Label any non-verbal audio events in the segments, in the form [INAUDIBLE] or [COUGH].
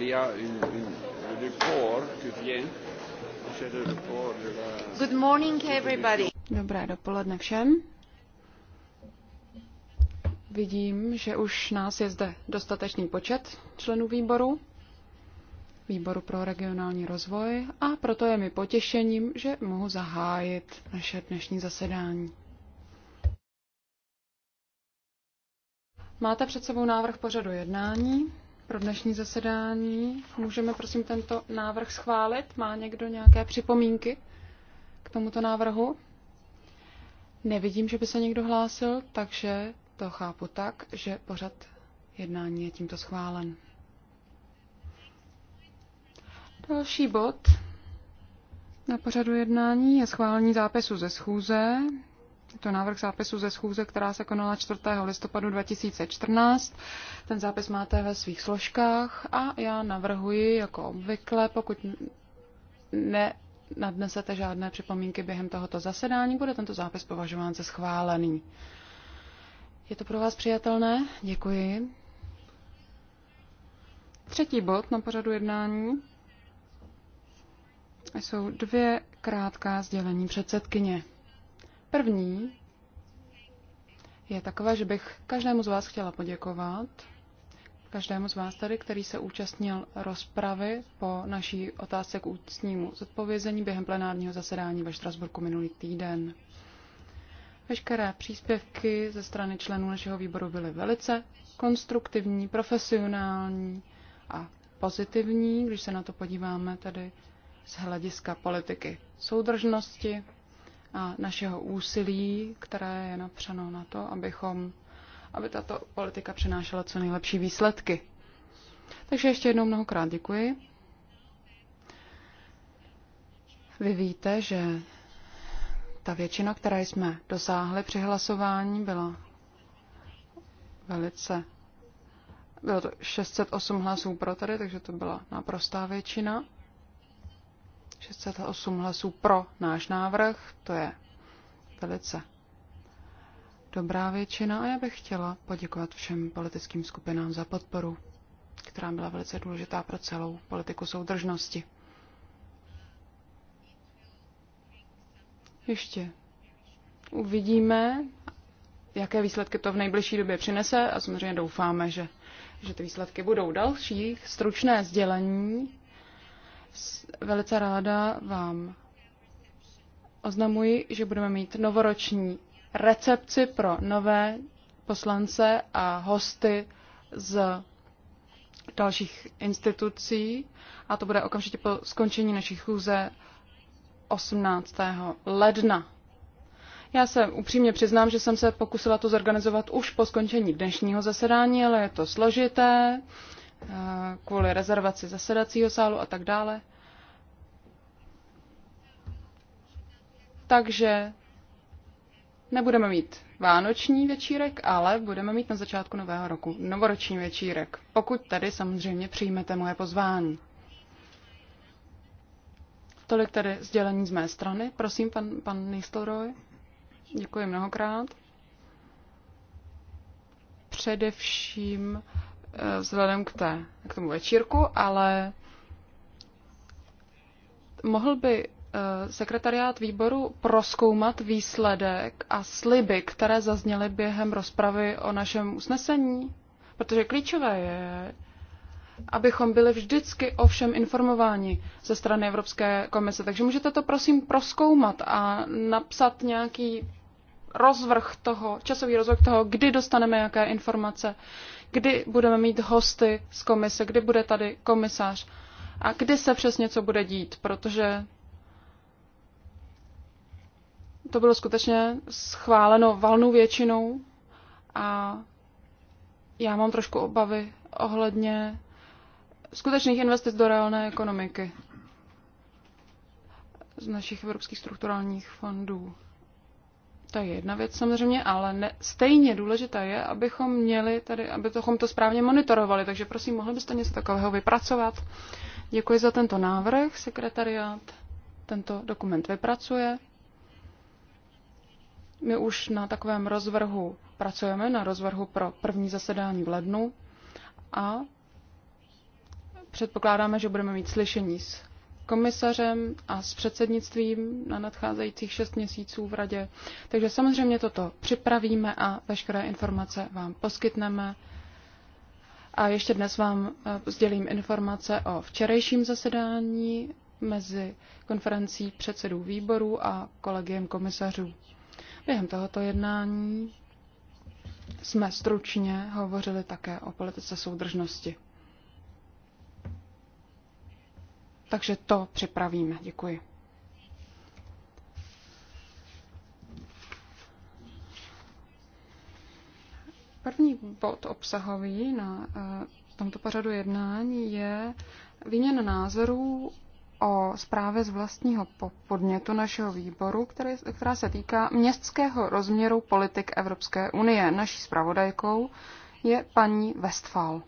il y a une, une, le port qui vient. Good morning, everybody. Dobré dopoledne všem. Vidím, že už nás je zde dostatečný počet členů výboru, výboru pro regionální rozvoj, a proto je mi potěšením, že mohu zahájit naše dnešní zasedání. Máte před sebou návrh pořadu jednání pro dnešní zasedání. Můžeme prosím tento návrh schválit? Má někdo nějaké připomínky k tomuto návrhu? Nevidím, že by se někdo hlásil, takže to chápu tak, že pořad jednání je tímto schválen. Další bod na pořadu jednání je schválení zápisu ze schůze je to návrh zápisu ze schůze, která se konala 4. listopadu 2014. Ten zápis máte ve svých složkách a já navrhuji, jako obvykle, pokud ne nadnesete žádné připomínky během tohoto zasedání, bude tento zápis považován za schválený. Je to pro vás přijatelné? Děkuji. Třetí bod na pořadu jednání jsou dvě krátká sdělení předsedkyně. První je takové, že bych každému z vás chtěla poděkovat, každému z vás tady, který se účastnil rozpravy po naší otázce k ústnímu zodpovězení během plenárního zasedání ve Štrasburku minulý týden. Veškeré příspěvky ze strany členů našeho výboru byly velice konstruktivní, profesionální a pozitivní, když se na to podíváme tady z hlediska politiky soudržnosti, a našeho úsilí, které je napřeno na to, abychom, aby tato politika přinášela co nejlepší výsledky. Takže ještě jednou mnohokrát děkuji. Vy víte, že ta většina, které jsme dosáhli při hlasování, byla velice. Bylo to 608 hlasů pro tady, takže to byla naprostá většina. 608 hlasů pro náš návrh, to je velice dobrá většina a já bych chtěla poděkovat všem politickým skupinám za podporu, která byla velice důležitá pro celou politiku soudržnosti. Ještě uvidíme, jaké výsledky to v nejbližší době přinese a samozřejmě doufáme, že, že ty výsledky budou další. Stručné sdělení velice ráda vám oznamuji, že budeme mít novoroční recepci pro nové poslance a hosty z dalších institucí a to bude okamžitě po skončení naší chůze 18. ledna. Já se upřímně přiznám, že jsem se pokusila to zorganizovat už po skončení dnešního zasedání, ale je to složité kvůli rezervaci zasedacího sálu a tak dále. Takže nebudeme mít vánoční večírek, ale budeme mít na začátku nového roku novoroční večírek, pokud tady samozřejmě přijmete moje pozvání. Tolik tedy sdělení z mé strany. Prosím, pan, pan Nistelrooy. Děkuji mnohokrát. Především Eh, vzhledem k, té, k tomu večírku, ale mohl by eh, sekretariát výboru proskoumat výsledek a sliby, které zazněly během rozpravy o našem usnesení? Protože klíčové je, abychom byli vždycky o všem informováni ze strany Evropské komise. Takže můžete to prosím proskoumat a napsat nějaký rozvrh toho, časový rozvrh toho, kdy dostaneme jaké informace kdy budeme mít hosty z komise, kdy bude tady komisař a kdy se přesně co bude dít, protože to bylo skutečně schváleno valnou většinou a já mám trošku obavy ohledně skutečných investic do reálné ekonomiky z našich evropských strukturálních fondů. To je jedna věc samozřejmě, ale ne, stejně důležité je, abychom měli tady, abychom to správně monitorovali. Takže prosím, mohli byste něco takového vypracovat? Děkuji za tento návrh. Sekretariát tento dokument vypracuje. My už na takovém rozvrhu pracujeme, na rozvrhu pro první zasedání v lednu a předpokládáme, že budeme mít slyšení s komisařem a s předsednictvím na nadcházejících šest měsíců v radě. Takže samozřejmě toto připravíme a veškeré informace vám poskytneme. A ještě dnes vám eh, sdělím informace o včerejším zasedání mezi konferencí předsedů výborů a kolegiem komisařů. Během tohoto jednání jsme stručně hovořili také o politice soudržnosti. takže to připravíme. Děkuji. První bod obsahový na eh, tomto pořadu jednání je výměna názorů o zprávě z vlastního podnětu našeho výboru, který, která se týká městského rozměru politik Evropské unie. Naší zpravodajkou je paní Westfal.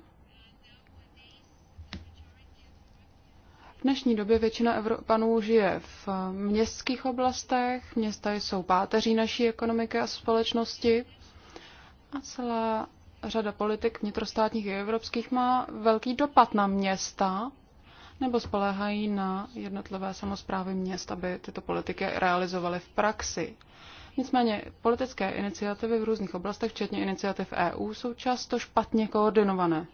V dnešní době většina Evropanů žije v městských oblastech, města jsou páteří naší ekonomiky a společnosti a celá řada politik vnitrostátních i evropských má velký dopad na města nebo spoléhají na jednotlivé samozprávy měst, aby tyto politiky realizovaly v praxi. Nicméně politické iniciativy v různých oblastech, včetně iniciativ EU, jsou často špatně koordinované.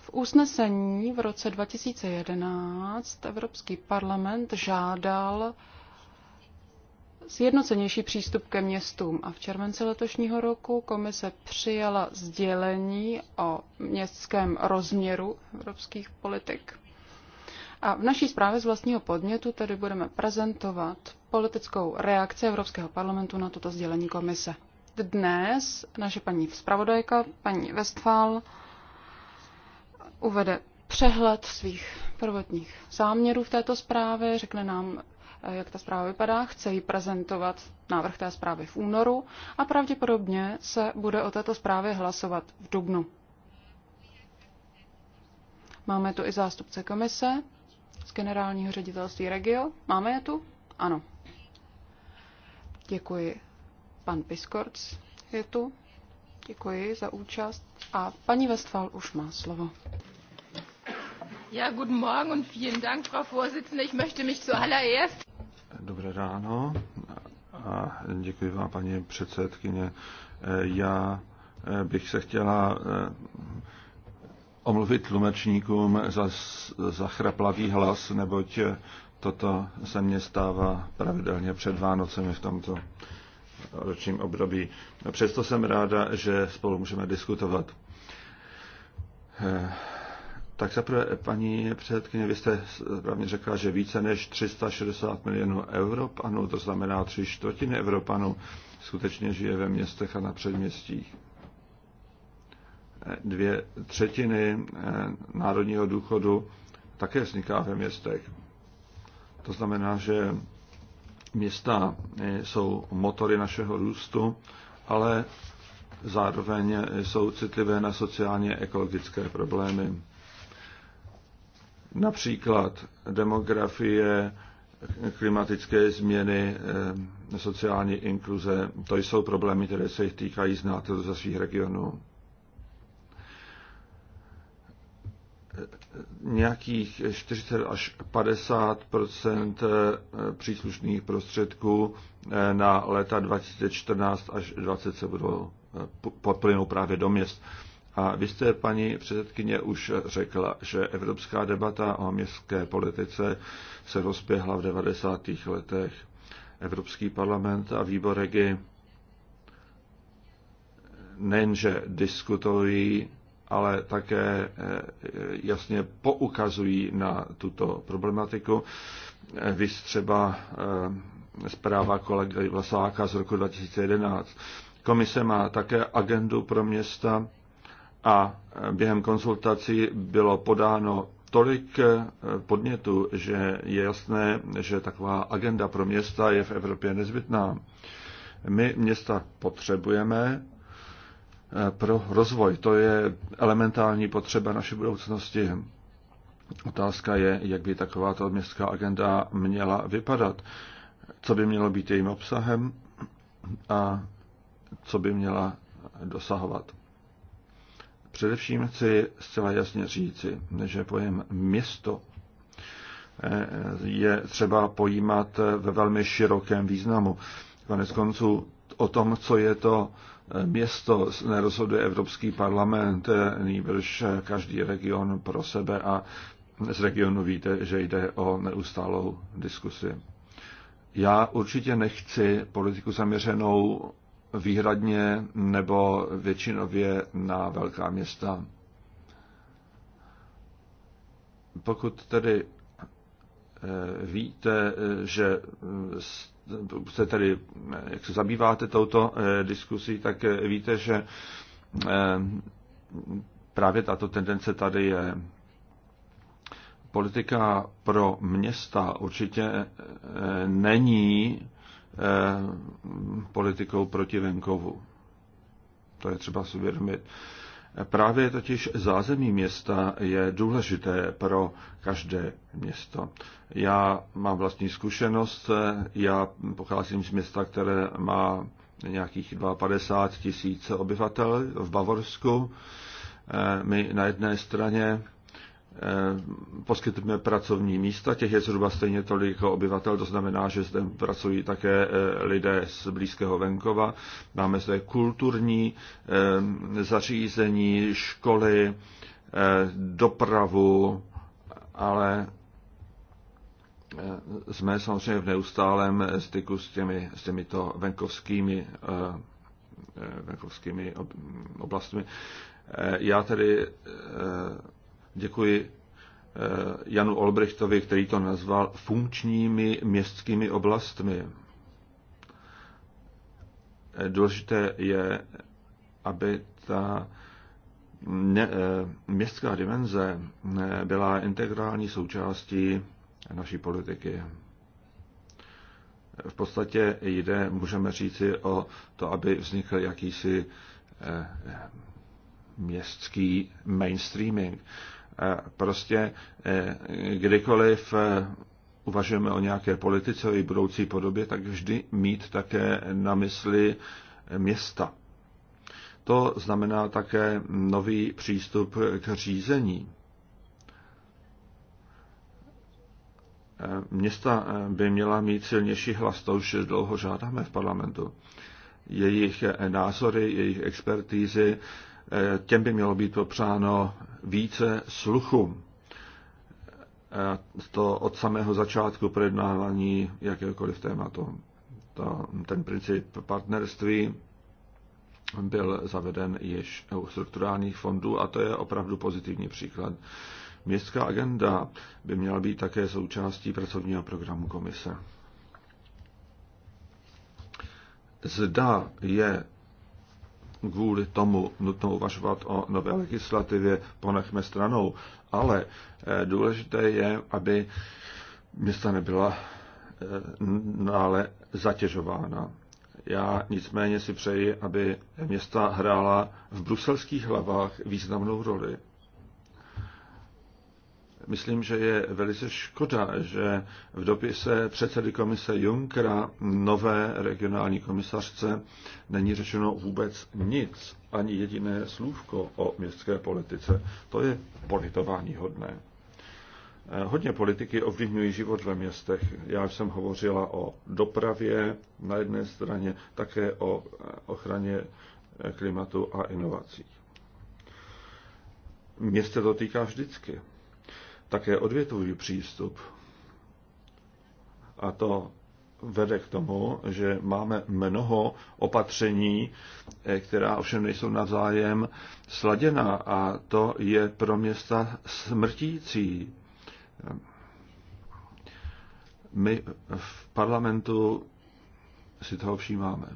V usnesení v roce 2011 Evropský parlament žádal sjednocenější přístup ke městům a v červenci letošního roku komise přijala sdělení o městském rozměru evropských politik. A v naší zprávě z vlastního podnětu tedy budeme prezentovat politickou reakci Evropského parlamentu na toto sdělení komise. Dnes naše paní zpravodajka, paní Westphal, uvede přehled svých prvotních záměrů v této zprávě, řekne nám, eh, jak ta zpráva vypadá, chce ji prezentovat návrh té zprávy v únoru a pravděpodobně se bude o této zprávě hlasovat v dubnu. Máme tu i zástupce komise z generálního ředitelství Regio. Máme je tu? Ano. Děkuji. Pan Piskorc je tu. Děkuji za účast. A paní Westfal už má slovo guten Morgen und vielen Dank, Frau Vorsitzende. Ich möchte mich zuallererst. Dobré ráno a děkuji vám, paní předsedkyně. E, já e, bych se chtěla e, omluvit tlumečníkům za, za chraplavý hlas, neboť toto se mně stává pravidelně před Vánocemi v tomto ročním období. Přesto jsem ráda, že spolu můžeme diskutovat. Tak zaprvé, paní předsedkyně, vy jste správně řekla, že více než 360 milionů Evropanů, to znamená tři čtvrtiny Evropanů, skutečně žije ve městech a na předměstích. Dvě třetiny eh, národního důchodu také vzniká ve městech. To znamená, že města eh, jsou motory našeho růstu, ale zároveň eh, jsou citlivé na sociálně ekologické problémy. Například demografie, klimatické změny, eh, sociální inkluze, to jsou problémy, které se jich týkají znáte ze svých regionů. Eh, nějakých 40 až 50 eh, příslušných prostředků na léta 2014 až 2020 se budou podplynout právě do měst. A vy jste, paní předsedkyně, už řekla, že evropská debata o městské politice se rozběhla v 90. letech. Evropský parlament a výbor regi nejenže diskutují, ale také eh, jasně poukazují na tuto problematiku. Eh, vy třeba eh, zpráva kolegy Vlasáka z roku 2011. Komise má také agendu pro města a během konsultací bylo podáno tolik eh, podnětů, že je jasné, že taková agenda pro města je v Evropě nezbytná. My města potřebujeme eh, pro rozvoj. To je elementální potřeba naší budoucnosti. Otázka je, jak by takováto městská agenda měla vypadat, co by mělo být jejím obsahem a co by měla dosahovat. Především chci zcela jasně říci, že pojem město eh, je třeba pojímat ve velmi širokém významu. Konec konců o tom, co je to eh, město, nerozhoduje Evropský parlament, eh, nejbrž každý region pro sebe a z regionu víte, že jde o neustálou diskusi. Já určitě nechci politiku zaměřenou výhradně nebo většinově na velká města. Pokud tedy eh, víte, eh, že eh, se tedy, jak se zabýváte touto diskusí, tak víte, že právě tato tendence tady je. Politika pro města určitě není Eh, politikou proti venkovu. To je třeba si uvědomit. Právě totiž zázemí města je důležité pro každé město. Já mám vlastní zkušenost, já pocházím z města, které má nějakých 52 tisíc obyvatel v Bavorsku. Eh, my na jedné straně Eh, poskytujeme pracovní místa, těch je zhruba stejně tolik jako obyvatel, to znamená, že zde pracují také eh, lidé z blízkého venkova. Máme zde kulturní eh, zařízení, školy, dopravu, ale jsme samozřejmě v neustálém styku s, těmi, s těmito venkovskými, venkovskými oblastmi. Já tedy Děkuji eh, Janu Olbrechtovi, který to nazval funkčními městskými oblastmi. Eh, důležité je, aby ta mm, ne, eh, městská dimenze byla integrální součástí naší politiky. V podstatě jde, můžeme říci, o to, aby vznikl jakýsi městský mainstreaming. Prostě eh, kdykoliv eh, uvažujeme o nějaké politice, o její budoucí podobě, tak vždy mít také na mysli města. To znamená také nový přístup k řízení. Eh, města by měla mít silnější hlas, to už dlouho žádáme v parlamentu. Jejich názory, jejich expertízy Eh, těm by mělo být popřáno více sluchu. Eh, to od samého začátku projednávání jakéhokoliv tématu. To, ten princip partnerství byl zaveden již u strukturálních fondů a to je opravdu pozitivní příklad. Městská agenda by měla být také součástí pracovního programu komise. Zda je kvůli tomu nutno uvažovat o nové legislativě, ponechme stranou. Ale eh, důležité je, aby města nebyla dále eh, zatěžována. Já nicméně si přeji, aby města hrála v bruselských hlavách významnou roli. Myslím, že je velice škoda, že v dopise předsedy komise Junckera nové regionální komisařce není řečeno vůbec nic, ani jediné slůvko o městské politice. To je politování hodné. Eh, hodně politiky ovlivňují život ve městech. Já jsem hovořila o dopravě na jedné straně, také o eh, ochraně eh, klimatu a inovacích. Mě se to týká vždycky také odvětvový přístup. A to vede k tomu, že máme mnoho opatření, eh, která ovšem nejsou navzájem sladěna a to je pro města smrtící. My v parlamentu si toho všímáme.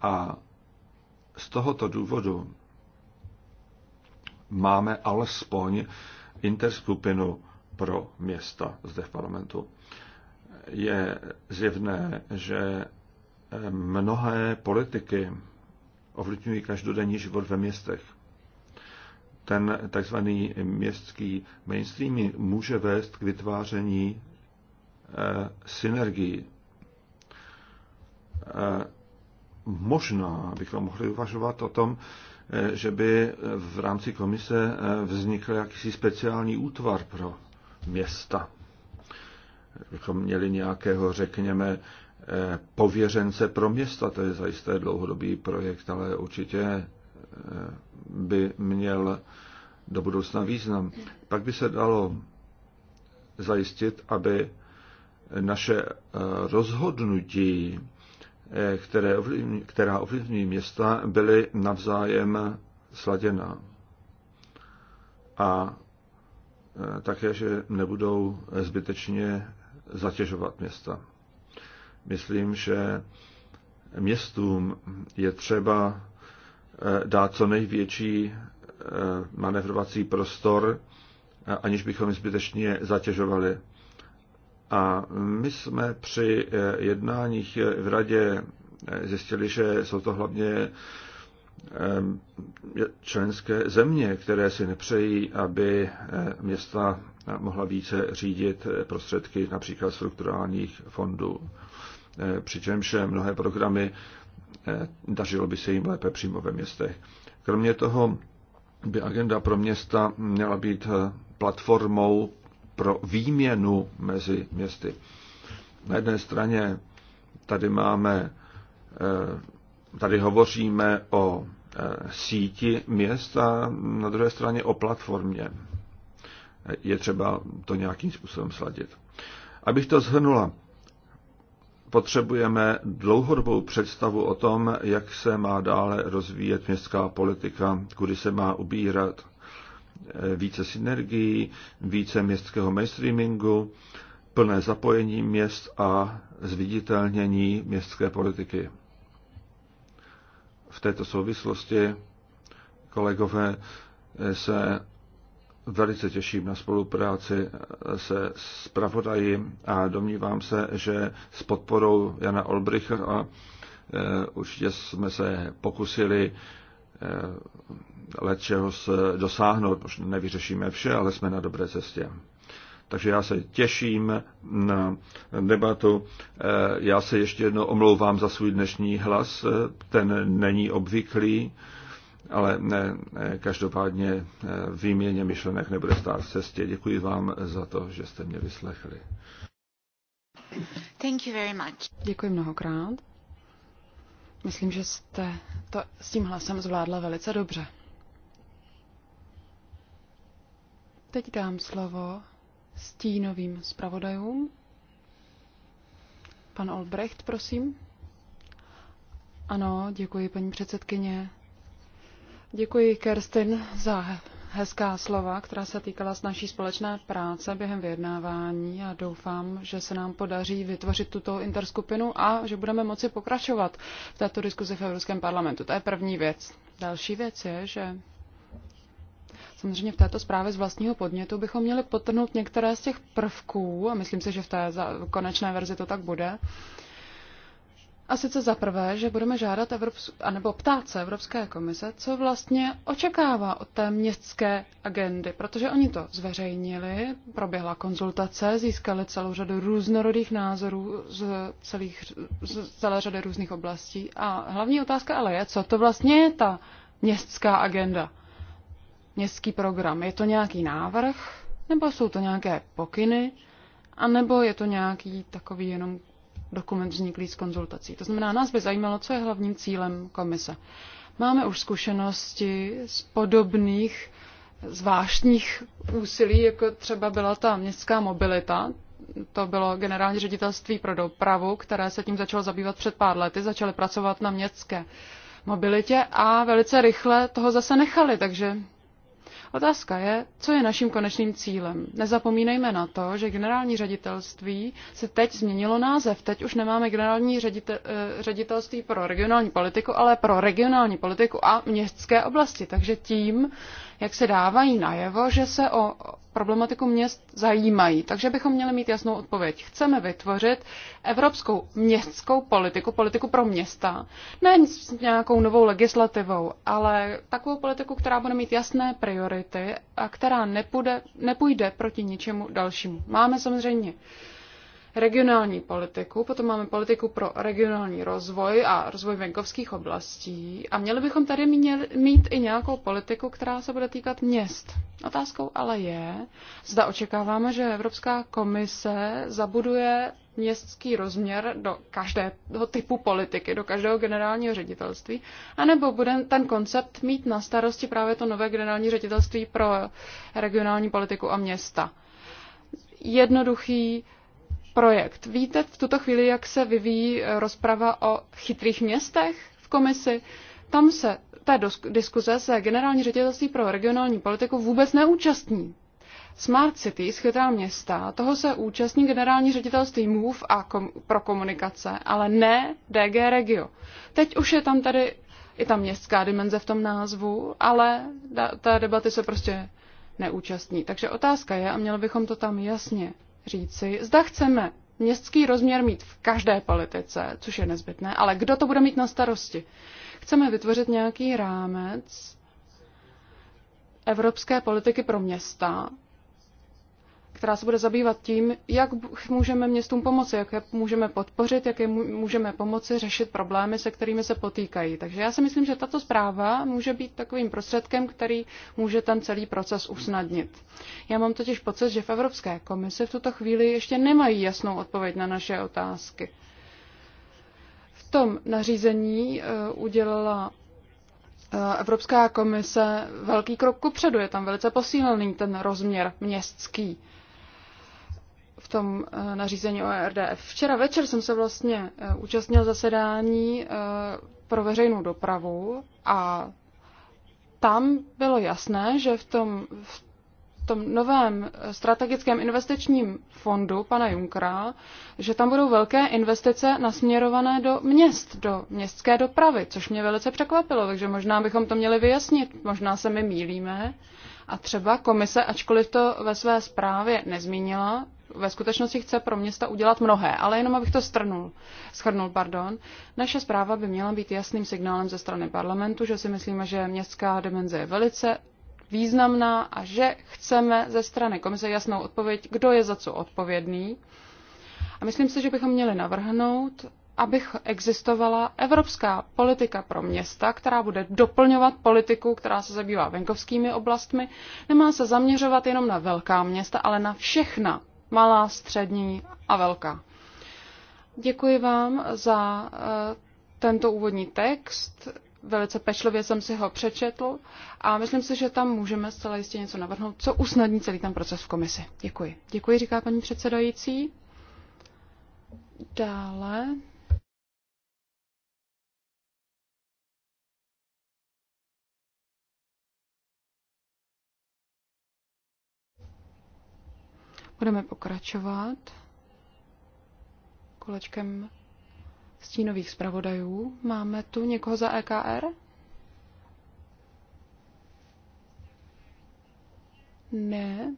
A z tohoto důvodu máme alespoň interskupinu pro města zde v parlamentu. Je zjevné, že eh, mnohé politiky ovlivňují každodenní život ve městech. Ten takzvaný městský mainstream může vést k vytváření eh, synergii. Eh, možná bychom mohli uvažovat o tom, Eh, že by eh, v rámci komise eh, vznikl jakýsi speciální útvar pro města. Bychom měli nějakého, řekněme, pověřence pro města, to je zajisté dlouhodobý projekt, ale určitě by měl do budoucna význam. Pak by se dalo zajistit, aby naše rozhodnutí Eh, které, která ovlivňují města, byly navzájem sladěná. A eh, také, že nebudou zbytečně zatěžovat města. Myslím, že městům je třeba eh, dát co největší manevrovací prostor, aniž bychom zbytečně zatěžovali. A my jsme při eh, jednáních eh, v radě eh, zjistili, že jsou to hlavně členské země, které si nepřejí, aby města mohla více řídit prostředky například strukturálních fondů. Přičemž mnohé programy dařilo by se jim lépe přímo ve městech. Kromě toho by agenda pro města měla být platformou pro výměnu mezi městy. Na jedné straně tady máme, eh, tady hovoříme o eh, síti měst a na druhé straně o platformě. Je třeba to nějakým způsobem sladit. Abych to zhrnula, potřebujeme dlouhodobou představu o tom, jak se má dále rozvíjet městská politika, kudy se má ubírat. Eh, více synergií, více městského mainstreamingu, plné zapojení měst a zviditelnění městské politiky. V této souvislosti, kolegové, eh, se velice těším na spolupráci eh, se zpravodají a domnívám se, že s podporou Jana Olbricha určitě jsme se pokusili lečeho dosáhnout. Už nevyřešíme vše, ale jsme na dobré cestě. Takže já se těším na debatu. Eh, já se ještě jednou omlouvám za svůj dnešní hlas. Eh, ten není obvyklý, ale ne, eh, každopádně výměně myšlenek nebude stát v cestě. Děkuji vám za to, že jste mě vyslechli. Thank you very much. Děkuji mnohokrát. Myslím, že jste to s tím hlasem zvládla velice dobře. Teď dám slovo stínovým zpravodajům. Pan Olbrecht, prosím. Ano, děkuji, paní předsedkyně. Děkuji, Kerstin, za hezká slova, která se týkala s naší společné práce během vyjednávání a doufám, že se nám podaří vytvořit tuto interskupinu a že budeme moci pokračovat v této diskuzi v Evropském parlamentu. To je první věc. Další věc je, že Samozřejmě v této zprávě z vlastního podnětu bychom měli potrhnout některé z těch prvků, a myslím si, že v té konečné verzi to tak bude, a sice za prvé, že budeme žádat Evrops- anebo ptát se Evropské komise, co vlastně očekává od té městské agendy, protože oni to zveřejnili, proběhla konzultace, získali celou řadu různorodých názorů z, celých, z celé řady různých oblastí. A hlavní otázka ale je, co to vlastně je ta městská agenda městský program. Je to nějaký návrh, nebo jsou to nějaké pokyny, a nebo je to nějaký takový jenom dokument vzniklý z konzultací. To znamená, nás by zajímalo, co je hlavním cílem komise. Máme už zkušenosti z podobných zvláštních úsilí, jako třeba byla ta městská mobilita. To bylo generální ředitelství pro dopravu, které se tím začalo zabývat před pár lety, začaly pracovat na městské mobilitě a velice rychle toho zase nechali, takže Otázka je, co je naším konečným cílem. Nezapomínejme na to, že generální ředitelství se teď změnilo název. Teď už nemáme generální ředite- eh, ředitelství pro regionální politiku, ale pro regionální politiku a městské oblasti. Takže tím jak se dávají najevo, že se o problematiku měst zajímají. Takže bychom měli mít jasnou odpověď. Chceme vytvořit evropskou městskou politiku, politiku pro města, ne s nějakou novou legislativou, ale takovou politiku, která bude mít jasné priority a která nepůjde, nepůjde proti ničemu dalšímu. Máme samozřejmě uh, regionální politiku, potom máme politiku pro regionální rozvoj a rozvoj venkovských oblastí a měli bychom tady měli, mít i nějakou politiku, která se bude týkat měst. Otázkou ale je, zda očekáváme, že Evropská komise zabuduje městský rozměr do každého typu politiky, do každého generálního ředitelství, anebo bude ten koncept mít na starosti právě to nové generální ředitelství pro regionální politiku a města. Jednoduchý projekt. Víte v tuto chvíli, jak se vyvíjí eh, rozprava o chytrých městech v komisi? Tam se té diskuze se generální ředitelství pro regionální politiku vůbec neúčastní. Smart City, chytrá města, toho se účastní generální ředitelství MOVE a kom- pro komunikace, ale ne DG Regio. Teď už je tam tady i ta městská dimenze v tom názvu, ale ta, ta debaty se prostě neúčastní. Takže otázka je, a měli bychom to tam jasně říci, zda chceme městský rozměr mít v každé politice, což je nezbytné, ale kdo to bude mít na starosti? Chceme vytvořit nějaký rámec evropské politiky pro města, která se bude zabývat tím, jak můžeme městům pomoci, jak je můžeme podpořit, jak je můžeme pomoci řešit problémy, se kterými se potýkají. Takže já si myslím, že tato zpráva může být takovým prostředkem, který může ten celý proces usnadnit. Já mám totiž pocit, že v Evropské komisi v tuto chvíli ještě nemají jasnou odpověď na naše otázky. V tom nařízení eh, udělala eh, Evropská komise velký krok kupředu, je tam velice posílený ten rozměr městský tom eh, nařízení o e RDF. Včera večer jsem se vlastně eh, účastnil zasedání eh, pro veřejnou dopravu a tam bylo jasné, že v tom, v tom novém strategickém investičním fondu pana Junkra, že tam budou velké investice nasměrované do měst, do městské dopravy, což mě velice překvapilo, takže možná bychom to měli vyjasnit, možná se my mílíme. A třeba komise, ačkoliv to ve své zprávě nezmínila, ve skutečnosti chce pro města udělat mnohé, ale jenom abych to strnul, schrnul. Pardon. Naše zpráva by měla být jasným signálem ze strany parlamentu, že si myslíme, že městská dimenze je velice významná a že chceme ze strany komise jasnou odpověď, kdo je za co odpovědný. A myslím si, že bychom měli navrhnout, abych existovala evropská politika pro města, která bude doplňovat politiku, která se zabývá venkovskými oblastmi. Nemá se zaměřovat jenom na velká města, ale na všechna malá, střední a velká. Děkuji vám za eh, tento úvodní text. Velice pečlivě jsem si ho přečetl a myslím si, že tam můžeme zcela jistě něco navrhnout, co usnadní celý ten proces v komisi. Děkuji. Děkuji, říká paní předsedající. Dále Budeme pokračovat kolečkem stínových zpravodajů. Máme tu někoho za EKR? Ne.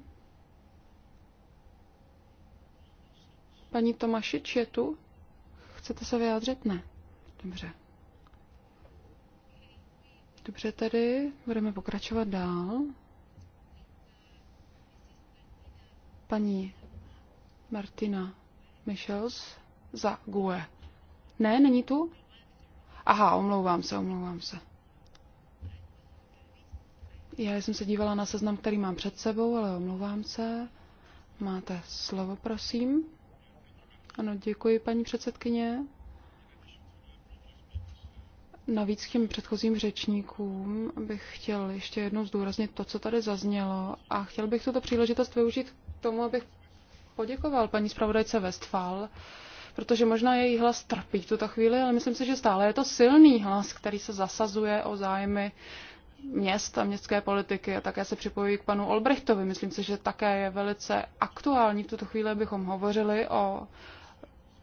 Paní Tomašič je tu? Chcete se vyjádřit? Ne. Dobře. Dobře tedy, budeme pokračovat dál. paní Martina Michels za GUE. Ne, není tu? Aha, omlouvám se, omlouvám se. Já jsem se dívala na seznam, který mám před sebou, ale omlouvám se. Máte slovo, prosím. Ano, děkuji, paní předsedkyně. Navíc k těm předchozím řečníkům bych chtěl ještě jednou zdůraznit to, co tady zaznělo a chtěl bych tuto příležitost využít tomu, abych poděkoval paní zpravodajce Westfal, protože možná její hlas trpí v tuto chvíli, ale myslím si, že stále je to silný hlas, který se zasazuje o zájmy měst a městské politiky a také se připojuji k panu Olbrechtovi. Myslím si, že také je velice aktuální v tuto chvíli, abychom hovořili o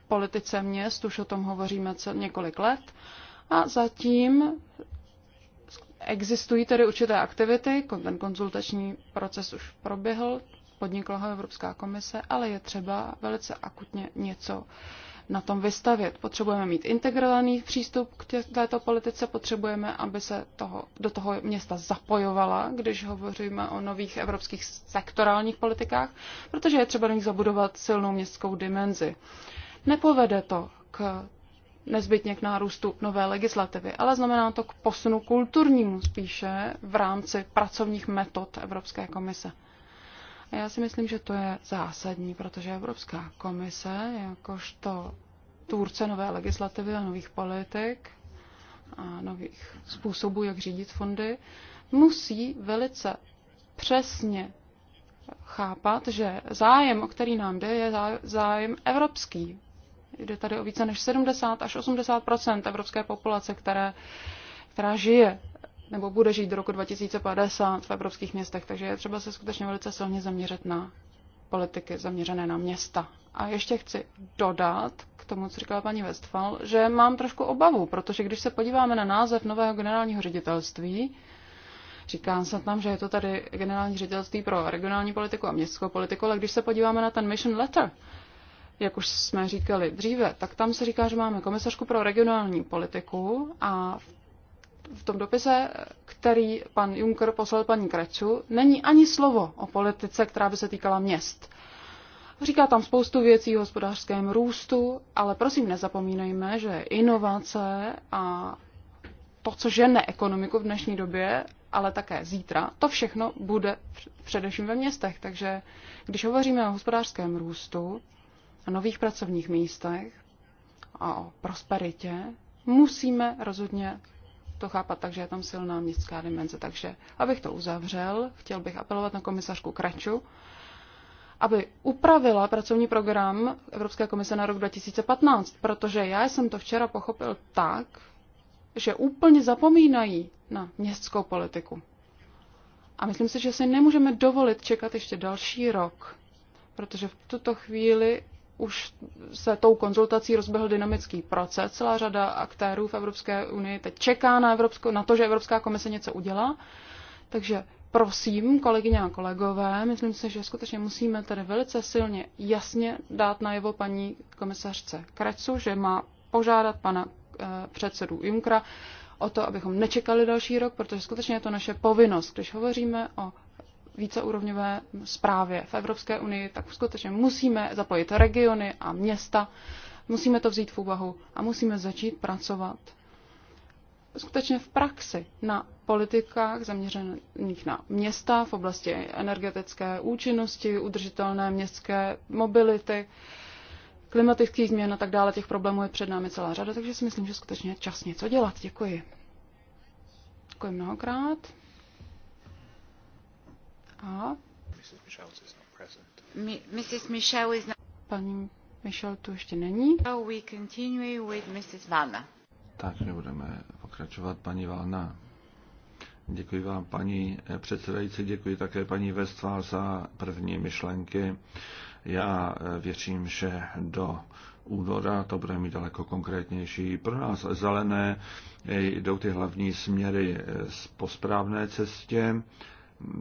politice měst, už o tom hovoříme několik let. A zatím existují tedy určité aktivity, ten konzultační proces už proběhl, podnikla ho Evropská komise, ale je třeba velice akutně něco na tom vystavět. Potřebujeme mít integrovaný přístup k tě, této politice, potřebujeme, aby se toho, do toho města zapojovala, když hovoříme o nových evropských sektorálních politikách, protože je třeba do nich zabudovat silnou městskou dimenzi. Nepovede to k nezbytně k nárůstu nové legislativy, ale znamená to k posunu kulturnímu spíše v rámci pracovních metod Evropské komise. A já si myslím, že to je zásadní, protože Evropská komise, jakožto tvůrce nové legislativy a nových politik a nových způsobů, jak řídit fondy, musí velice přesně chápat, že zájem, o který nám jde, je zájem evropský. Jde tady o více než 70 až 80 evropské populace, které, která žije nebo bude žít do roku 2050 v evropských městech, takže je třeba se skutečně velice silně zaměřit na politiky zaměřené na města. A ještě chci dodat k tomu, co říkala paní Westfal, že mám trošku obavu, protože když se podíváme na název nového generálního ředitelství, Říká se tam, že je to tady generální ředitelství pro regionální politiku a městskou politiku, ale když se podíváme na ten mission letter, jak už jsme říkali dříve, tak tam se říká, že máme komisařku pro regionální politiku a v v tom dopise, který pan Juncker poslal paní Kreču, není ani slovo o politice, která by se týkala měst. Říká tam spoustu věcí o hospodářském růstu, ale prosím nezapomínejme, že inovace a to, co žene ekonomiku v dnešní době, ale také zítra, to všechno bude především ve městech. Takže když hovoříme o hospodářském růstu, o nových pracovních místech a o prosperitě, musíme rozhodně to chápat tak, že je tam silná městská dimenze. Takže abych to uzavřel, chtěl bych apelovat na komisařku Kraču, aby upravila pracovní program Evropské komise na rok 2015, protože já jsem to včera pochopil tak, že úplně zapomínají na městskou politiku. A myslím si, že si nemůžeme dovolit čekat ještě další rok, protože v tuto chvíli už se tou konzultací rozběhl dynamický proces. Celá řada aktérů v Evropské unii teď čeká na, Evropskou, na to, že Evropská komise něco udělá. Takže prosím, kolegyně a kolegové, myslím si, že skutečně musíme tady velice silně jasně dát najevo paní komisařce Krecu, že má požádat pana eh, předsedu Junkra o to, abychom nečekali další rok, protože skutečně je to naše povinnost. Když hovoříme o víceúrovňové zprávě v Evropské unii, tak skutečně musíme zapojit regiony a města, musíme to vzít v úvahu a musíme začít pracovat skutečně v praxi na politikách zaměřených na města v oblasti energetické účinnosti, udržitelné městské mobility, klimatických změn a tak dále. Těch problémů je před námi celá řada, takže si myslím, že skutečně je čas něco dělat. Děkuji. Děkuji mnohokrát. A? Mrs. Michel is not... Paní Michel tu ještě není. So we continue with Mrs. Tak my budeme pokračovat paní Valna. Děkuji vám, paní eh, předsedající, děkuji také paní Vestvál za první myšlenky. Já eh, věřím, že do února to bude mít daleko konkrétnější. Pro nás zelené eh, jdou ty hlavní směry po správné cestě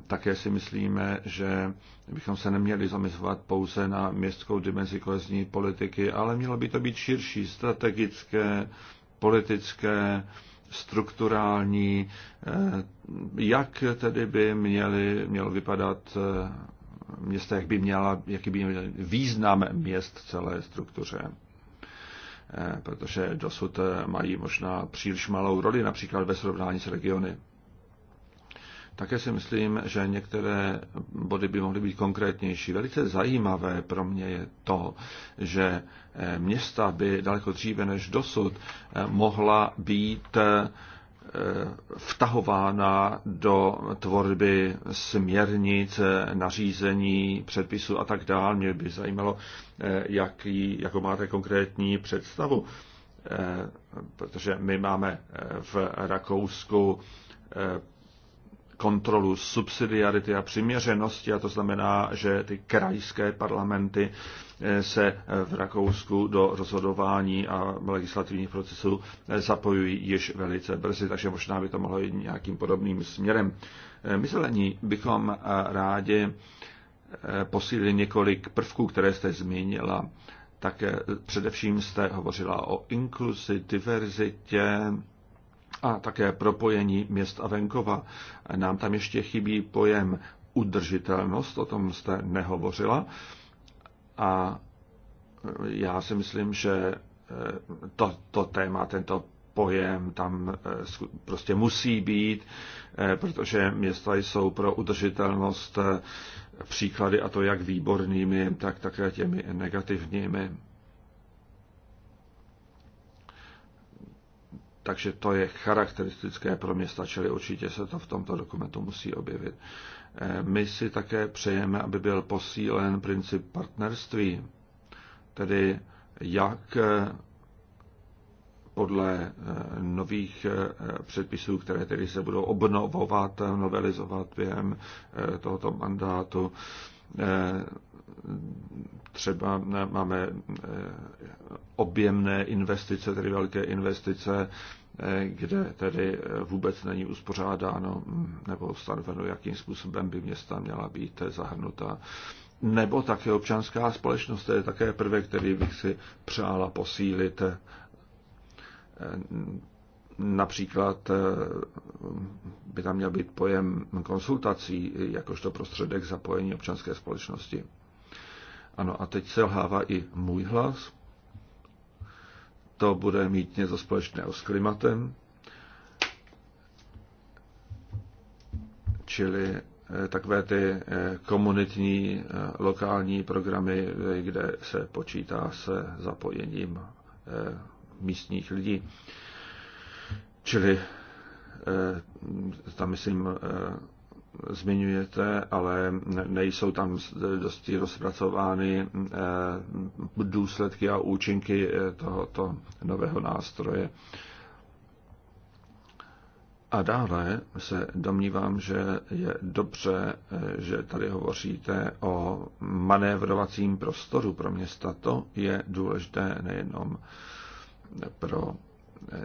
také si myslíme, že bychom se neměli zamyslovat pouze na městskou dimenzi kolezní politiky, ale mělo by to být širší, strategické, politické, strukturální, eh, jak tedy by měly, měl vypadat eh, města, jak by měla, jaký by měl význam měst v celé struktuře. Eh, protože dosud mají možná příliš malou roli, například ve srovnání s regiony. Také si myslím, že některé body by mohly být konkrétnější. Velice zajímavé pro mě je to, že eh, města by daleko dříve než dosud eh, mohla být eh, vtahována do tvorby směrnic, nařízení, předpisů a tak dále. Mě by zajímalo, jaký, jako máte konkrétní představu, protože my máme v Rakousku kontrolu subsidiarity a přiměřenosti, a to znamená, že ty krajské parlamenty eh, se v Rakousku do rozhodování a legislativních procesů eh, zapojují již velice brzy, takže možná by to mohlo jít nějakým podobným směrem. Eh, My zelení bychom rádi posílili několik prvků, které jste zmínila. Tak především jste hovořila o inkluzi, diverzitě, a také propojení měst a venkova. Nám tam ještě chybí pojem udržitelnost, o tom jste nehovořila. A já si myslím, že eh, to, to téma, tento pojem tam eh, prostě musí být, eh, protože města jsou pro udržitelnost příklady a to jak výbornými, tak také těmi negativními. Takže to je charakteristické pro města, čili určitě se to v tomto dokumentu musí objevit. Eh, my si také přejeme, aby byl posílen princip partnerství, tedy jak eh, podle eh, nových předpisů, které tedy se budou obnovovat, novelizovat během tohoto mandátu, třeba máme eh, objemné investice, tedy velké investice, eh, kde tedy eh, vůbec není uspořádáno hm, nebo stanoveno, jakým způsobem by města měla být zahrnuta. Nebo také občanská společnost, to je také prvek, který bych si přála posílit. Například by tam měl být pojem konsultací jakožto prostředek zapojení občanské společnosti. Ano, a teď selhává i můj hlas. To bude mít něco společného s klimatem. Čili eh, takové ty eh, komunitní eh, lokální programy, kde se počítá se zapojením místních lidí. Čili tam myslím zmiňujete, ale nejsou tam dosti rozpracovány eh, důsledky a účinky eh, tohoto nového nástroje. A dále se domnívám, že je dobře, eh, že tady hovoříte o manévrovacím prostoru pro města. To je důležité nejenom pro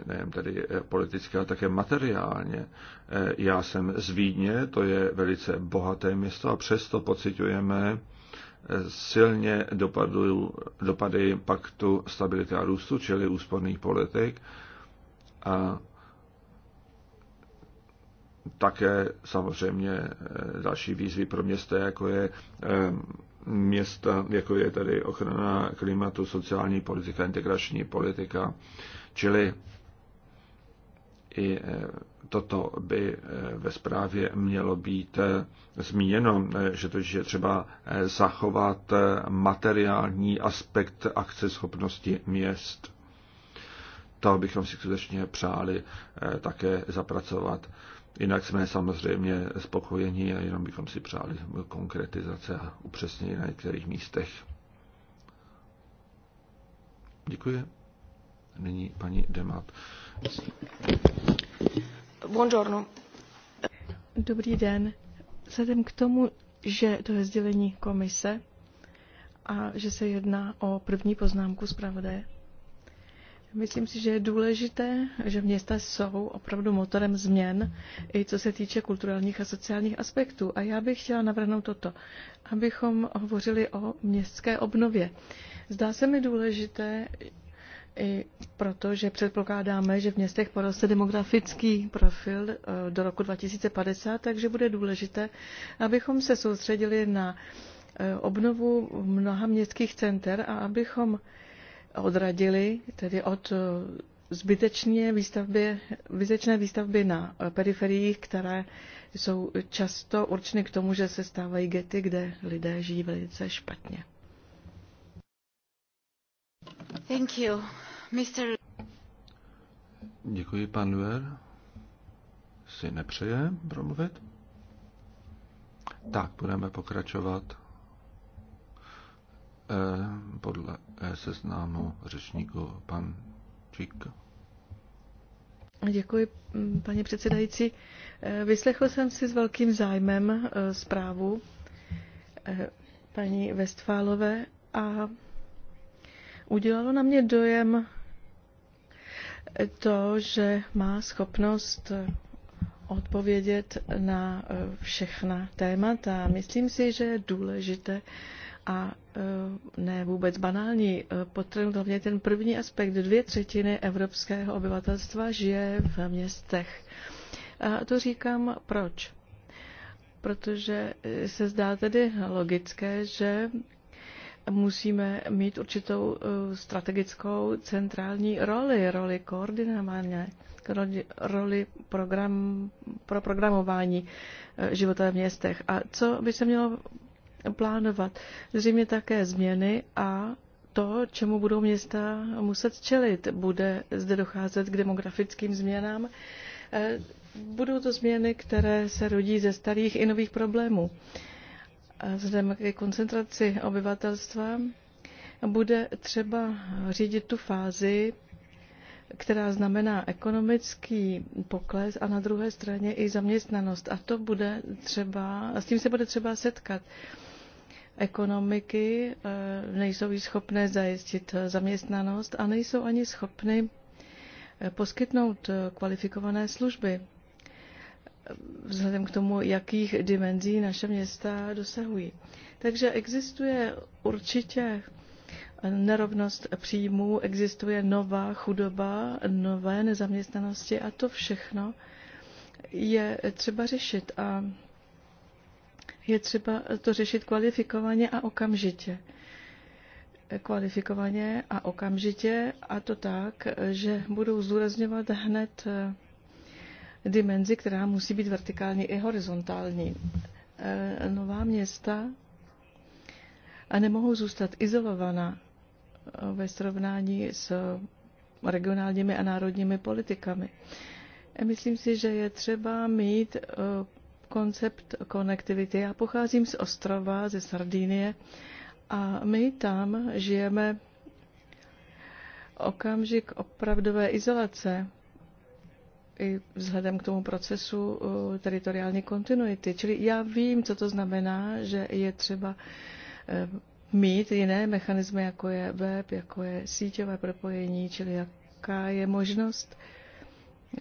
nejen tedy eh, politicky, ale také materiálně. Eh, já jsem z Vídně, to je velice bohaté město a přesto pocitujeme eh, silně dopadu, dopady paktu stability a růstu, čili úsporných politik. A také samozřejmě další výzvy pro města, jako je města, jako je tady ochrana klimatu, sociální politika, integrační politika. Čili i eh, toto by eh, ve zprávě mělo být eh, zmíněno, že to je třeba zachovat materiální aspekt akceschopnosti měst. To bychom si skutečně přáli také zapracovat. Jinak jsme samozřejmě spokojeni a jenom bychom si přáli konkretizace a upřesnění na některých místech. Děkuji nyní paní Demat. Buongiorno. Dobrý den. Vzhledem k tomu, že to je sdělení komise a že se jedná o první poznámku zpravodaje, Myslím si, že je důležité, že města jsou opravdu motorem změn, i co se týče kulturálních a sociálních aspektů. A já bych chtěla navrhnout toto, abychom hovořili o městské obnově. Zdá se mi důležité, i proto, že předpokládáme, že v městech poroste demografický profil eh, do roku 2050, takže bude důležité, abychom se soustředili na eh, obnovu mnoha městských center a abychom odradili tedy od eh, zbytečné výstavby, zbytečné výstavby na periferiích, které jsou často určeny k tomu, že se stávají gety, kde lidé žijí velice špatně. Děkuji, pan Luer. Si nepřeje promluvit? Tak, budeme pokračovat e, podle e, eh, seznámu řečníku pan Čík. Děkuji, mm, paní předsedající. Eh, vyslechl jsem si s velkým zájmem zprávu paní Westfálové a Udělalo na mě dojem to, že má schopnost odpovědět na eh, všechna témata. Myslím si, že je důležité a eh, ne vůbec banální eh, podtrhnout hlavně ten první aspekt. Dvě třetiny evropského obyvatelstva žije v městech. A to říkám proč? Protože se zdá tedy logické, že musíme mít určitou eh, strategickou centrální roli, roli koordinované, roli program, pro programování eh, života v městech. A co by se mělo plánovat? Zřejmě také změny a to, čemu budou města muset čelit. Bude zde docházet k demografickým změnám. Eh, budou to změny, které se rodí ze starých i nových problémů vzhledem ke koncentraci obyvatelstva bude třeba řídit tu fázi, která znamená ekonomický pokles a na druhé straně i zaměstnanost. A to bude třeba, s tím se bude třeba setkat. Ekonomiky eh, nejsou již schopné zajistit zaměstnanost a nejsou ani schopny poskytnout eh, kvalifikované služby vzhledem k tomu, jakých dimenzí naše města dosahují. Takže existuje určitě nerovnost příjmů, existuje nová chudoba, nové nezaměstnanosti a to všechno je třeba řešit a je třeba to řešit kvalifikovaně a okamžitě. Kvalifikovaně a okamžitě a to tak, že budou zdůrazňovat hned dimenzi, která musí být vertikální i horizontální. Eh, nová města a nemohou zůstat izolovaná eh, ve srovnání s regionálními a národními politikami. Eh, myslím si, že je třeba mít koncept konektivity. Já pocházím z ostrova, ze Sardinie a my tam žijeme okamžik opravdové izolace i vzhledem k tomu procesu uh, teritoriální kontinuity. Čili já vím, co to znamená, že je třeba eh, mít jiné mechanismy, jako je web, jako je síťové propojení, čili jaká je možnost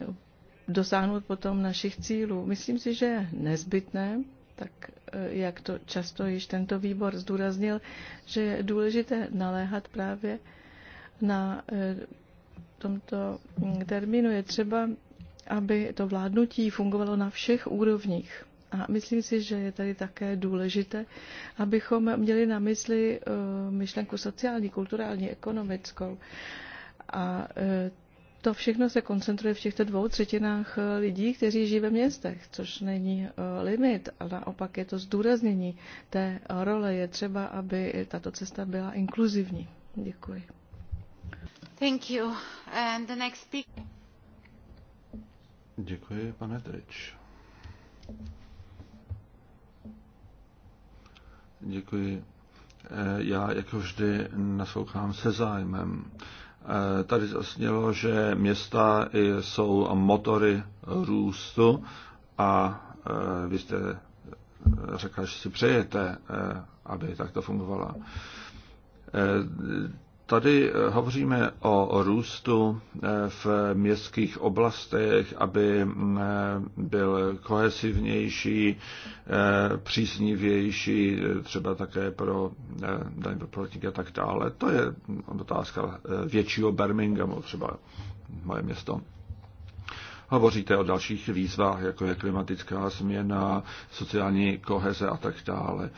eh, dosáhnout potom našich cílů. Myslím si, že je nezbytné, tak eh, jak to často již tento výbor zdůraznil, že je důležité naléhat právě na tomto termínu. Je třeba aby to vládnutí fungovalo na všech úrovních. A myslím si, že je tady také důležité, abychom měli na mysli e, myšlenku sociální, kulturální, ekonomickou. A e, to všechno se koncentruje v těchto dvou třetinách e, lidí, kteří žijí ve městech, což není limit, ale naopak je to zdůraznění té role. Je třeba, aby tato cesta byla inkluzivní. Děkuji. Thank you. And the next speaker. Děkuji, pane Teč. Děkuji. Eh, já, jako vždy, naslouchám se zájmem. Eh, tady zasnělo, že města jsou motory růstu a eh, vy jste řekla, že si přejete, aby takto fungovala. Tady eh, hovoříme o růstu eh, v městských oblastech, aby mm, eh, byl kohesivnější, příznivější, třeba také pro daň poplatníky a tak dále. To je mm, otázka většího Birminghamu, třeba moje město. Hovoříte o dalších výzvách, jako je klimatická změna, sociální koheze a tak dále.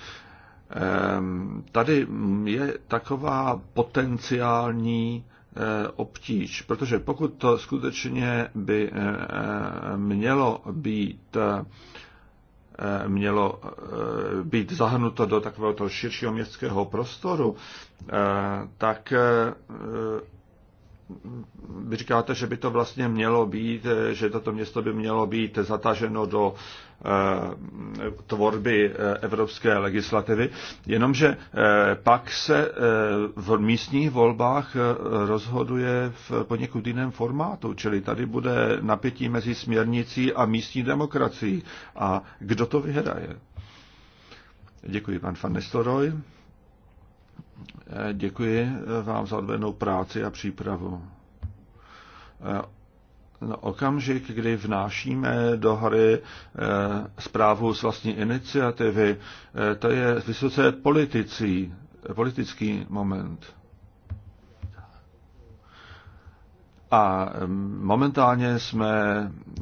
Ehm, tady je taková potenciální eh, obtíž, protože pokud to skutečně by eh, eh, mělo být mělo být zahrnuto do takového toho širšího městského prostoru, tak vy říkáte, že by to vlastně mělo být, že toto město by mělo být zataženo do Eh, tvorby eh, evropské legislativy, jenomže eh, pak se v místních volbách rozhoduje v poněkud jiném formátu, čili tady bude napětí mezi směrnicí a místní demokracií. A kdo to vyhraje? Děkuji, pan van Nistelrooy. Děkuji vám za odvednou práci a přípravu. No, okamžik, kdy vnášíme do hry e, zprávu z vlastní iniciativy, e, to je vysoce politický, politický moment. A momentálně jsme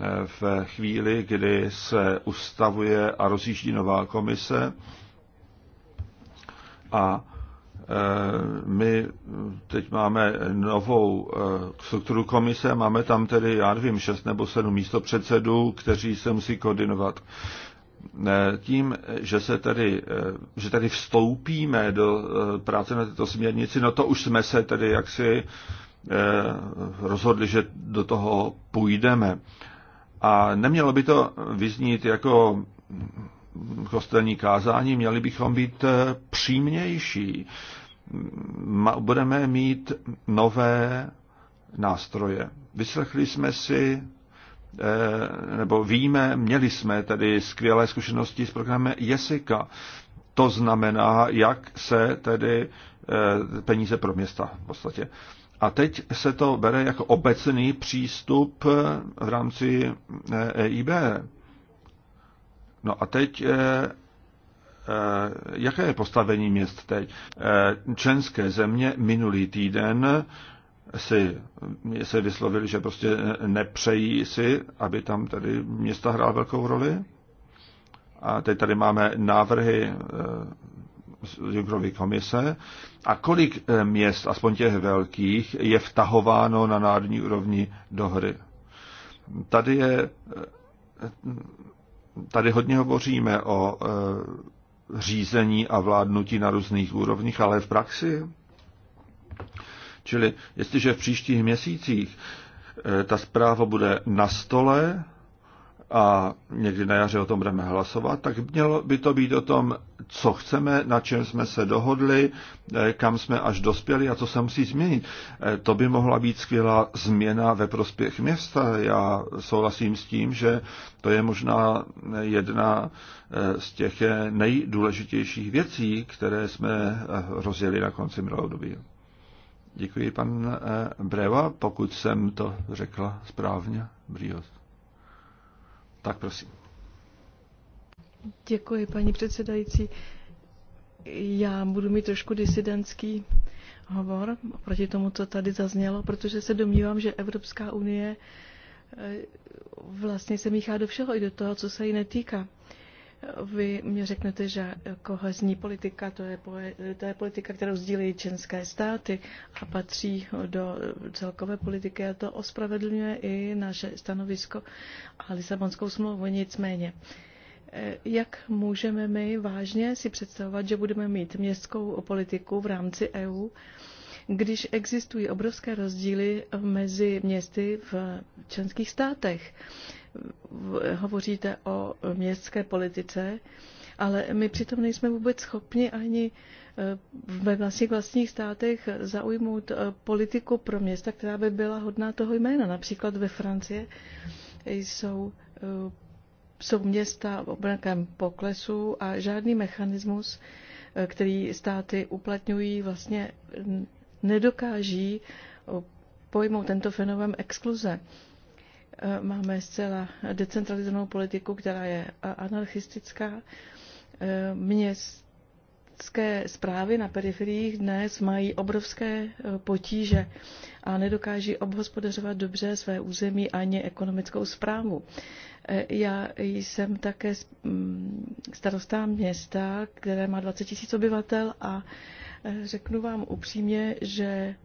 eh, v chvíli, kdy se ustavuje a rozjíždí nová komise a Eh, my teď máme novou eh, strukturu komise, máme tam tedy, já nevím, šest nebo sedm místopředsedů, kteří se musí koordinovat. Eh, tím, že, se tady, že tady vstoupíme do práce na této směrnici, no to už jsme se tedy jaksi rozhodli, že do toho půjdeme. A nemělo by to vyznít jako kostelní kázání, měli bychom být přímější budeme mít nové nástroje. Vyslechli jsme si, eh, nebo víme, měli jsme tedy skvělé zkušenosti s programem Jesika. To znamená, jak se tedy eh, peníze pro města v podstatě. A teď se to bere jako obecný přístup eh, v rámci EIB. E no a teď Eh, jaké je postavení měst teď? Eh, členské země minulý týden si se vyslovili, že prostě nepřejí si, aby tam tady města hrál velkou roli. A teď tady máme návrhy eh, z Junckerovy komise. A kolik měst, aspoň těch velkých, je vtahováno na národní úrovni do hry? Tady je tady hodně hovoříme o řízení a vládnutí na různých úrovních, ale v praxi. Čili jestliže v příštích měsících eh, ta zpráva bude na stole, a někdy na jaře o tom budeme hlasovat, tak mělo by to být o tom, co chceme, na čem jsme se dohodli, eh, kam jsme až dospěli a co se musí změnit. Eh, to by mohla být skvělá změna ve prospěch města. Já souhlasím s tím, že to je možná jedna eh, z těch nejdůležitějších věcí, které jsme rozjeli na konci minulého období. Děkuji, pan Breva, pokud jsem to řekla správně. Brýos. Tak prosím. Děkuji, paní předsedající. Já budu mít trošku disidentský hovor proti tomu, co tady zaznělo, protože se domnívám, že Evropská unie eh, vlastně se míchá do všeho i do toho, co se jí netýká. Vy mě řeknete, že kohezní politika to je, to je politika, kterou sdílejí členské státy a patří do celkové politiky a to ospravedlňuje i naše stanovisko a Lisabonskou smlouvu nicméně. Eh, jak můžeme my vážně si představovat, že budeme mít městskou politiku v rámci EU, když existují obrovské rozdíly mezi městy v členských státech? hovoříte o městské politice, ale my přitom nejsme vůbec schopni ani eh, ve vlastních vlastních státech zaujmout eh, politiku pro města, která by byla hodná toho jména. Například ve Francii jsou, eh, jsou města v obrakém poklesu a žádný mechanismus, který státy uplatňují, vlastně nedokáží pojmout tento fenomén exkluze. Eh, máme zcela decentralizovanou politiku, která je anarchistická. Eh, Měst městské zprávy na periferiích dnes mají obrovské e, potíže a nedokáží obhospodařovat dobře své území ani ekonomickou zprávu. E, já jsem také starostá města, které má 20 000 obyvatel a e, řeknu vám upřímně, že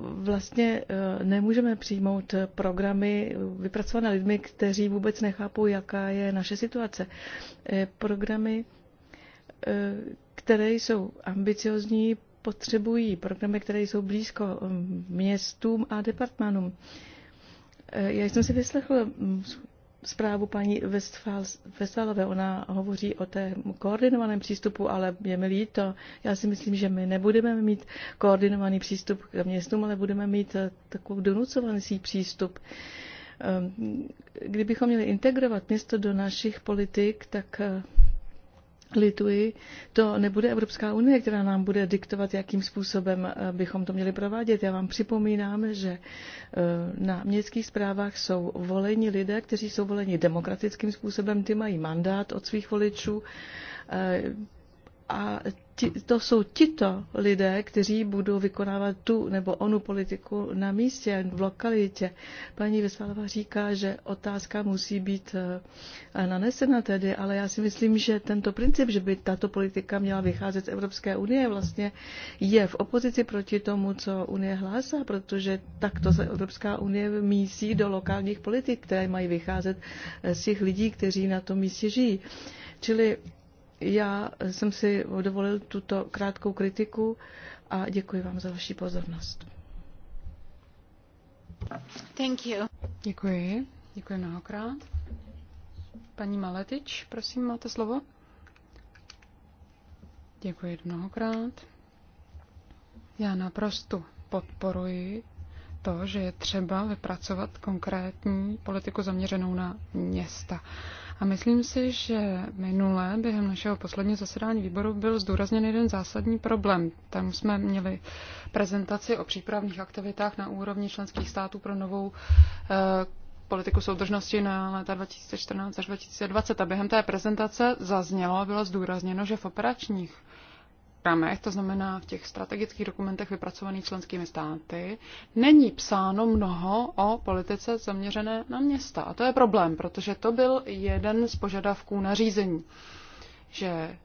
vlastně nemůžeme přijmout programy vypracované lidmi, kteří vůbec nechápou, jaká je naše situace. Programy které jsou ambiciozní, potřebují programy, které jsou blízko um, městům a departmanům. E, já jsem si vyslechla mm, zprávu paní Vestalové. Ona hovoří o té koordinovaném přístupu, ale je mi líto. Já si myslím, že my nebudeme mít koordinovaný přístup k městům, ale budeme mít e, takový donucovaný přístup. E, kdybychom měli integrovat město do našich politik, tak Lituji, to nebude Evropská unie, která nám bude diktovat, jakým způsobem eh, bychom to měli provádět. Já vám připomínám, že eh, na městských zprávách jsou voleni lidé, kteří jsou voleni demokratickým způsobem, ty mají mandát od svých voličů eh, a ti, to jsou tito lidé, kteří budou vykonávat tu nebo onu politiku na místě, v lokalitě. Paní Veselová říká, že otázka musí být eh, nanesena tedy, ale já si myslím, že tento princip, že by tato politika měla vycházet z Evropské unie, vlastně je v opozici proti tomu, co Unie hlásá, protože takto se Evropská unie mísí do lokálních politik, které mají vycházet eh, z těch lidí, kteří na tom místě žijí. Čili já jsem si dovolil tuto krátkou kritiku a děkuji vám za vaši pozornost. Thank you. Děkuji. Děkuji mnohokrát. Paní Maletič, prosím, máte slovo. Děkuji mnohokrát. Já naprosto podporuji to, že je třeba vypracovat konkrétní politiku zaměřenou na města. A myslím si, že minule během našeho posledního zasedání výboru byl zdůrazněn jeden zásadní problém. Tam jsme měli prezentaci o přípravných aktivitách na úrovni členských států pro novou eh, politiku soudržnosti na léta 2014 až 2020. A během té prezentace zaznělo a bylo zdůrazněno, že v operačních programech, to znamená v těch strategických dokumentech vypracovaných členskými státy, není psáno mnoho o politice zaměřené na města. A to je problém, protože to byl jeden z požadavků na řízení, že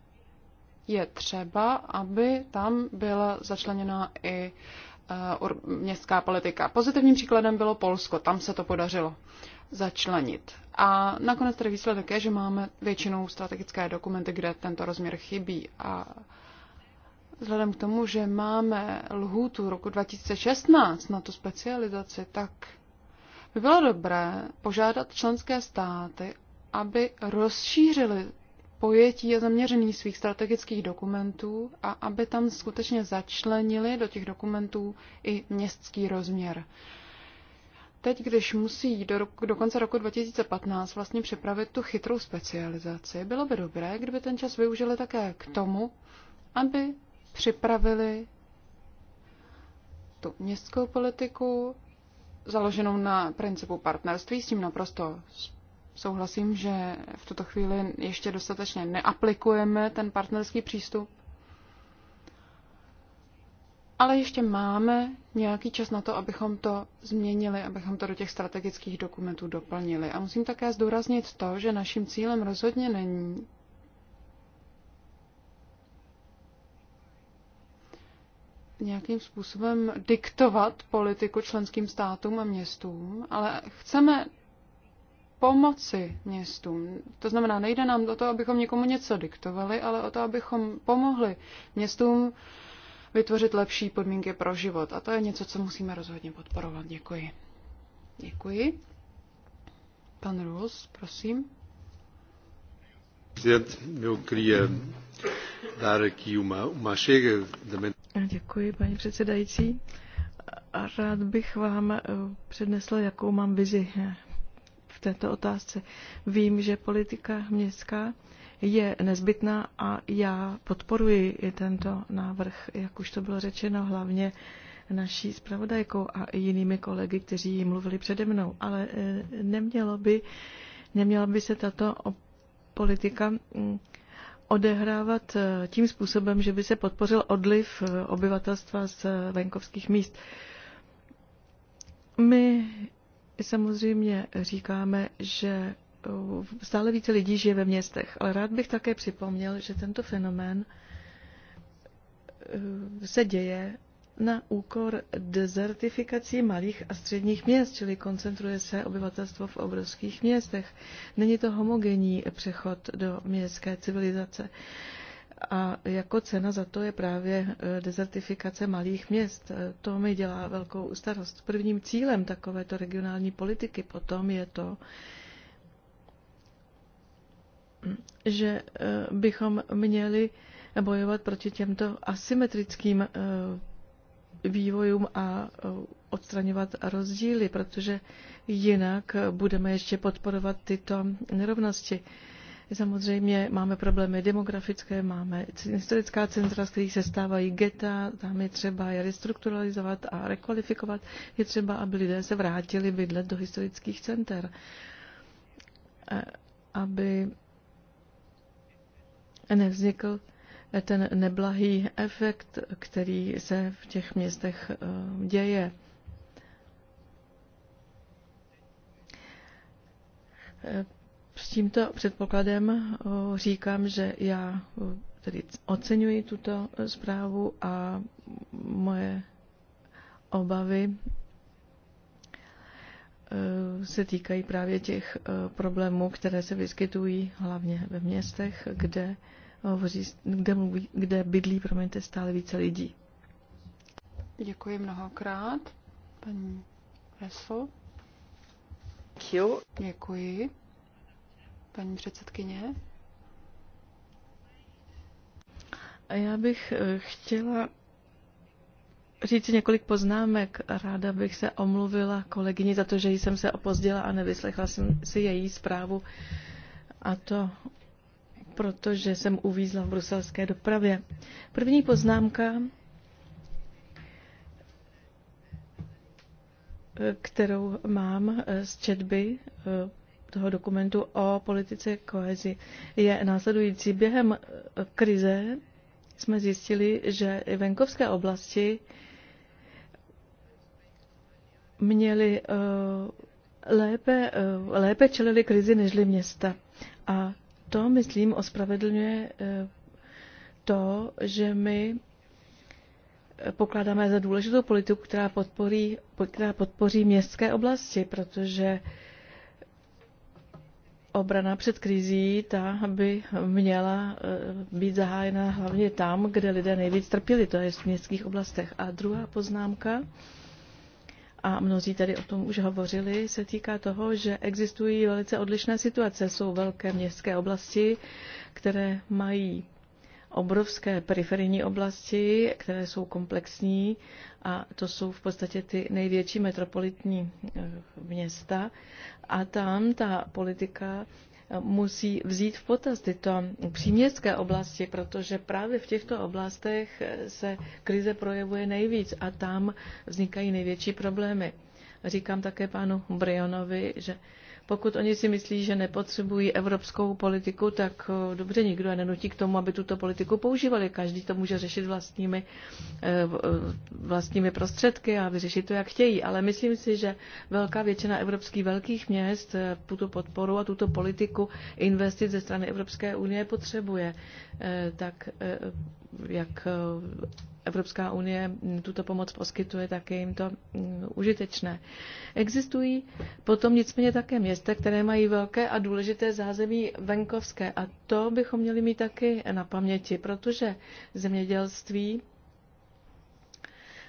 je třeba, aby tam byla začleněna i eh, městská politika. Pozitivním příkladem bylo Polsko, tam se to podařilo začlenit. A nakonec tedy výsledek je, že máme většinou strategické dokumenty, kde tento rozměr chybí. A vzhledem k tomu, že máme lhůtu roku 2016 na tu specializaci, tak by bylo dobré požádat členské státy, aby rozšířili pojetí a zaměření svých strategických dokumentů a aby tam skutečně začlenili do těch dokumentů i městský rozměr. Teď, když musí do, roku, do konce roku 2015 vlastně připravit tu chytrou specializaci, bylo by dobré, kdyby ten čas využili také k tomu, aby připravili tu městskou politiku, založenou na principu partnerství. S tím naprosto souhlasím, že v tuto chvíli ještě dostatečně neaplikujeme ten partnerský přístup. Ale ještě máme nějaký čas na to, abychom to změnili, abychom to do těch strategických dokumentů doplnili. A musím také zdůraznit to, že naším cílem rozhodně není nějakým způsobem diktovat politiku členským státům a městům, ale chceme pomoci městům. To znamená, nejde nám o to, abychom někomu něco diktovali, ale o to, abychom pomohli městům vytvořit lepší podmínky pro život. A to je něco, co musíme rozhodně podporovat. Děkuji. Děkuji. Pan Rus, prosím. Eu queria dar aqui uma, uma chega também Děkuji, paní předsedající. Rád bych vám eh, přednesl, jakou mám vizi eh, v této otázce. Vím, že politika městská je nezbytná a já podporuji tento návrh, jak už to bylo řečeno, hlavně naší zpravodajkou a jinými kolegy, kteří mluvili přede mnou. Ale eh, nemělo by, neměla by se tato politika mm, odehrávat eh, tím způsobem, že by se podpořil odliv eh, obyvatelstva z eh, venkovských míst. My samozřejmě říkáme, že stále více lidí žije ve městech, ale rád bych také připomněl, že tento fenomén se děje na úkor dezertifikací malých a středních měst, čili koncentruje se obyvatelstvo v obrovských městech. Není to homogenní přechod do městské civilizace. A jako cena za to je právě e, dezertifikace malých měst. E, to mi dělá velkou starost. Prvním cílem takovéto regionální politiky potom je to, že e, bychom měli bojovat proti těmto asymetrickým vývojům a e, odstraňovat rozdíly, protože jinak budeme ještě podporovat tyto nerovnosti. Samozřejmě máme problémy demografické, máme historická centra, z kterých se stávají geta, tam je třeba je restrukturalizovat a rekvalifikovat. Je třeba, aby lidé se vrátili bydlet do historických center, e, aby nevznikl ten neblahý efekt, který se v těch městech eh, děje. S tímto předpokladem eh, říkám, že já eh, tedy oceňuji tuto zprávu a moje obavy se týkají právě těch problémů, které se vyskytují hlavně ve městech, kde hovoří, kde, mluví, kde bydlí, promiňte, stále více lidí. Děkuji mnohokrát, paní Vesl. Děkuji, paní předsedkyně. A já bych eh, chtěla říct několik poznámek. Ráda bych se omluvila kolegyni za to, že jsem se opozdila a nevyslechla jsem si její zprávu. A to protože jsem uvízla v bruselské dopravě. První poznámka, kterou mám eh, z četby eh, toho dokumentu o politice kohezi, je následující. Během eh, krize jsme zjistili, že venkovské oblasti měly lépe, lépe čelili krizi nežli města. A to, myslím, ospravedlňuje eh, to, že my eh, pokládáme za důležitou politiku, která podporí, která podpoří městské oblasti, protože obrana před krizí, ta by měla eh, být zahájena hlavně tam, kde lidé nejvíc trpěli, to je v městských oblastech. A druhá poznámka, a mnozí tady o tom už hovořili, se týká toho, že existují velice odlišné situace. Jsou velké městské oblasti, které mají obrovské periferijní oblasti, které jsou komplexní a to jsou v podstatě ty největší metropolitní eh, města a tam ta politika musí vzít v potaz tyto příměstské oblasti, protože právě v těchto oblastech se krize projevuje nejvíc a tam vznikají největší problémy. Říkám také panu Brionovi, že pokud oni si myslí, že nepotřebují evropskou politiku, tak eh, dobře, nikdo je nenutí k tomu, aby tuto politiku používali. Každý to může řešit vlastními, eh, eh, vlastními prostředky a vyřešit to, jak chtějí. Ale myslím si, že velká většina evropských velkých měst tuto podporu a tuto politiku investit ze strany Evropské unie potřebuje. Tak jak Evropská unie tuto pomoc poskytuje, tak je jim to mm, užitečné. Existují potom nicméně také města, které mají velké a důležité zázemí venkovské a to bychom měli mít taky na paměti, protože zemědělství,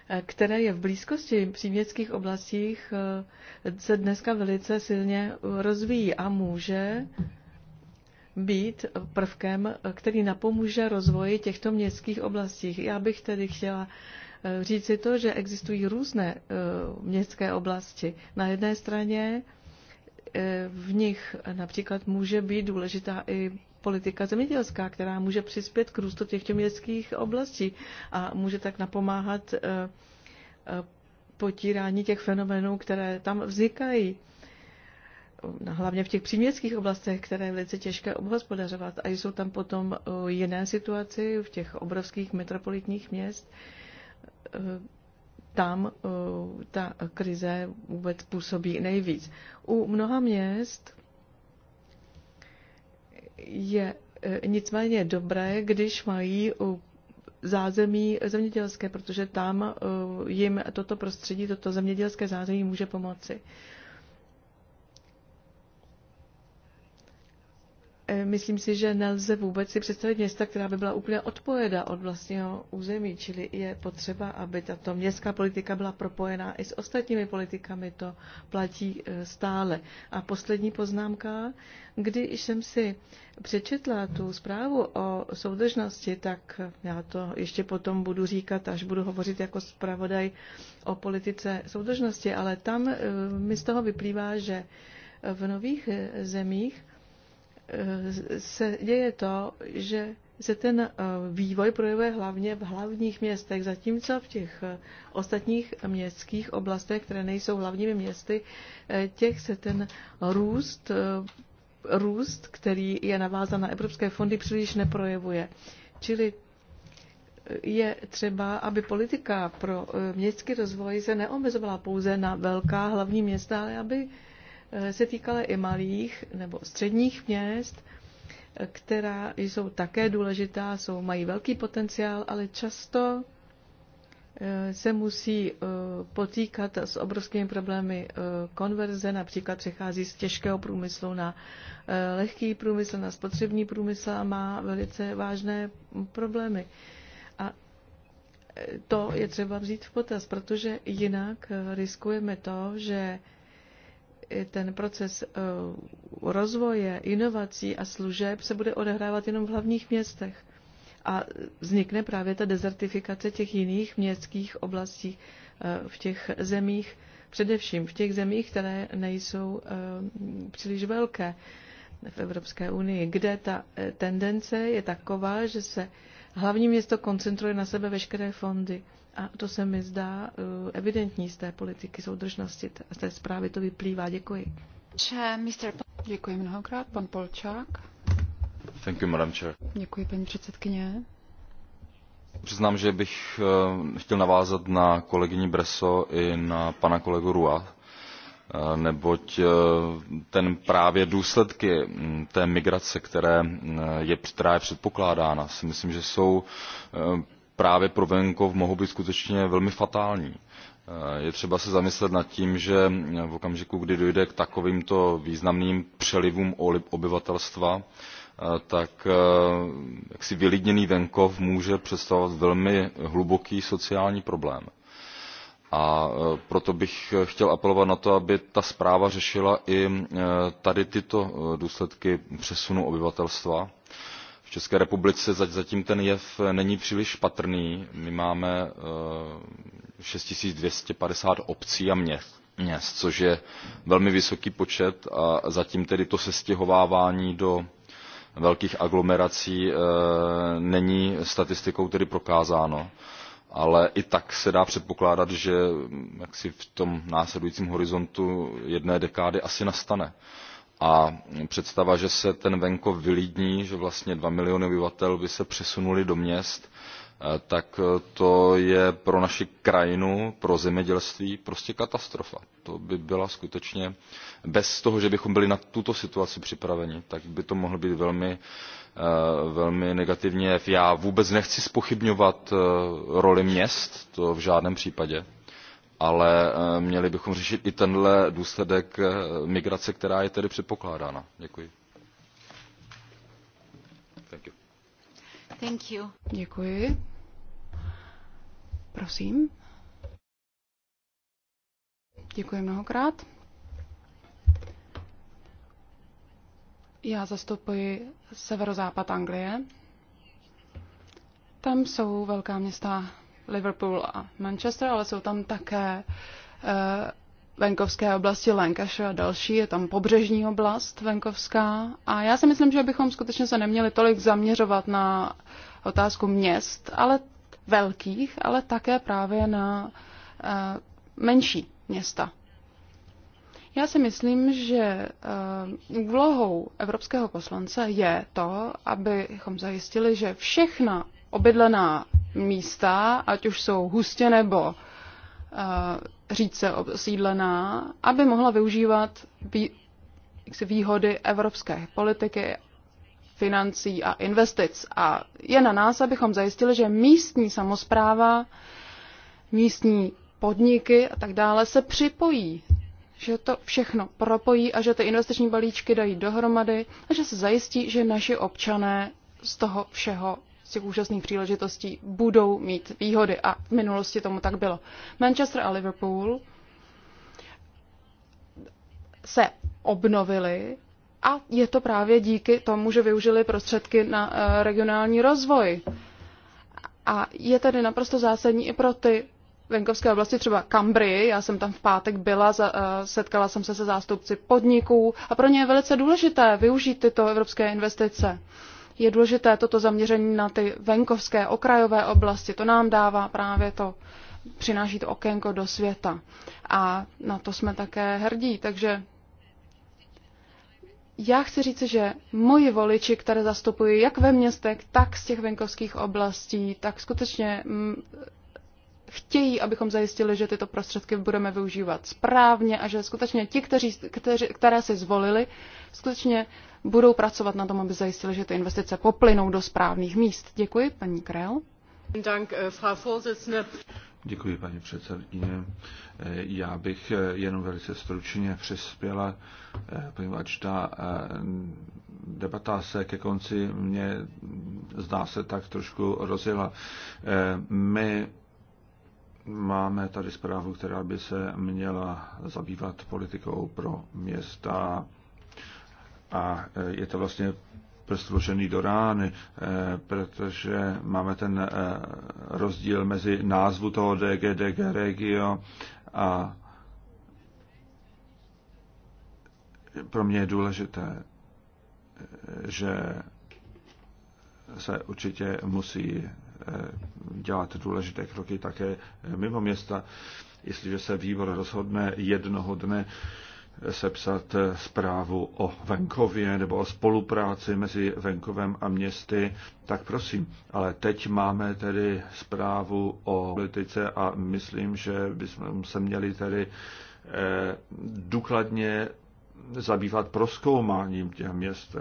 eh, které je v blízkosti příměstských oblastích, eh, se dneska velice silně rozvíjí a může být prvkem, který napomůže rozvoji těchto městských oblastí. Já bych tedy chtěla eh, říci to, že existují různé eh, městské oblasti. Na jedné straně eh, v nich například může být důležitá i politika zemědělská, která může přispět k růstu těchto městských oblastí a může tak napomáhat potírání těch fenomenů, které tam vznikají hlavně v těch příměstských oblastech, které je velice těžké obhospodařovat a jsou tam potom eh, jiné situaci v těch obrovských metropolitních měst. Eh, tam eh, ta krize vůbec působí nejvíc. U mnoha měst je nicméně dobré, když mají zázemí zemědělské, protože tam jim toto prostředí, toto zemědělské zázemí může pomoci. Eh, myslím si, že nelze vůbec si představit města, která by byla úplně odpojena od vlastního území, čili je potřeba, aby tato městská politika byla propojená i s ostatními politikami, to platí eh, stále. A poslední poznámka, když jsem si přečetla tu zprávu o soudržnosti, tak já to ještě potom budu říkat, až budu hovořit jako zpravodaj o politice soudržnosti, ale tam eh, mi z toho vyplývá, že v nových zemích Eh, se děje to, že se ten eh, vývoj projevuje hlavně v hlavních městech, zatímco v těch eh, ostatních městských oblastech, které nejsou hlavními městy, těch se ten růst, růst, který je navázan na evropské fondy, příliš neprojevuje. Čili je třeba, aby politika pro městský rozvoj se neomezovala pouze na velká hlavní města, ale aby Eh, se týkala i malých nebo středních měst, která jsou také důležitá, jsou, mají velký potenciál, ale často eh, se musí eh, potýkat s obrovskými problémy konverze, například přechází z těžkého průmyslu na lehký průmysl, na spotřební průmysl a má velice vážné problémy. A to je třeba vzít v potaz, protože jinak riskujeme to, že ten proces e, rozvoje, inovací a služeb se bude odehrávat jenom v hlavních městech. A vznikne právě ta dezertifikace těch jiných městských oblastí e, v těch zemích, především v těch zemích, které nejsou e, příliš velké v Evropské unii, kde ta tendence je taková, že se hlavní město koncentruje na sebe veškeré fondy. A to se mi zdá eh, evidentní z té politiky soudržnosti, z té zprávy to vyplývá. Děkuji. Děkuji mnohokrát, pan Polčák. Thank you, madam chair. Děkuji, paní předsedkyně. Přiznám, že bych eh, chtěl navázat na kolegyni Breso i na pana kolegu Rua, eh, neboť ten právě důsledky hm, té migrace, které je, která je předpokládána, si myslím, že jsou právě pro venkov mohou být skutečně velmi fatální. Eh, je třeba se zamyslet nad tím že v okamžiku kdy dojde k takovýmto významným přelivům obyvatelstva eh, tak eh, jaksi vylidněný venkov může představovat velmi hluboký sociální problém a proto bych chtěl apelovat na to aby ta zpráva řešila i tady tyto důsledky přesunu obyvatelstva české republice zatím ten jev není příliš patrný my máme eh, šest tisíc hundred and obcí a měst což je velmi vysoký počet a zatím tedy to sestěhovávání do velkých aglomerací eh, není statistikou tedy prokázáno ale i tak se dá předpokládat že mm, jaksi v tom následujícím horizontu jedné dekády asi nastane a představa že se ten venkov vylidní že vlastně dva miliony obyvatel by se přesunuly do měst eh, tak eh, to je pro naši krajinu pro zemědělství prostě katastrofa. to by byla skutečně bez toho že bychom byli na tuto situaci připraveni tak by to mohlo být velmi eh, velmi negativní jev. já vůbec nechci zpochybňovat roli měst to v žádném případě ale eh, měli bychom řešit i tenhle důsledek eh, migrace která je tedy předpokládána. děkuji. Thank you. Thank you. děkuji. prosím. děkuji mnohokrát. Já zastupuji severozápad Anglie. Tam jsou velká města Liverpool a Manchester, ale jsou tam také eh, venkovské oblasti Lancashire a další, je tam pobřežní oblast venkovská a já si myslím, že bychom skutečně se neměli tolik zaměřovat na otázku měst, ale velkých, ale také právě na eh, menší města. Já si myslím, že eh, úlohou evropského poslance je to, abychom zajistili, že všechna obydlená místa, ať už jsou hustě nebo uh, říce osídlená, aby mohla využívat vý, výhody evropské politiky, financí a investic. A je na nás, abychom zajistili, že místní samozpráva, místní podniky a tak dále se připojí že to všechno propojí a že ty investiční balíčky dají dohromady a že se zajistí, že naši občané z toho všeho těch úžasných příležitostí budou mít výhody a v minulosti tomu tak bylo. Manchester a Liverpool se obnovili a je to právě díky tomu, že využili prostředky na eh, regionální rozvoj. A je tedy naprosto zásadní i pro ty venkovské oblasti, třeba Cambry. já jsem tam v pátek byla, eh, setkala jsem se se zástupci podniků a pro ně je velice důležité využít tyto evropské investice je důležité toto zaměření na ty venkovské okrajové oblasti. To nám dává právě to, přináší to okénko do světa. A na to jsme také hrdí. Takže já chci říct, že moji voliči, které zastupuji jak ve městech, tak z těch venkovských oblastí, tak skutečně mm, chtějí, abychom zajistili, že tyto prostředky budeme využívat správně a že skutečně ti, kteří, kteři, které si zvolili, skutečně budou pracovat na tom, aby zajistili, že ty investice poplynou do správných míst. Děkuji, paní Krell. Eh, Děkuji, paní předsedkyně. Eh, já bych eh, jenom velice stručně přispěla, poněvadž ta debata se ke konci mě zdá se tak trošku rozjela. My máme tady zprávu, která by se měla zabývat politikou pro města a e, je to vlastně prst do rány, e, protože máme ten e, rozdíl mezi názvu toho DG, DG Regio a pro mě je důležité, že se určitě musí dělat důležité kroky také mimo města, jestliže se výbor rozhodne jednoho dne, sepsat eh, zprávu o venkově nebo o spolupráci mezi venkovem a městy, tak prosím. Ale teď máme tedy zprávu o politice a myslím, že bychom se měli tedy eh, důkladně zabývat proskoumáním těch měst.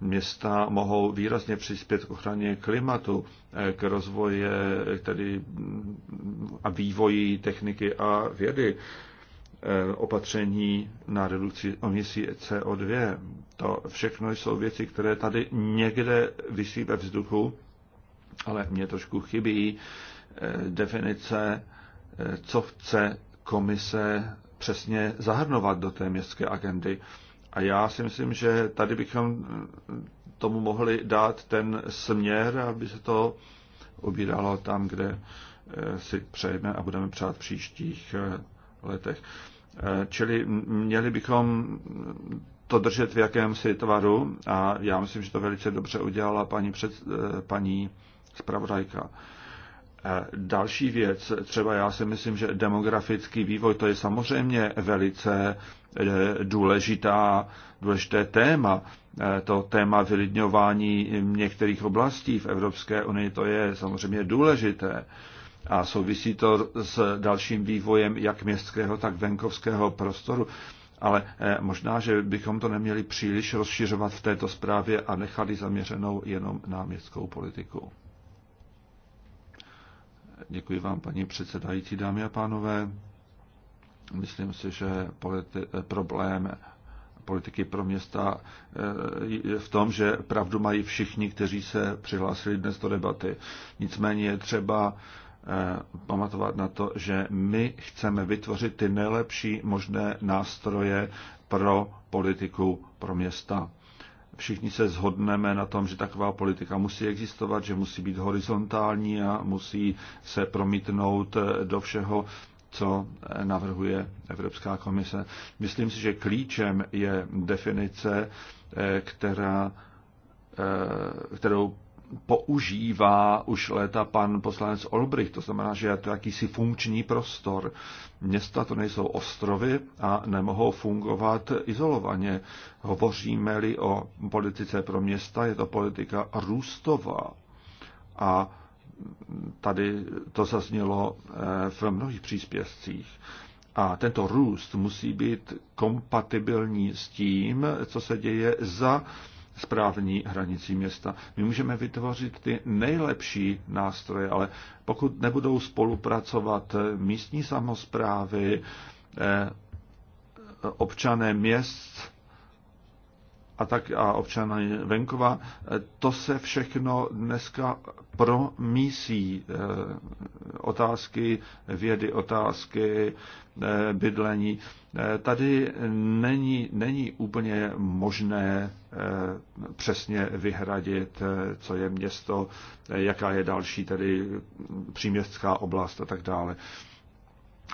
Města mohou výrazně přispět k ochraně klimatu, eh, k rozvoji tedy mm, a vývoji techniky a vědy. Eh, opatření na redukci emisí CO2. To všechno jsou věci, které tady někde vysí ve vzduchu, ale mě trošku chybí eh, definice, eh, co chce komise přesně zahrnovat do té městské agendy. A já si myslím, že tady bychom tomu mohli dát ten směr, aby se to ubíralo tam, kde si přejeme a budeme přát příštích letech. Eh, čili měli bychom to držet v jakémsi tvaru a já myslím, že to velice dobře udělala paní, před, eh, paní zpravodajka. Eh, další věc, třeba já si myslím, že demografický vývoj, to je samozřejmě velice důležitá, důležité téma. To téma vylidňování některých oblastí v Evropské unii, to je samozřejmě důležité a souvisí to s dalším vývojem jak městského, tak venkovského prostoru. Ale eh, možná, že bychom to neměli příliš rozšiřovat v této zprávě a nechali zaměřenou jenom na městskou politiku. Děkuji vám, paní předsedající, dámy a pánové. Myslím si, že politi- problém politiky pro města eh, je v tom, že pravdu mají všichni, kteří se přihlásili dnes do debaty. Nicméně je třeba Eh, pamatovat na to, že my chceme vytvořit ty nejlepší možné nástroje pro politiku pro města. Všichni se zhodneme na tom, že taková politika musí existovat, že musí být horizontální a musí se promítnout eh, do všeho, co eh, navrhuje Evropská komise. Myslím si, že klíčem je definice, která, kterou používá už léta pan poslanec Olbrich. To znamená, že je to jakýsi funkční prostor. Města to nejsou ostrovy a nemohou fungovat izolovaně. Hovoříme-li o politice pro města, je to politika růstová. A tady to zaznělo eh, v mnohých příspěvcích. A tento růst musí být kompatibilní s tím, co se děje za správní hranicí města. My můžeme vytvořit ty nejlepší nástroje, ale pokud nebudou spolupracovat místní samozprávy, eh, občané měst, a, tak, a občany venkova, to se všechno dneska promísí eh, otázky vědy, otázky eh, bydlení. Eh, tady není, není úplně možné přesně vyhradit, co je město, jaká je další tedy příměstská oblast a tak dále.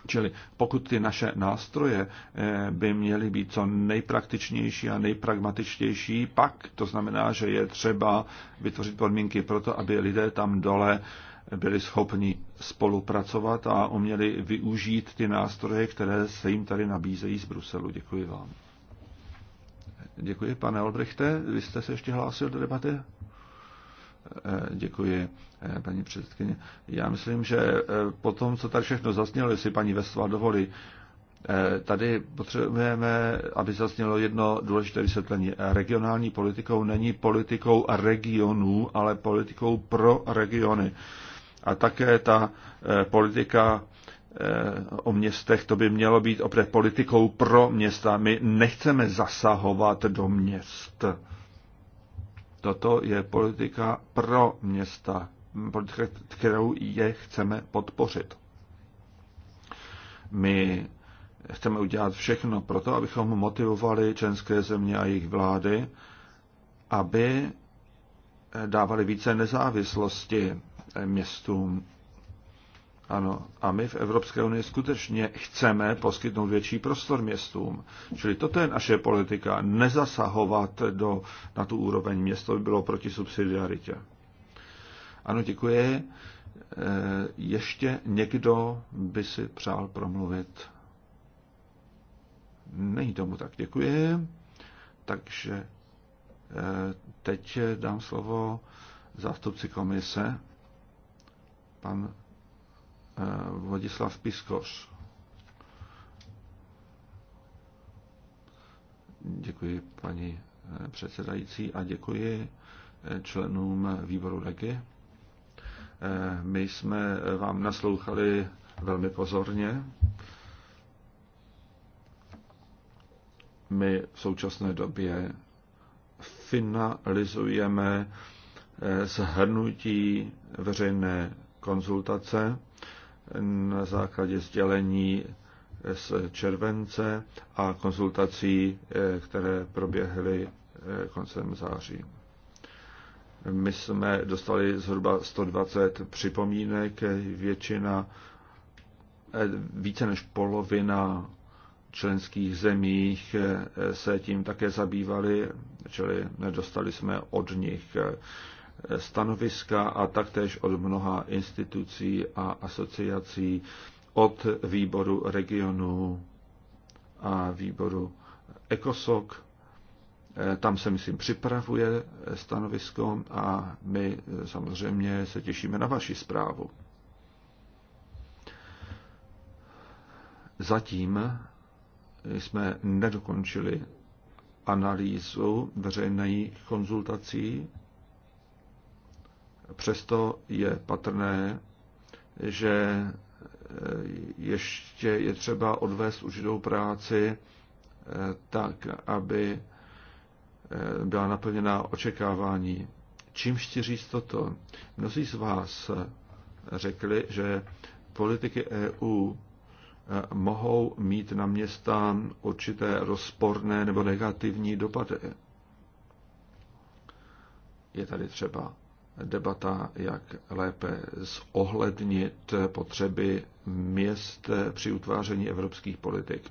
Čili pokud ty naše nástroje eh, by měly být co nejpraktičnější a nejpragmatičtější, pak to znamená, že je třeba vytvořit podmínky pro to, aby lidé tam dole byli schopni spolupracovat a uměli využít ty nástroje, které se jim tady nabízejí z Bruselu. Děkuji vám. Děkuji, pane Olbrichte. Vy jste se ještě hlásil do debaty? Děkuji, eh, paní předsedkyně. Já myslím, že eh, po tom, co tady všechno zaznělo, jestli paní Vestová dovolí, eh, tady potřebujeme, aby zaznělo jedno důležité vysvětlení. Regionální politikou není politikou regionů, ale politikou pro regiony. A také ta politika o městech, to by mělo být opět politikou pro města. My nechceme zasahovat do měst. Toto je politika pro města, politika, kterou je chceme podpořit. My chceme udělat všechno pro to, abychom motivovali členské země a jejich vlády, aby dávali více nezávislosti městům ano, a my v Evropské unii skutečně chceme poskytnout větší prostor městům. Čili toto je naše politika, nezasahovat do, na tu úroveň město by bylo proti subsidiaritě. Ano, děkuji. E, ještě někdo by si přál promluvit? Není tomu tak, děkuji. Takže e, teď dám slovo zástupci komise, pan Eh, Vladislav Piskoš. Děkuji paní eh, předsedající a děkuji eh, členům výboru REGI. My jsme vám naslouchali velmi pozorně. My v současné době finalizujeme shrnutí veřejné konzultace na základě sdělení z července a konzultací, eh, které proběhly eh, koncem září. My jsme dostali zhruba 120 připomínek, většina, eh, více než polovina členských zemích se tím také zabývali, čili nedostali jsme od nich stanoviska a taktéž od mnoha institucí a asociací, od výboru regionu a výboru ECOSOC. Eh, tam se, myslím, připravuje stanovisko a my eh, samozřejmě se těšíme na vaši zprávu. Zatím eh, jsme nedokončili analýzu veřejných konzultací Přesto je patrné, že eh, ještě je třeba odvést určitou práci eh, tak, aby eh, byla naplněna očekávání. Čím chci říct toto? Mnozí z vás řekli, že politiky EU mohou mít na města určité rozporné nebo negativní dopady. Je tady třeba debata, jak lépe zohlednit potřeby měst při utváření evropských politik.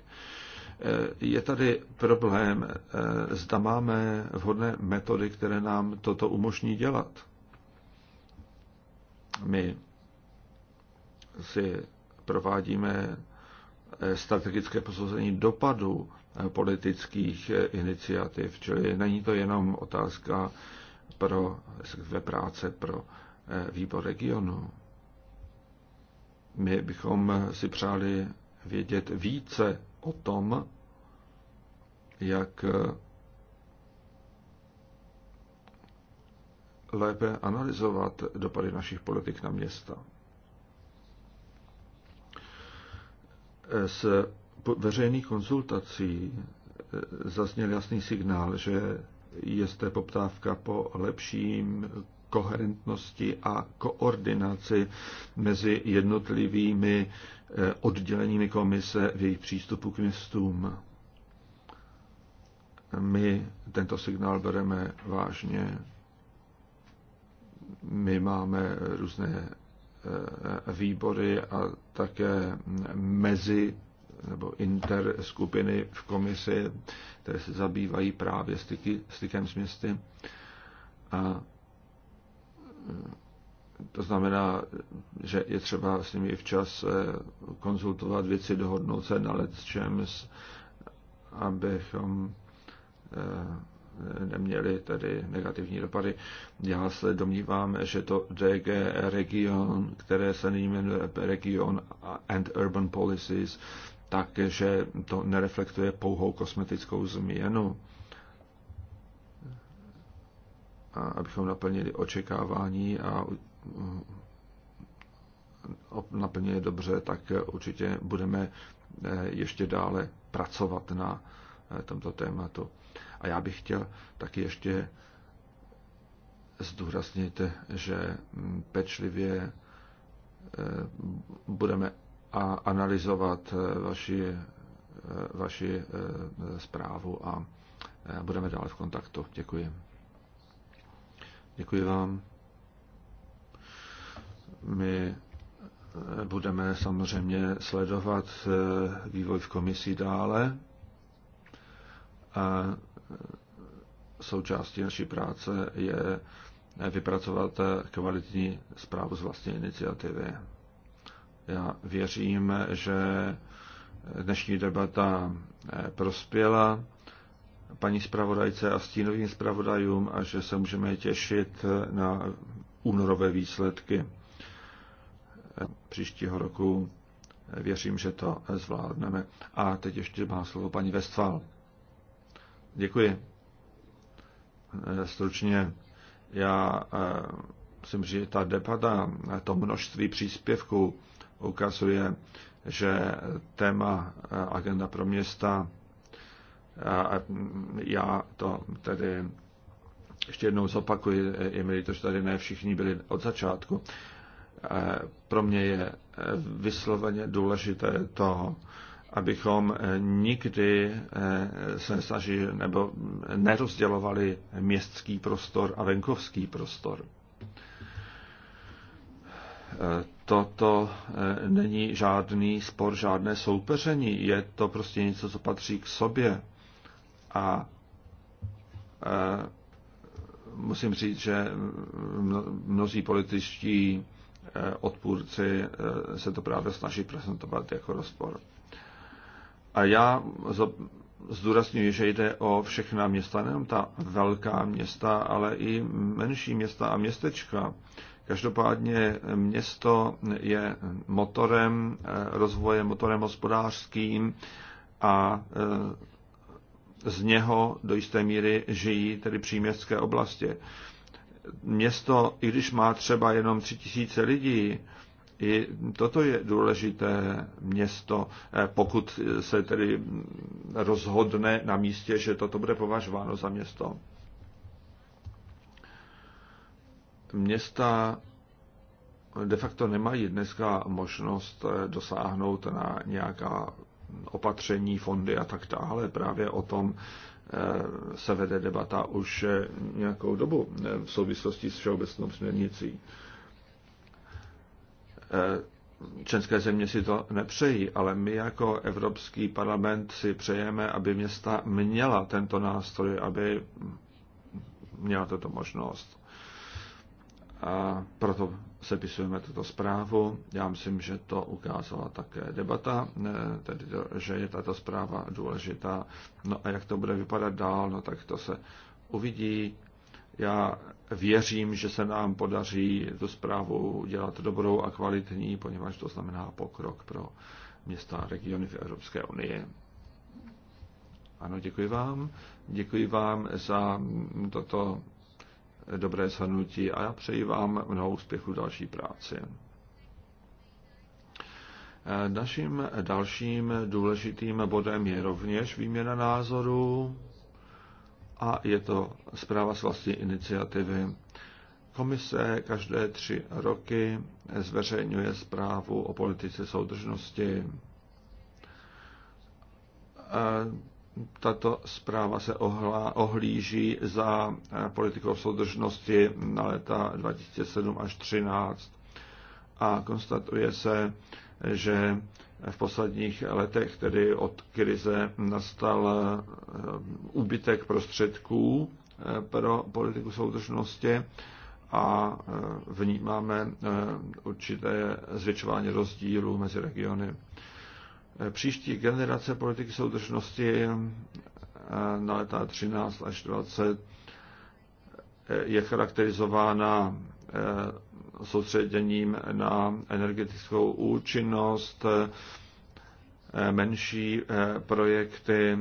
Je tady problém, zda máme vhodné metody, které nám toto umožní dělat. My si provádíme strategické posouzení dopadu politických iniciativ, čili není to jenom otázka pro, ve práce pro eh, výbor regionu. My bychom si přáli vědět více o tom, jak eh, lépe analyzovat dopady našich politik na města. Eh, z veřejných konzultací zazněl jasný signál, že je zde poptávka po lepším koherentnosti a koordinaci mezi jednotlivými eh, odděleními komise v jejich přístupu k městům. My tento signál bereme vážně. My máme různé eh, výbory a také mezi nebo interskupiny v komisi, které se zabývají právě styky, stykem s městy. A e, to znamená, že je třeba s nimi včas e, konzultovat věci, dohodnout se na let čems, abychom e, neměli tedy negativní dopady. Já se domnívám, že to DG region, které se nyní jmenuje Region and Urban Policies, tak, že to nereflektuje pouhou kosmetickou změnu. A abychom naplnili očekávání a naplnili dobře, tak určitě budeme ještě dále pracovat na tomto tématu. A já bych chtěl taky ještě zdůraznit, že pečlivě budeme a analyzovat eh, vaši, eh, vaši eh, zprávu a budeme dále v kontaktu. Děkuji. Děkuji vám. My budeme samozřejmě sledovat vývoj v komisí dále. A součástí naší práce je vypracovat kvalitní zprávu z vlastní iniciativy. Já věřím, že dnešní debata eh, prospěla paní zpravodajce a stínovým zpravodajům a že se můžeme těšit eh, na únorové výsledky eh, příštího roku. Věřím, že to zvládneme. A teď ještě má slovo paní Westfal. Děkuji. Stručně já říct, že ta debata, to množství příspěvků, ukazuje, že téma eh, agenda pro města, eh, já to tedy ještě jednou zopakuji, je eh, mi to, že tady ne všichni byli od začátku. Pro mě je vysloveně důležité to, abychom nikdy se snažili nebo nerozdělovali městský prostor a venkovský prostor toto e, není žádný spor, žádné soupeření, je to prostě něco, co patří k sobě. A e, musím říct, že mnozí političtí e, odpůrci se to právě snaží prezentovat jako rozpor. A já zdůraznuju, že jde o všechna města, nejenom ta velká města, ale i menší města a městečka. Každopádně město je motorem eh, rozvoje, motorem hospodářským a eh, z něho do jisté míry žijí tedy příměstské oblasti. Město, i když má třeba jenom tři tisíce lidí, i toto je důležité město, eh, pokud se tedy rozhodne na místě, že toto bude považováno za město. města de facto nemají dneska možnost eh, dosáhnout na nějaká opatření, fondy a tak dále. Právě o tom eh, se vede debata už eh, nějakou dobu v souvislosti s všeobecnou směrnicí. České země si to nepřejí, ale my jako Evropský parlament si přejeme, aby města měla tento nástroj, aby měla tuto možnost a proto sepisujeme tuto zprávu. Já myslím, že to ukázala také debata, tedy to, že je tato zpráva důležitá. No a jak to bude vypadat dál, no tak to se uvidí. Já věřím, že se nám podaří tu zprávu dělat dobrou a kvalitní, poněvadž to znamená pokrok pro města a regiony v Evropské unii. Ano, děkuji vám. Děkuji vám za toto dobré shrnutí a já přeji vám mnoho úspěchu v další práci. Naším dalším důležitým bodem je rovněž výměna názorů a je to zpráva z vlastní iniciativy. Komise každé tři roky zveřejňuje zprávu o politice soudržnosti tato zpráva se ohla, ohlíží za eh, politikou soudržnosti na leta 2007 až 2013 a konstatuje se, že v posledních letech, tedy od krize, nastal eh, úbytek prostředků eh, pro politiku soudržnosti a vnímáme určité zvětšování rozdílů mezi regiony. Eh, příští generace politiky soudržnosti eh, na leta 13 až 20 eh, je charakterizována soustředěním na energetickou účinnost, menší projekty,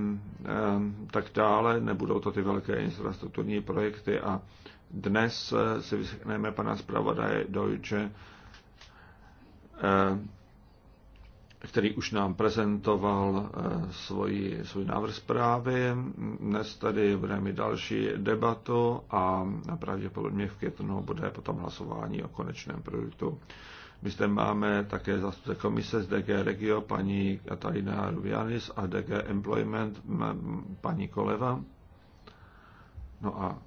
tak dále. Nebudou to ty velké infrastrukturní projekty a dnes si vyslechneme pana zpravodaje Deutsche který už nám prezentoval eh, svůj, svůj návrh zprávy. Dnes tady budeme mít další debatu a pravděpodobně v květnu bude potom hlasování o konečném produktu. My zde máme také zastupce komise z DG Regio, paní Katarina Rubianis a DG Employment, paní Koleva. No a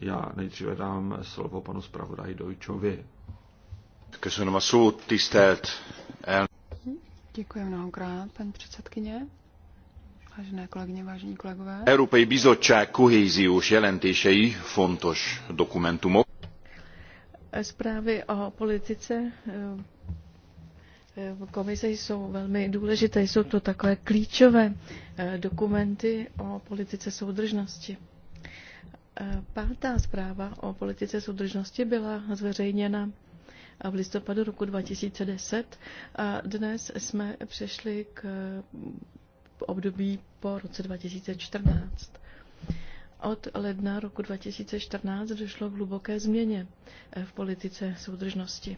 já nejdříve dám slovo panu zpravodaji Dojčovi. Děkuji, a szót, tisztelt el... Děkuji mnohokrát, paní předsedkyně. Vážené kolegyně, vážení kolegové. Európai Bizottság kohéziós jelentései fontos dokumentumok. Zprávy o politice eh, v komise jsou velmi důležité, jsou to takové klíčové eh, dokumenty o politice soudržnosti. Eh, pátá zpráva o politice soudržnosti byla zveřejněna v listopadu roku 2010 a dnes jsme přešli k období po roce 2014. Od ledna roku 2014 došlo k hluboké změně eh, v politice soudržnosti.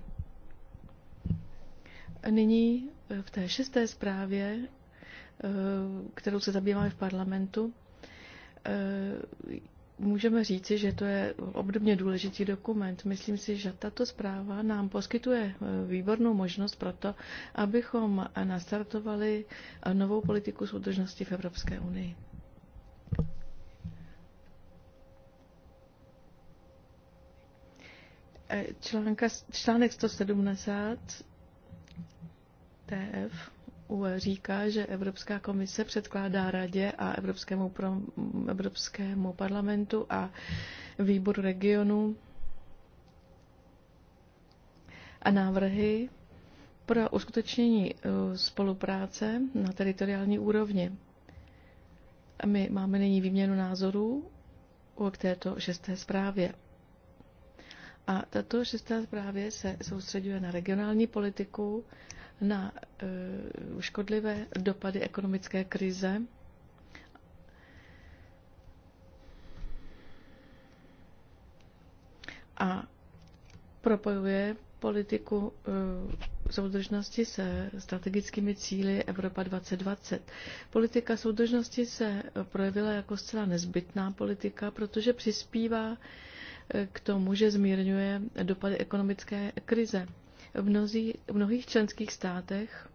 Nyní eh, v té šesté zprávě, eh, kterou se zabýváme v parlamentu, můžeme říci, že to je obdobně důležitý dokument. Myslím si, že tato zpráva nám poskytuje eh, výbornou možnost pro to, abychom nastartovali eh, novou politiku soudržnosti v Evropské unii. Eh, článka, článek 170 TF říká, že Evropská komise předkládá radě a Evropskému, pro, Evropskému parlamentu a výboru regionu a návrhy pro uskutečnění uh, spolupráce na teritoriální úrovni. My máme nyní výměnu názorů k této šesté zprávě. A tato šestá zprávě se soustředuje na regionální politiku, na eh, škodlivé dopady ekonomické krize. A propojuje politiku eh, soudržnosti se strategickými cíly Evropa 2020. Politika soudržnosti se projevila jako zcela nezbytná politika, protože přispívá eh, k tomu, že zmírňuje dopady ekonomické krize. V, mnozí, v mnohých členských státech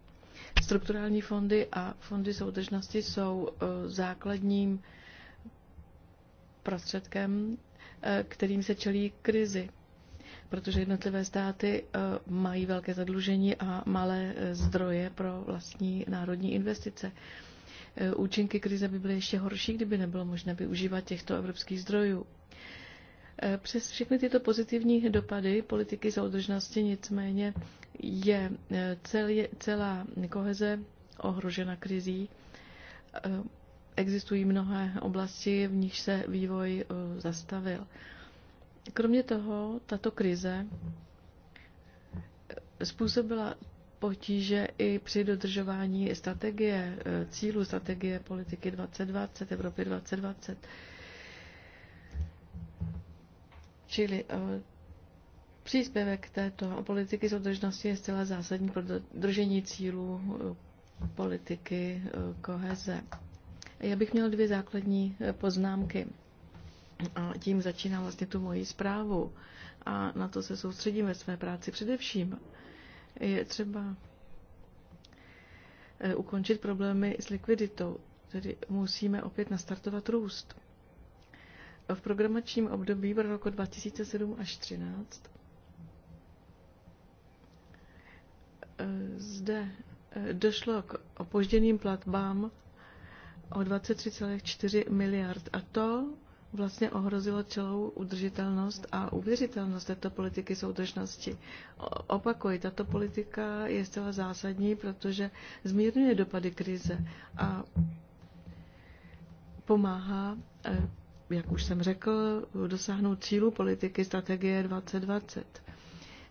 strukturální fondy a fondy soudržnosti jsou eh, základním prostředkem, eh, kterým se čelí krizi, protože jednotlivé státy eh, mají velké zadlužení a malé zdroje pro vlastní národní investice. Účinky krize by byly ještě horší, kdyby nebylo možné využívat těchto evropských zdrojů. Eh, přes všechny tyto pozitivní dopady politiky soudržnosti nicméně je eh, celý, celá koheze ohrožena krizí. Eh, existují mnohé oblasti, v nichž se vývoj zastavil. Kromě toho, tato krize způsobila potíže i při dodržování strategie, cílu strategie politiky 2020, Evropy 2020. Čili eh, příspěvek této politiky soudržnosti je zcela zásadní pro držení cílů eh, politiky eh, koheze. Já bych měl dvě základní poznámky. A tím začíná vlastně tu moji zprávu. A na to se soustředím ve své práci především. Je třeba ukončit problémy s likviditou. Tedy musíme opět nastartovat růst v programačním období pro roku 2007 až 2013. Eh, zde eh, došlo k opožděným platbám o 23,4 miliard a to vlastně ohrozilo celou udržitelnost a uvěřitelnost této politiky soudržnosti. Opakuji, tato politika je zcela zásadní, protože zmírňuje dopady krize a pomáhá eh, jak už jsem řekl, dosáhnout cílu politiky strategie 2020.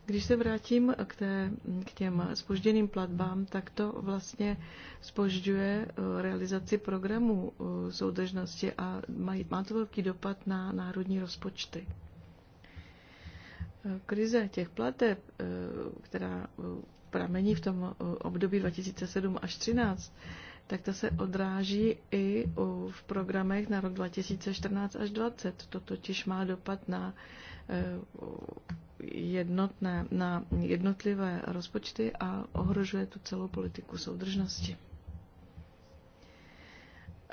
Když se vrátím k, té, k těm spožděným platbám, tak to vlastně spožďuje eh, realizaci programu eh, soudržnosti a má to velký dopad na národní rozpočty. Eh, krize těch plateb, která pramení v tom období 2007 až 2013, tak to se odráží i v programech na rok 2014 až 2020. To totiž má dopad na e, jednotné, na jednotlivé rozpočty a ohrožuje tu celou politiku soudržnosti.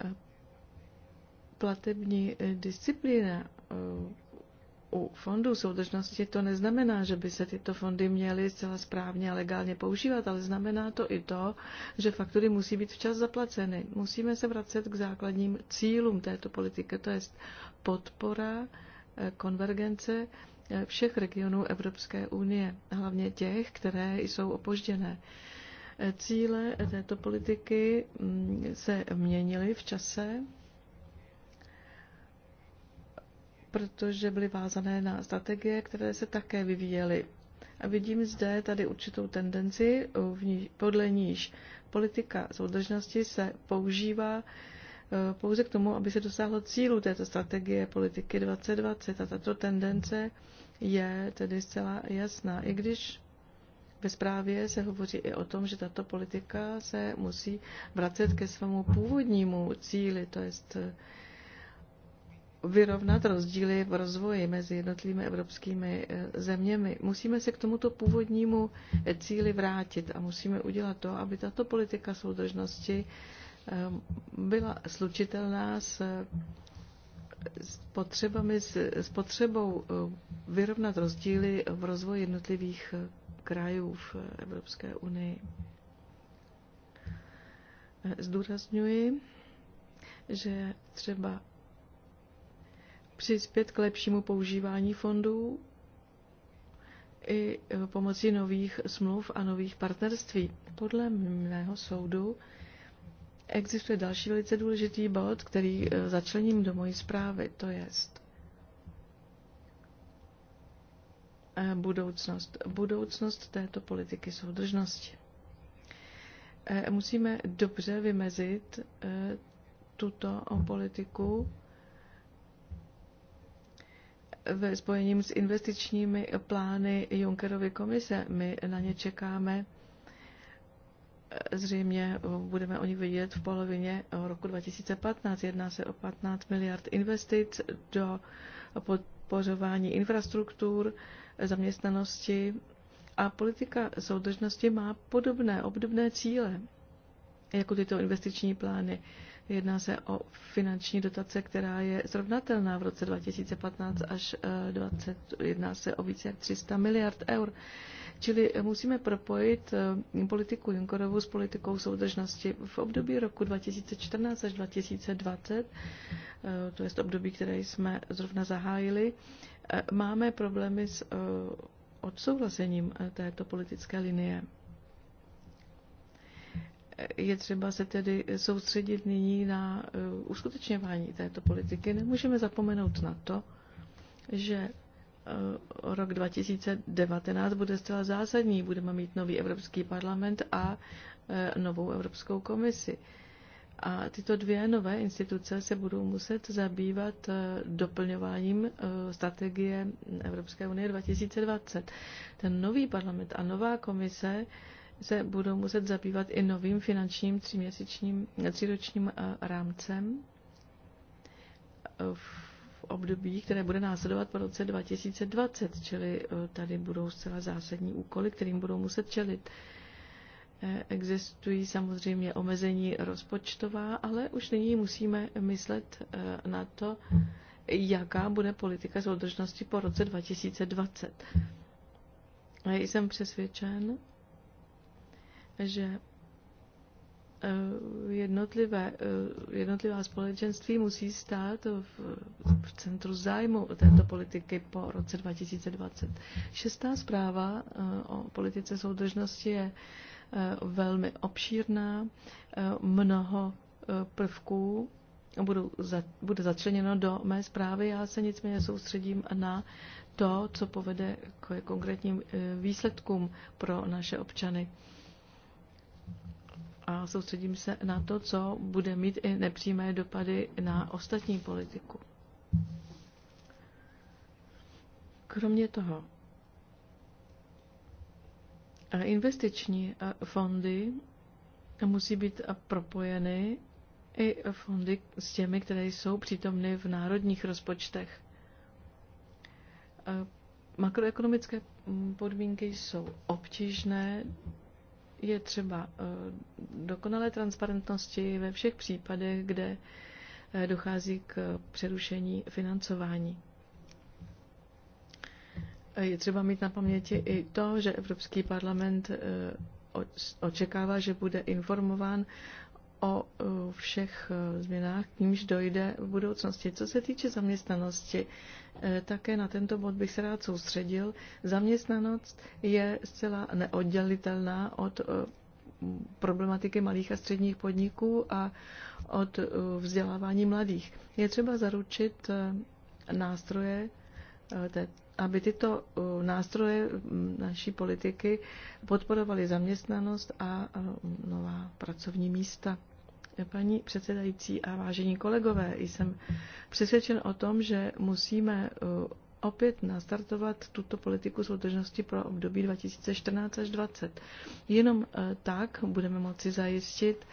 E, platební e, disciplína u fondů soudržnosti to neznamená, že by se tyto fondy měly zcela správně a legálně používat, ale znamená to i to, že faktury musí být včas zaplaceny. Musíme se vracet k základním cílům této politiky, to je podpora eh, konvergence eh, všech regionů Evropské unie, hlavně těch, které jsou opožděné. Eh, cíle této politiky mm, se měnily v čase, protože byly vázané na strategie, které se také vyvíjely. A vidím zde tady určitou tendenci, podle níž politika soudržnosti se používá eh, pouze k tomu, aby se dosáhlo cílu této strategie politiky 2020. A tato tendence je tedy zcela jasná, i když ve zprávě se hovoří i o tom, že tato politika se musí vracet ke svému původnímu cíli, to jest eh, vyrovnat rozdíly v rozvoji mezi jednotlivými evropskými eh, zeměmi. Musíme se k tomuto původnímu eh, cíli vrátit a musíme udělat to, aby tato politika soudržnosti eh, byla slučitelná s s potřebami, s, s potřebou vyrovnat rozdíly v rozvoji jednotlivých krajů v Evropské unii. Zdůrazňuji, že třeba přispět k lepšímu používání fondů i e, pomocí nových smluv a nových partnerství. Podle mého soudu existuje další velice důležitý bod, který e, začlením do mojí zprávy, to jest e, budoucnost. Budoucnost této politiky soudržnosti. Musíme dobře vymezit tuto politiku ve spojením s investičními plány Junckerovy komise. My na ně čekáme. Zřejmě budeme o nich vidět v polovině roku 2015. Jedná se o 15 miliard investic do podpořování infrastruktur, zaměstnanosti a politika soudržnosti má podobné, obdobné cíle jako tyto investiční plány. Jedná se o finanční dotace, která je zrovnatelná v roce 2015 až 2020. Eh, jedná se o více jak 300 miliard eur. Čili musíme propojit eh, politiku Junkerovu s politikou soudržnosti. V období roku 2014 až 2020, eh, to je období, které jsme zrovna zahájili, máme problémy s odsouhlasením této politické linie je třeba se tedy soustředit nyní na eh, uskutečňování této politiky. Nemůžeme zapomenout na to, že eh, rok 2019 bude zcela zásadní. Budeme mít nový Evropský parlament a eh, novou Evropskou komisi. A tyto dvě nové instituce se budou muset zabývat doplňováním strategie Evropské unie 2020. Ten nový parlament a nová komise se budou muset zabývat i novým finančním tříměsíčním, tříročním eh, rámcem eh, v období, které bude následovat po roce 2020, čili eh, tady budou zcela zásadní úkoly, kterým budou muset čelit. Existují samozřejmě omezení rozpočtová, ale už nyní musíme myslet na to, jaká bude politika soudržnosti po roce 2020. Já jsem přesvědčen, že eh, jednotlivé, eh, jednotlivá společenství musí stát v, v centru zájmu této politiky po roce 2020. Šestá zpráva eh, o politice soudržnosti je velmi obšírná, mnoho prvků budu za, bude začleněno do mé zprávy. Já se nicméně soustředím na to, co povede k konkrétním výsledkům pro naše občany a soustředím se na to, co bude mít i nepřímé dopady na ostatní politiku. Kromě toho, eh, investiční eh, fondy musí být propojeny i fondy s těmi, které jsou přítomny v národních rozpočtech. Eh, makroekonomické mm, podmínky jsou obtížné, je třeba eh, dokonalé transparentnosti ve všech případech, kde eh, dochází k přerušení financování. Eh, je třeba mít na paměti i to, že Evropský parlament očekává, že bude informován o všech e, změnách, k nímž dojde v budoucnosti. Co se týče zaměstnanosti, e, také na tento bod bych se rád soustředil. Zaměstnanost je zcela neoddělitelná od e, problematiky malých a středních podniků a od vzdělávání mladých. Je třeba zaručit nástroje, aby tyto nástroje naší politiky podporovaly zaměstnanost a nová pracovní místa paní předsedající a vážení kolegové. Jsem přesvědčen o tom, že musíme uh, opět nastartovat tuto politiku soudržnosti pro období 2014 až 2020. Jenom uh, tak budeme moci zajistit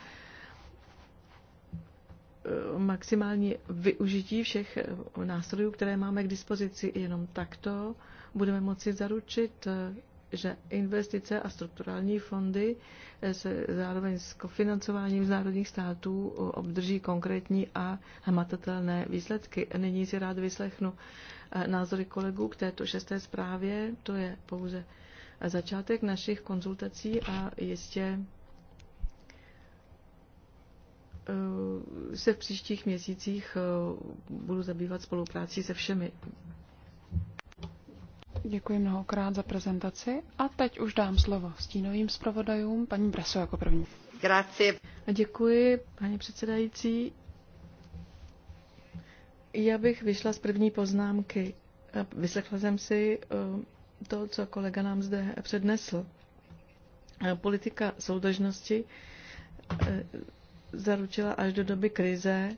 uh, maximální využití všech nástrojů, které máme k dispozici. Jenom takto budeme moci zaručit že investice a strukturální fondy eh, se zároveň s kofinancováním z národních států eh, obdrží konkrétní a hmatatelné výsledky. Nyní si rád vyslechnu eh, názory kolegů k této šesté zprávě. To je pouze začátek našich konzultací a jistě se v příštích měsících budu zabývat spoluprácí se všemi Děkuji mnohokrát za prezentaci a teď už dám slovo stínovým zpravodajům, paní Breso jako první. Grazie. Děkuji, paní předsedající. Já bych vyšla z první poznámky. Eh, vyslechla jsem si eh, to, co kolega nám zde přednesl. Eh, politika soudržnosti zaručila až do doby krize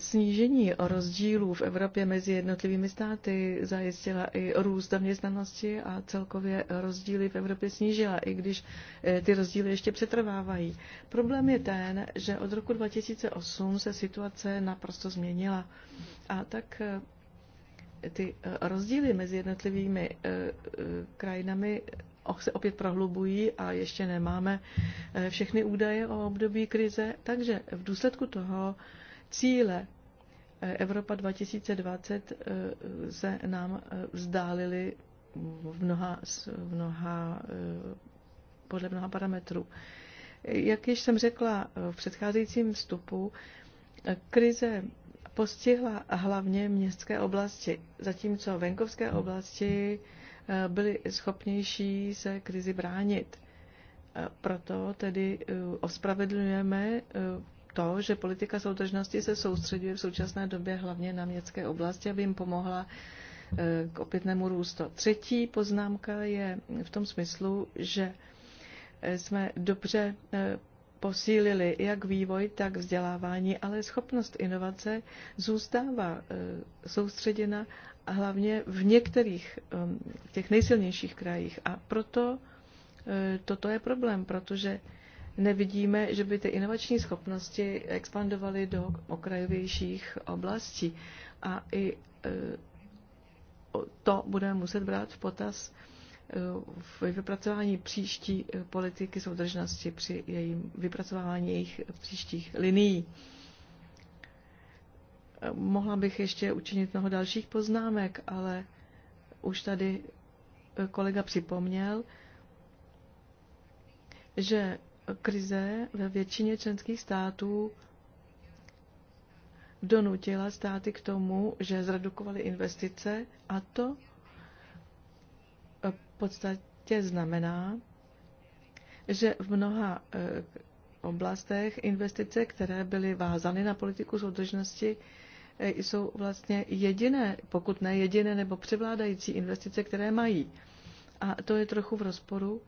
snížení rozdílů v Evropě mezi jednotlivými státy zajistila i růst zaměstnanosti a celkově rozdíly v Evropě snížila, i když eh, ty rozdíly ještě přetrvávají. Problém je ten, že od roku 2008 se situace naprosto změnila a tak eh, ty eh, rozdíly mezi jednotlivými krajinami se opět prohlubují a ještě nemáme všechny údaje o období krize, takže v důsledku toho cíle eh, Evropa 2020 eh, se nám eh, vzdálily v mnoha, v mnoha, podle mnoha parametrů. Jak již jsem řekla v předcházejícím vstupu, krize postihla hlavně městské oblasti, zatímco venkovské oblasti byly schopnější se krizi bránit. Proto tedy ospravedlňujeme to, že politika soudržnosti se soustředuje v současné době hlavně na městské oblasti, aby jim pomohla e, k opětnému růstu. Třetí poznámka je v tom smyslu, že e, jsme dobře e, posílili jak vývoj, tak vzdělávání, ale schopnost inovace zůstává soustředěna hlavně v některých těch nejsilnějších krajích. A proto toto je problém, protože nevidíme, že by ty inovační schopnosti expandovaly do okrajovějších oblastí. A i e, to budeme muset brát v potaz e, v vypracování příští e, politiky soudržnosti, při jejím vypracování jejich příštích linií. Mohla bych ještě učinit mnoho dalších poznámek, ale už tady kolega připomněl, že krize ve většině členských států donutila státy k tomu, že zredukovali investice a to v podstatě znamená, že v mnoha eh, oblastech investice, které byly vázány na politiku soudržnosti, eh, jsou vlastně jediné, pokud ne jediné nebo převládající investice, které mají. A to je trochu v rozporu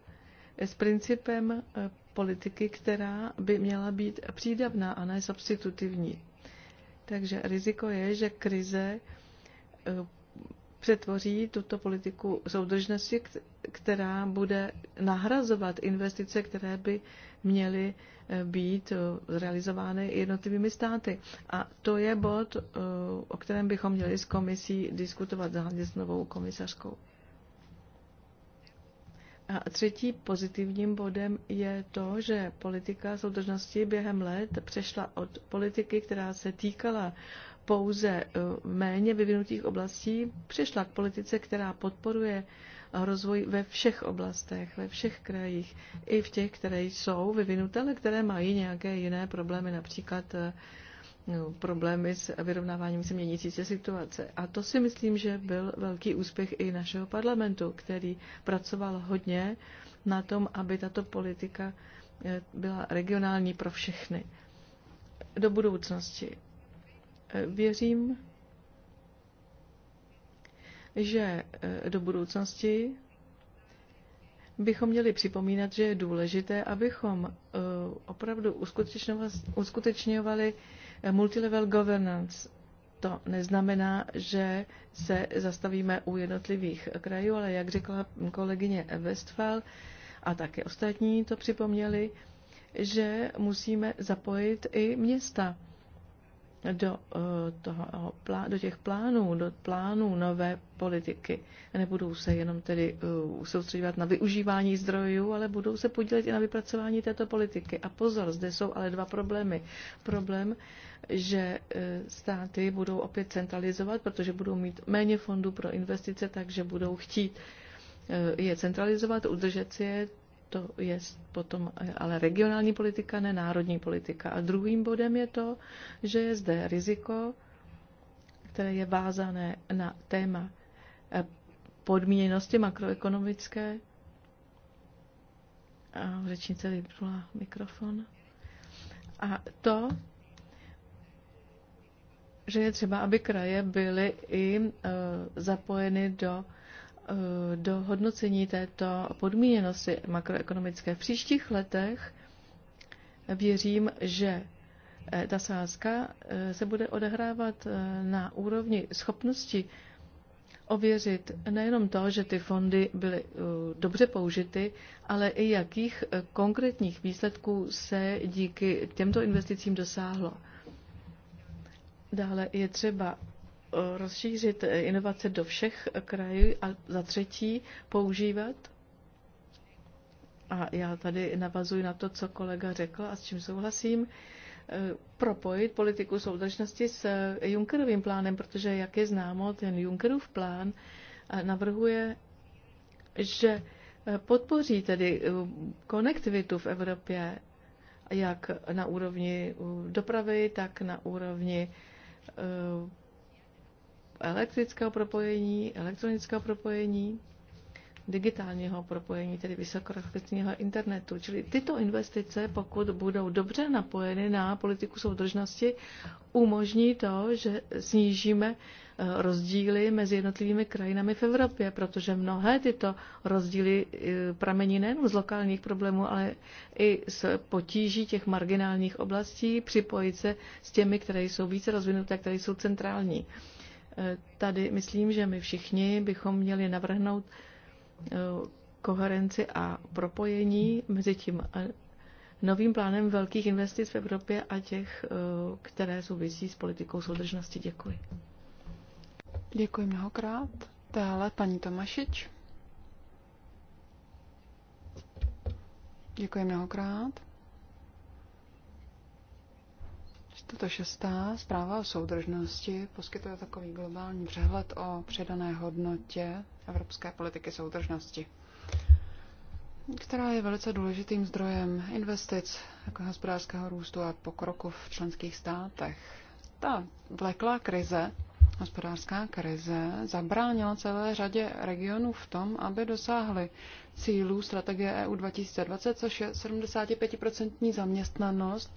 s principem eh, politiky, která by měla být přídavná a ne substitutivní. Takže riziko je, že krize eh, přetvoří tuto politiku soudržnosti, která bude nahrazovat investice, které by měly eh, být eh, realizovány jednotlivými státy. A to je bod, o kterém bychom měli s komisí diskutovat hlavně s novou komisařkou. A třetí pozitivním bodem je to, že politika soudržnosti během let přešla od politiky, která se týkala pouze e, méně vyvinutých oblastí, přešla k politice, která podporuje rozvoj ve všech oblastech, ve všech krajích, i v těch, které jsou vyvinuté, ale které mají nějaké jiné problémy, například e, No, problémy s vyrovnáváním se měnící se situace. A to si myslím, že byl velký úspěch i našeho parlamentu, který pracoval hodně na tom, aby tato politika eh, byla regionální pro všechny. Do budoucnosti. Eh, věřím, že eh, do budoucnosti bychom měli připomínat, že je důležité, abychom opravdu uskutečňovali Multilevel governance to neznamená, že se zastavíme u jednotlivých krajů, ale jak řekla kolegyně Westphal a také ostatní to připomněli, že musíme zapojit i města do, eh, toho, eh, do těch plánů, do plánů nové politiky. Nebudou se jenom tedy eh, soustředovat na využívání zdrojů, ale budou se podílet i na vypracování této politiky. A pozor, zde jsou ale dva problémy. Problém, že státy budou opět centralizovat, protože budou mít méně fondů pro investice, takže budou chtít je centralizovat, udržet si je, to je potom eh, ale regionální politika, ne národní politika. A druhým bodem je to, že je zde riziko, které je vázané na téma eh, podmíněnosti makroekonomické. A řečnice vypnula mikrofon. A to, že je třeba, aby kraje byly i eh, zapojeny do Eh, do hodnocení této podmíněnosti makroekonomické v příštích letech věřím, že eh, ta sázka eh, se bude odehrávat na úrovni schopnosti ověřit nejenom to, že ty fondy byly dobře použity, ale i jakých konkrétních výsledků se díky těmto investicím dosáhlo. Dále je třeba rozšířit inovace do všech krajů a za třetí používat. A já tady navazuji na to, co kolega řekl a s čím souhlasím eh, propojit politiku soudržnosti s eh, Junckerovým plánem, protože, jak je známo, ten Junckerův plán eh, navrhuje, že podpoří tedy konektivitu v Evropě, jak na úrovni dopravy, tak na úrovni elektrického propojení, elektronického propojení, digitálního propojení, tedy vysokorychlostního internetu. Čili tyto investice, pokud budou dobře napojeny na politiku soudržnosti, umožní to, že snížíme eh, rozdíly mezi jednotlivými krajinami v Evropě, protože mnohé tyto rozdíly eh, pramení nejen z lokálních problémů, ale i z potíží těch marginálních oblastí připojit se s těmi, které jsou více rozvinuté, které jsou centrální. Tady myslím, že my všichni bychom měli navrhnout eh, koherenci a propojení mezi tím eh, novým plánem velkých investic v Evropě a těch, eh, které souvisí s politikou soudržnosti. Děkuji. Děkuji mnohokrát. Dále paní Tomašič. Děkuji mnohokrát. Tato šestá zpráva o soudržnosti poskytuje takový globální přehled o předané hodnotě evropské politiky soudržnosti, která je velice důležitým zdrojem investic jako hospodářského růstu a pokroku v členských státech. Ta vleklá krize, hospodářská krize, zabránila celé řadě regionů v tom, aby dosáhly cílů strategie EU 2020, což je 75% zaměstnanost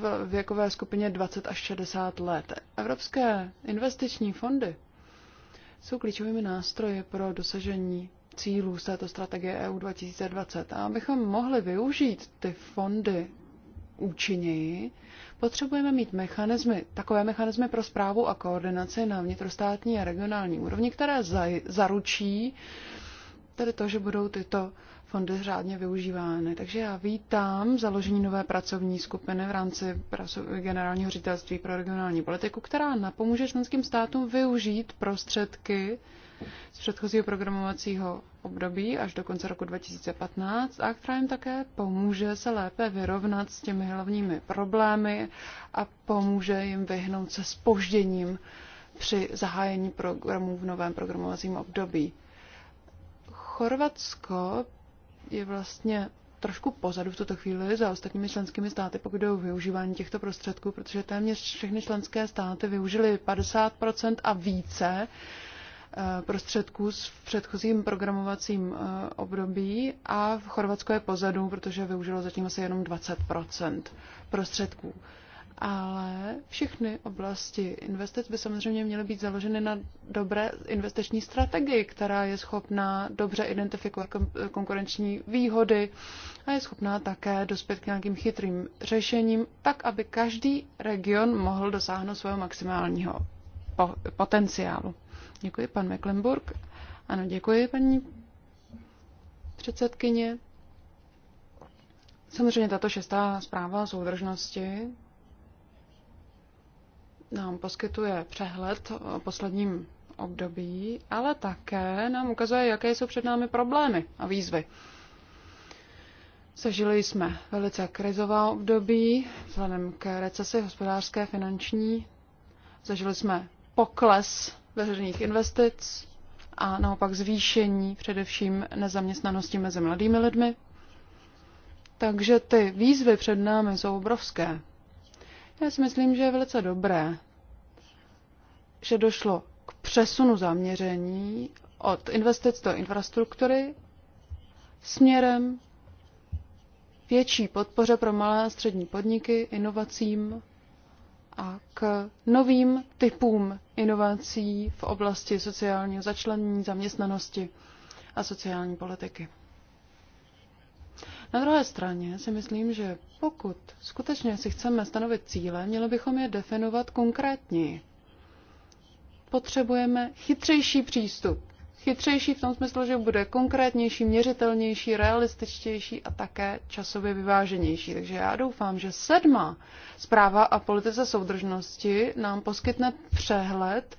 v věkové skupině 20 až 60 let. Evropské investiční fondy jsou klíčovými nástroji pro dosažení cílů z této strategie EU 2020. A abychom mohli využít ty fondy účinněji, potřebujeme mít mechanizmy, takové mechanismy pro zprávu a koordinaci na vnitrostátní a regionální úrovni, které zaručí tedy to, že budou tyto fondy řádně využívány. Takže já vítám založení nové pracovní skupiny v rámci generálního ředitelství pro regionální politiku, která napomůže členským státům využít prostředky z předchozího programovacího období až do konce roku 2015 a která jim také pomůže se lépe vyrovnat s těmi hlavními problémy a pomůže jim vyhnout se spožděním při zahájení programů v novém programovacím období. Chorvatsko je vlastně trošku pozadu v tuto chvíli za ostatními členskými státy, pokud jde o využívání těchto prostředků, protože téměř všechny členské státy využily 50 a více eh, prostředků s předchozím programovacím eh, období a v Chorvatsko je pozadu, protože využilo zatím asi jenom 20 prostředků ale všechny oblasti investic by samozřejmě měly být založeny na dobré investiční strategii, která je schopná dobře identifikovat konkurenční výhody a je schopná také dospět k nějakým chytrým řešením, tak aby každý region mohl dosáhnout svého maximálního potenciálu. Děkuji, pan Mecklenburg. Ano, děkuji, paní předsedkyně. Samozřejmě tato šestá zpráva o soudržnosti nám poskytuje přehled o posledním období, ale také nám ukazuje, jaké jsou před námi problémy a výzvy. Zažili jsme velice krizová období vzhledem k recesi hospodářské, finanční. Zažili jsme pokles veřejných investic a naopak zvýšení především nezaměstnanosti mezi mladými lidmi. Takže ty výzvy před námi jsou obrovské. Já si myslím, že je velice dobré, že došlo k přesunu zaměření od investic do infrastruktury směrem větší podpoře pro malé a střední podniky, inovacím a k novým typům inovací v oblasti sociálního začlenění, zaměstnanosti a sociální politiky. Na druhé straně si myslím, že pokud skutečně si chceme stanovit cíle, měli bychom je definovat konkrétněji. Potřebujeme chytřejší přístup. Chytřejší v tom smyslu, že bude konkrétnější, měřitelnější, realističtější a také časově vyváženější. Takže já doufám, že sedma zpráva a politice soudržnosti nám poskytne přehled,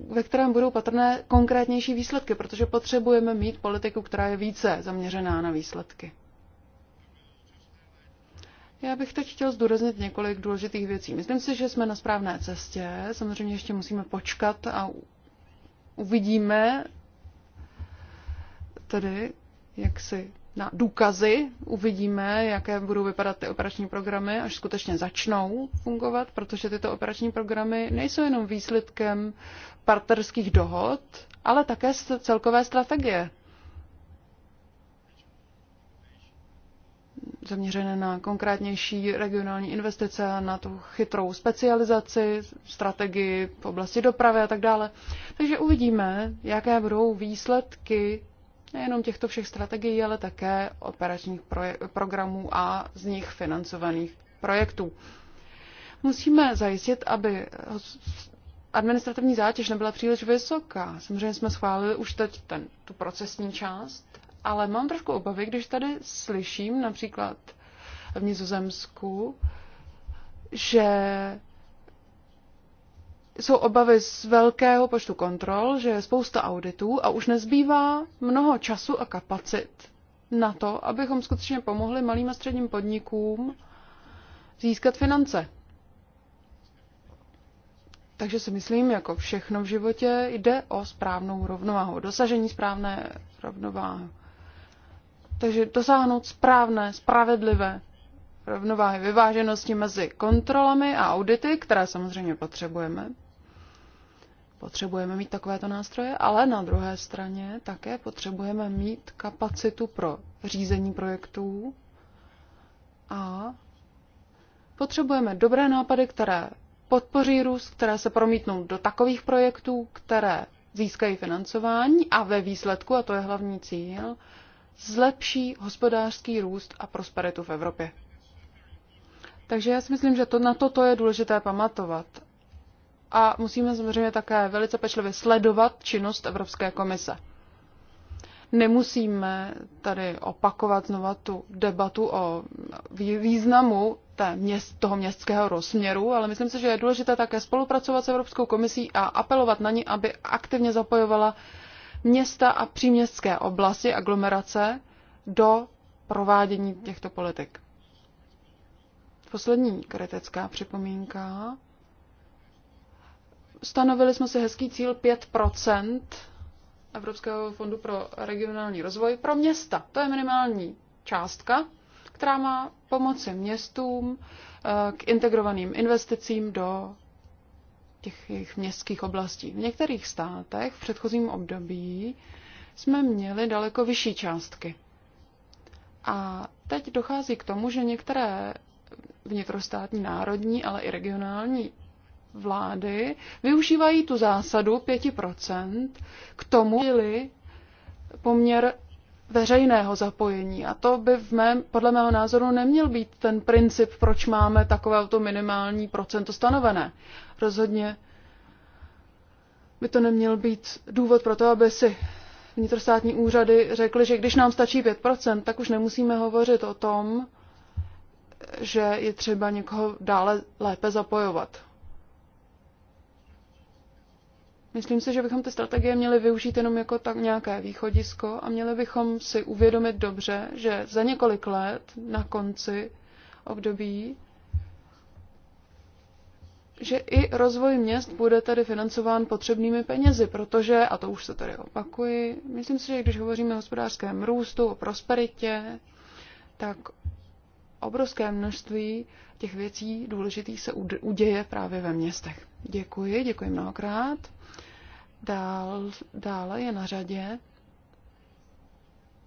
ve kterém budou patrné konkrétnější výsledky, protože potřebujeme mít politiku, která je více zaměřená na výsledky. Já bych teď chtěl zdůraznit několik důležitých věcí. Myslím si, že jsme na správné cestě. Samozřejmě ještě musíme počkat a uvidíme tedy, jak si na důkazy. Uvidíme, jaké budou vypadat ty operační programy, až skutečně začnou fungovat, protože tyto operační programy nejsou jenom výsledkem partnerských dohod, ale také celkové strategie. zaměřené na konkrétnější regionální investice, na tu chytrou specializaci, strategii v oblasti dopravy a tak dále. Takže uvidíme, jaké budou výsledky nejenom těchto všech strategií, ale také operačních programů a z nich financovaných projektů. Musíme zajistit, aby administrativní zátěž nebyla příliš vysoká. Samozřejmě jsme schválili už teď ten, tu procesní část, ale mám trošku obavy, když tady slyším například v Nizozemsku, že jsou obavy z velkého počtu kontrol, že je spousta auditů a už nezbývá mnoho času a kapacit na to, abychom skutečně pomohli malým a středním podnikům získat finance. Takže si myslím, jako všechno v životě, jde o správnou rovnováhu, dosažení správné rovnováhy. Takže dosáhnout správné, spravedlivé rovnováhy vyváženosti mezi kontrolami a audity, které samozřejmě potřebujeme, Potřebujeme mít takovéto nástroje, ale na druhé straně také potřebujeme mít kapacitu pro řízení projektů a potřebujeme dobré nápady, které podpoří růst, které se promítnou do takových projektů, které získají financování a ve výsledku, a to je hlavní cíl, zlepší hospodářský růst a prosperitu v Evropě. Takže já si myslím, že to, na toto je důležité pamatovat a musíme samozřejmě také velice pečlivě sledovat činnost Evropské komise. Nemusíme tady opakovat znova tu debatu o významu té měst, toho městského rozměru, ale myslím si, že je důležité také spolupracovat s Evropskou komisí a apelovat na ní, aby aktivně zapojovala města a příměstské oblasti, aglomerace, do provádění těchto politik. Poslední kritická připomínka stanovili jsme si hezký cíl 5 Evropského fondu pro regionální rozvoj pro města. To je minimální částka, která má pomoci městům eh, k integrovaným investicím do těch jejich městských oblastí. V některých státech v předchozím období jsme měli daleko vyšší částky. A teď dochází k tomu, že některé vnitrostátní, národní, ale i regionální vlády využívají tu zásadu 5% k tomu, byli poměr veřejného zapojení. A to by v mém, podle mého názoru neměl být ten princip, proč máme takové to minimální procento stanovené. Rozhodně by to neměl být důvod pro to, aby si vnitrostátní úřady řekly, že když nám stačí 5%, tak už nemusíme hovořit o tom, že je třeba někoho dále lépe zapojovat. Myslím si, že bychom ty strategie měli využít jenom jako tak nějaké východisko a měli bychom si uvědomit dobře, že za několik let na konci období, že i rozvoj měst bude tady financován potřebnými penězi, protože, a to už se tady opakuji, myslím si, že když hovoříme o hospodářském růstu, o prosperitě, tak obrovské množství těch věcí důležitých se uděje právě ve městech. Děkuji, děkuji mnohokrát. Dál, dále je na řadě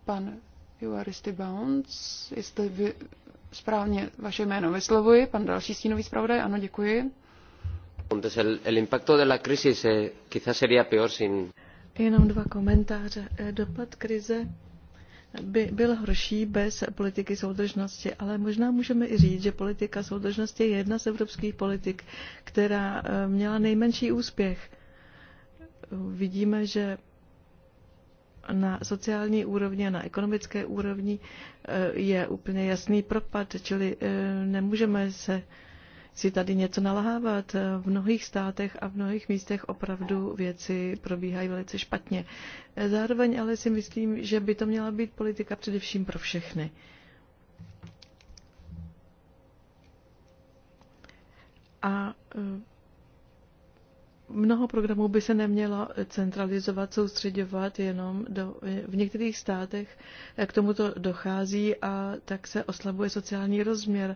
pan Juaristy Bounds, jestli vy, správně vaše jméno vyslovuji, pan další stínový zpravodaj, ano, děkuji. Eh, Jenom dva komentáře. Eh, dopad krize by byl horší bez politiky soudržnosti, ale možná můžeme i říct, že politika soudržnosti je jedna z evropských politik, která eh, měla nejmenší úspěch vidíme, že na sociální úrovni a na ekonomické úrovni eh, je úplně jasný propad, čili eh, nemůžeme se si tady něco nalahávat. V mnohých státech a v mnohých místech opravdu věci probíhají velice špatně. Eh, zároveň ale si myslím, že by to měla být politika především pro všechny. A mnoho programů by se nemělo centralizovat, soustředovat jenom do, v některých státech k tomuto dochází a tak se oslabuje sociální rozměr.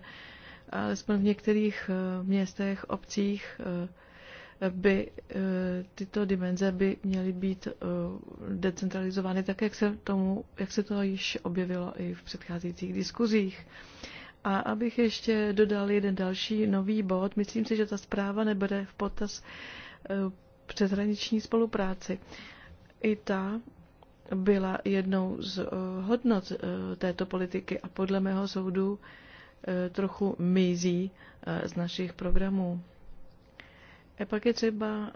Alespoň v některých eh, městech, obcích eh, by eh, tyto dimenze by měly být decentralizovány tak, jak se, tomu, jak se to již objevilo i v předcházejících diskuzích. A abych ještě dodal jeden další nový bod, myslím si, že ta zpráva nebude v potaz uh, Eh, přeshraniční spolupráci. I ta byla jednou z eh, hodnot eh, této politiky a podle mého soudu trochu mizí z našich programů. A pak je třeba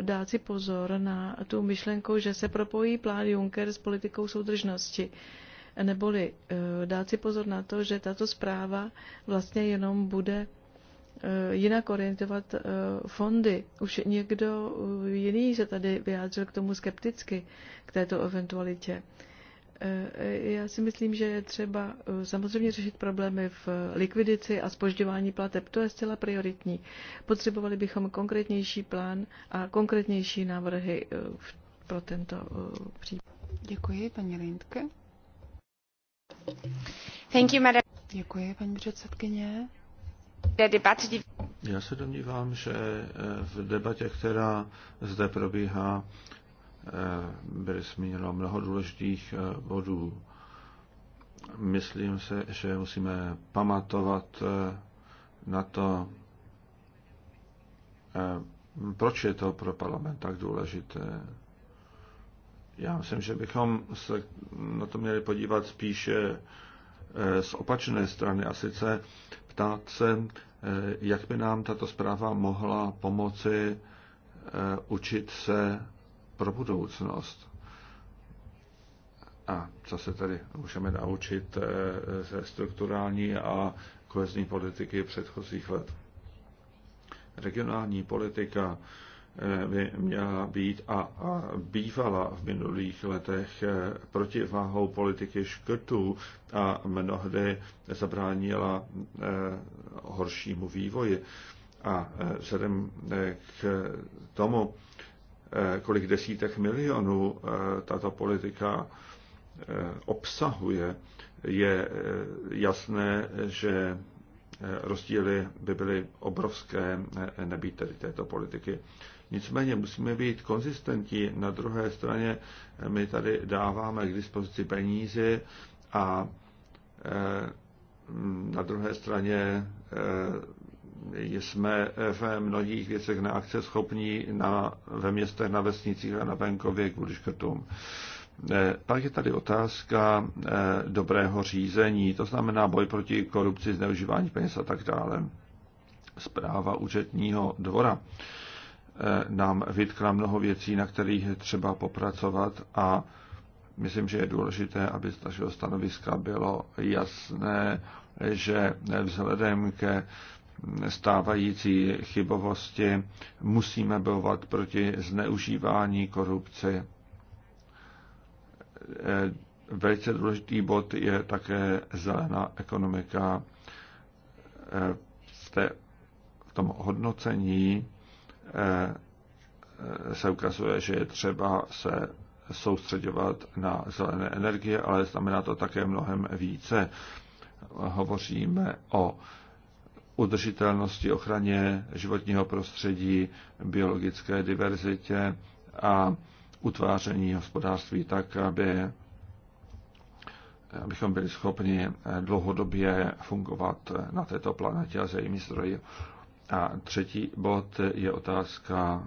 dát si pozor na tu myšlenku, že se propojí plán Juncker s politikou soudržnosti. Neboli dát si pozor na to, že tato zpráva vlastně jenom bude Eh, jinak orientovat eh, fondy. Už někdo eh, jiný se tady vyjádřil k tomu skepticky, k této eventualitě. Já si myslím, že je třeba samozřejmě řešit problémy v likvidici a spožďování plateb. To je zcela prioritní. Potřebovali bychom konkrétnější plán a konkrétnější návrhy pro tento případ. Děkuji, paní Lindke. Thank you, madam. Děkuji, paní předsedkyně. Já se domnívám, že eh, v debatě, která zde probíhá, eh, byly zmíněno mnoho důležitých eh, bodů. Myslím se, že musíme pamatovat na to, proč je to pro parlament tak důležité. Já myslím, že bychom se na to měli podívat spíše Eh, z opačné strany a sice ptát se, eh, jak by nám tato zpráva mohla pomoci eh, učit se pro budoucnost. A co se tedy můžeme naučit ze strukturální a kohezní politiky předchozích let. Regionální politika Eh, by měla být a bývala v minulých letech eh, protiváhou politiky škrtů a mnohdy zabránila eh, horšímu vývoji. A vzhledem k tomu, kolik desítek milionů tato politika obsahuje, je jasné, že rozdíly by byly obrovské nebýt tedy této politiky. Nicméně musíme být konzistentní. Na druhé straně eh, my tady dáváme k dispozici peníze a eh, na druhé straně eh, jsme v mnohých věcech na akce schopní na, ve městech, na vesnicích a na venkově kvůli škrtům. Pak je tady otázka dobrého řízení, to znamená boj proti korupci, zneužívání peněz a tak dále. Zpráva účetního dvora Eh, nám vytkla mnoho věcí, na kterých je třeba popracovat a myslím, že je důležité, aby z našeho stanoviska bylo jasné, že vzhledem ke stávající chybovosti musíme bojovat proti zneužívání korupci. Eh, velice důležitý bod je také zelená ekonomika. Eh, v, té, v tom hodnocení Eh, se ukazuje, že je třeba se soustředovat na zelené energie, ale znamená to také mnohem více. Hovoříme o udržitelnosti, ochraně životního prostředí, biologické diverzitě a utváření hospodářství tak, aby, abychom byli schopni dlouhodobě fungovat na této planetě a za jejími zdroji. A třetí bod je otázka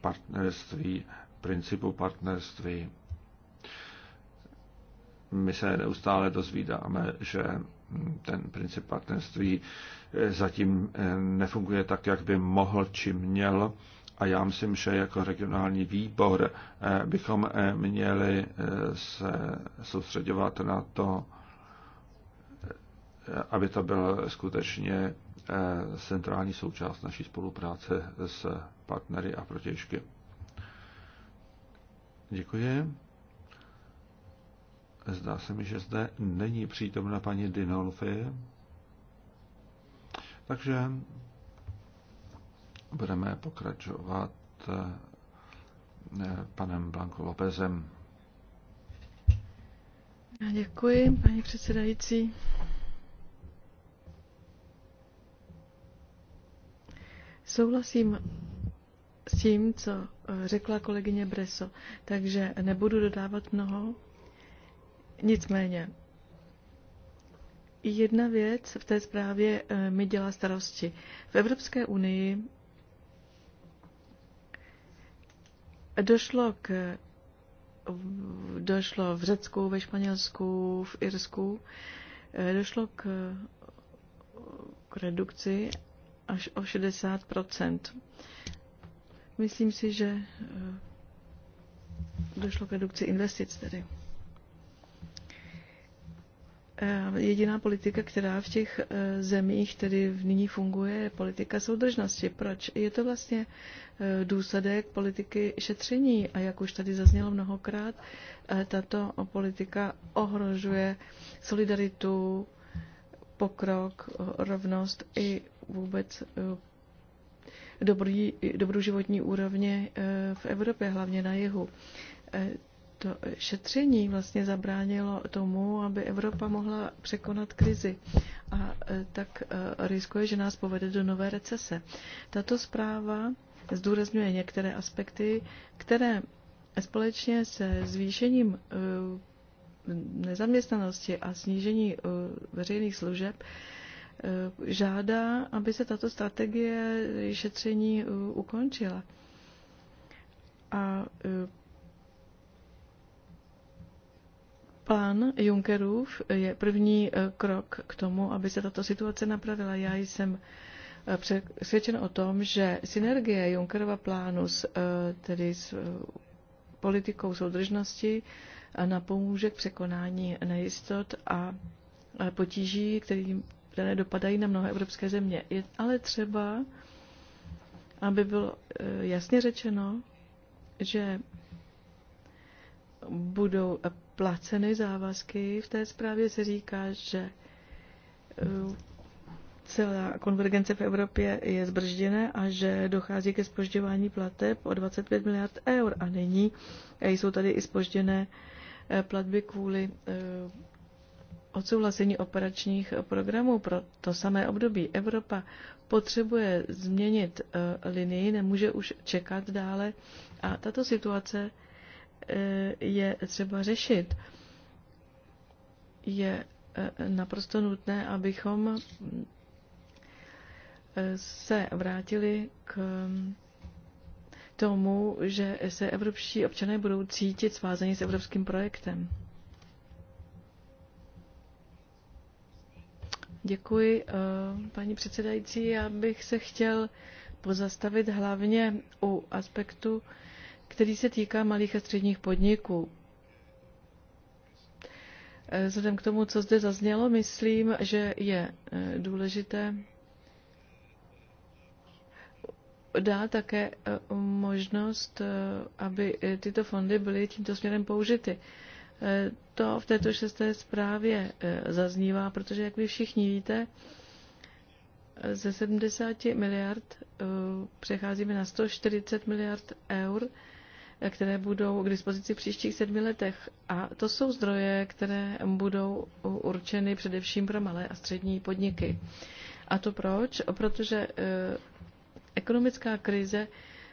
partnerství, principu partnerství. My se neustále dozvídáme, že ten princip partnerství zatím nefunguje tak, jak by mohl či měl. A já myslím, že jako regionální výbor bychom měli se soustředovat na to, aby to byl skutečně Eh, centrální součást naší spolupráce s partnery a protěžky. Děkuji. Zdá se mi, že zde není přítomna paní Dinolfi. Takže budeme pokračovat eh, panem Blanko Lopezem. Děkuji, paní předsedající. Souhlasím s tím, co eh, řekla kolegyně Breso, takže nebudu dodávat mnoho. Nicméně, jedna věc v té zprávě eh, mi dělá starosti. V Evropské unii došlo k došlo v Řecku, ve Španělsku, v Irsku, eh, došlo k, k redukci až o 60 Myslím si, že eh, došlo k redukci investic tedy. Eh, jediná politika, která v těch eh, zemích tedy nyní funguje, je politika soudržnosti. Proč? Je to vlastně důsledek politiky šetření a jak už tady zaznělo mnohokrát, tato politika ohrožuje solidaritu, pokrok, rovnost i vůbec eh, dobrý, dobrou životní úrovně eh, v Evropě, hlavně na jihu. Eh, to šetření vlastně zabránilo tomu, aby Evropa mohla překonat krizi a tak riskuje, že nás povede do nové recese. Tato zpráva zdůrazňuje některé aspekty, které společně se zvýšením nezaměstnanosti a snížení veřejných služeb Eh, žádá, aby se tato strategie šetření eh, ukončila. A eh, plán Junckerův je první krok k tomu, aby se tato situace napravila. Já jsem přesvědčen o tom, že synergie Junckerova plánu s, tedy s politikou soudržnosti napomůže k překonání nejistot a potíží, kterým které dopadají na mnohé evropské země. Je ale třeba, aby bylo eh, jasně řečeno, že budou placeny závazky. V té zprávě se říká, že eh, celá konvergence v Evropě je zbržděna a že dochází ke spožďování plateb o 25 miliard eur. A nyní jsou tady i spožděné eh, platby kvůli odsouhlasení operačních programů pro to samé období. Evropa potřebuje změnit eh, linii, nemůže už čekat dále a tato situace eh, je třeba řešit. Je eh, naprosto nutné, abychom se vrátili k tomu, že se evropští občané budou cítit svázaní s evropským projektem. Děkuji, eh, paní předsedající. Já bych se chtěl pozastavit hlavně u aspektu, který se týká malých a středních podniků. Eh, vzhledem k tomu, co zde zaznělo, myslím, že je eh, důležité dá také možnost, aby tyto fondy byly tímto směrem použity. Eh, to v této šesté zprávě eh, zaznívá, protože, jak vy všichni víte, eh, ze 70 miliard přecházíme na 140 miliard eur, které budou k dispozici v příštích sedmi letech. A to jsou zdroje, které budou určeny především pro malé a střední podniky. A to proč? Protože ekonomická krize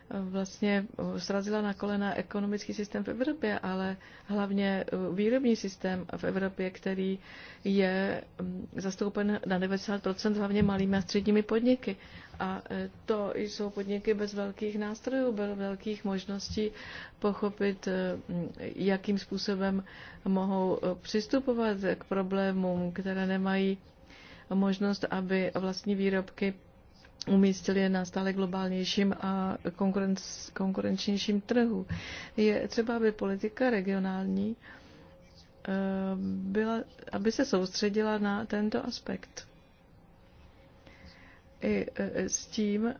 vlastně srazila na kolena ekonomický systém v Evropě, ale hlavně eh, výrobní systém v Evropě, který je mm, zastoupen na 90% hlavně malými a středními podniky. A eh, to jsou podniky bez velkých nástrojů, bez velkých možností pochopit, eh, mm, jakým způsobem mohou přistupovat k problémům, které nemají možnost, aby vlastní výrobky umístili je na stále globálnějším a konkurenc, konkurenčnějším trhu. Je třeba, aby politika regionální eh, byla, aby se soustředila na tento aspekt. I eh, s tím, eh,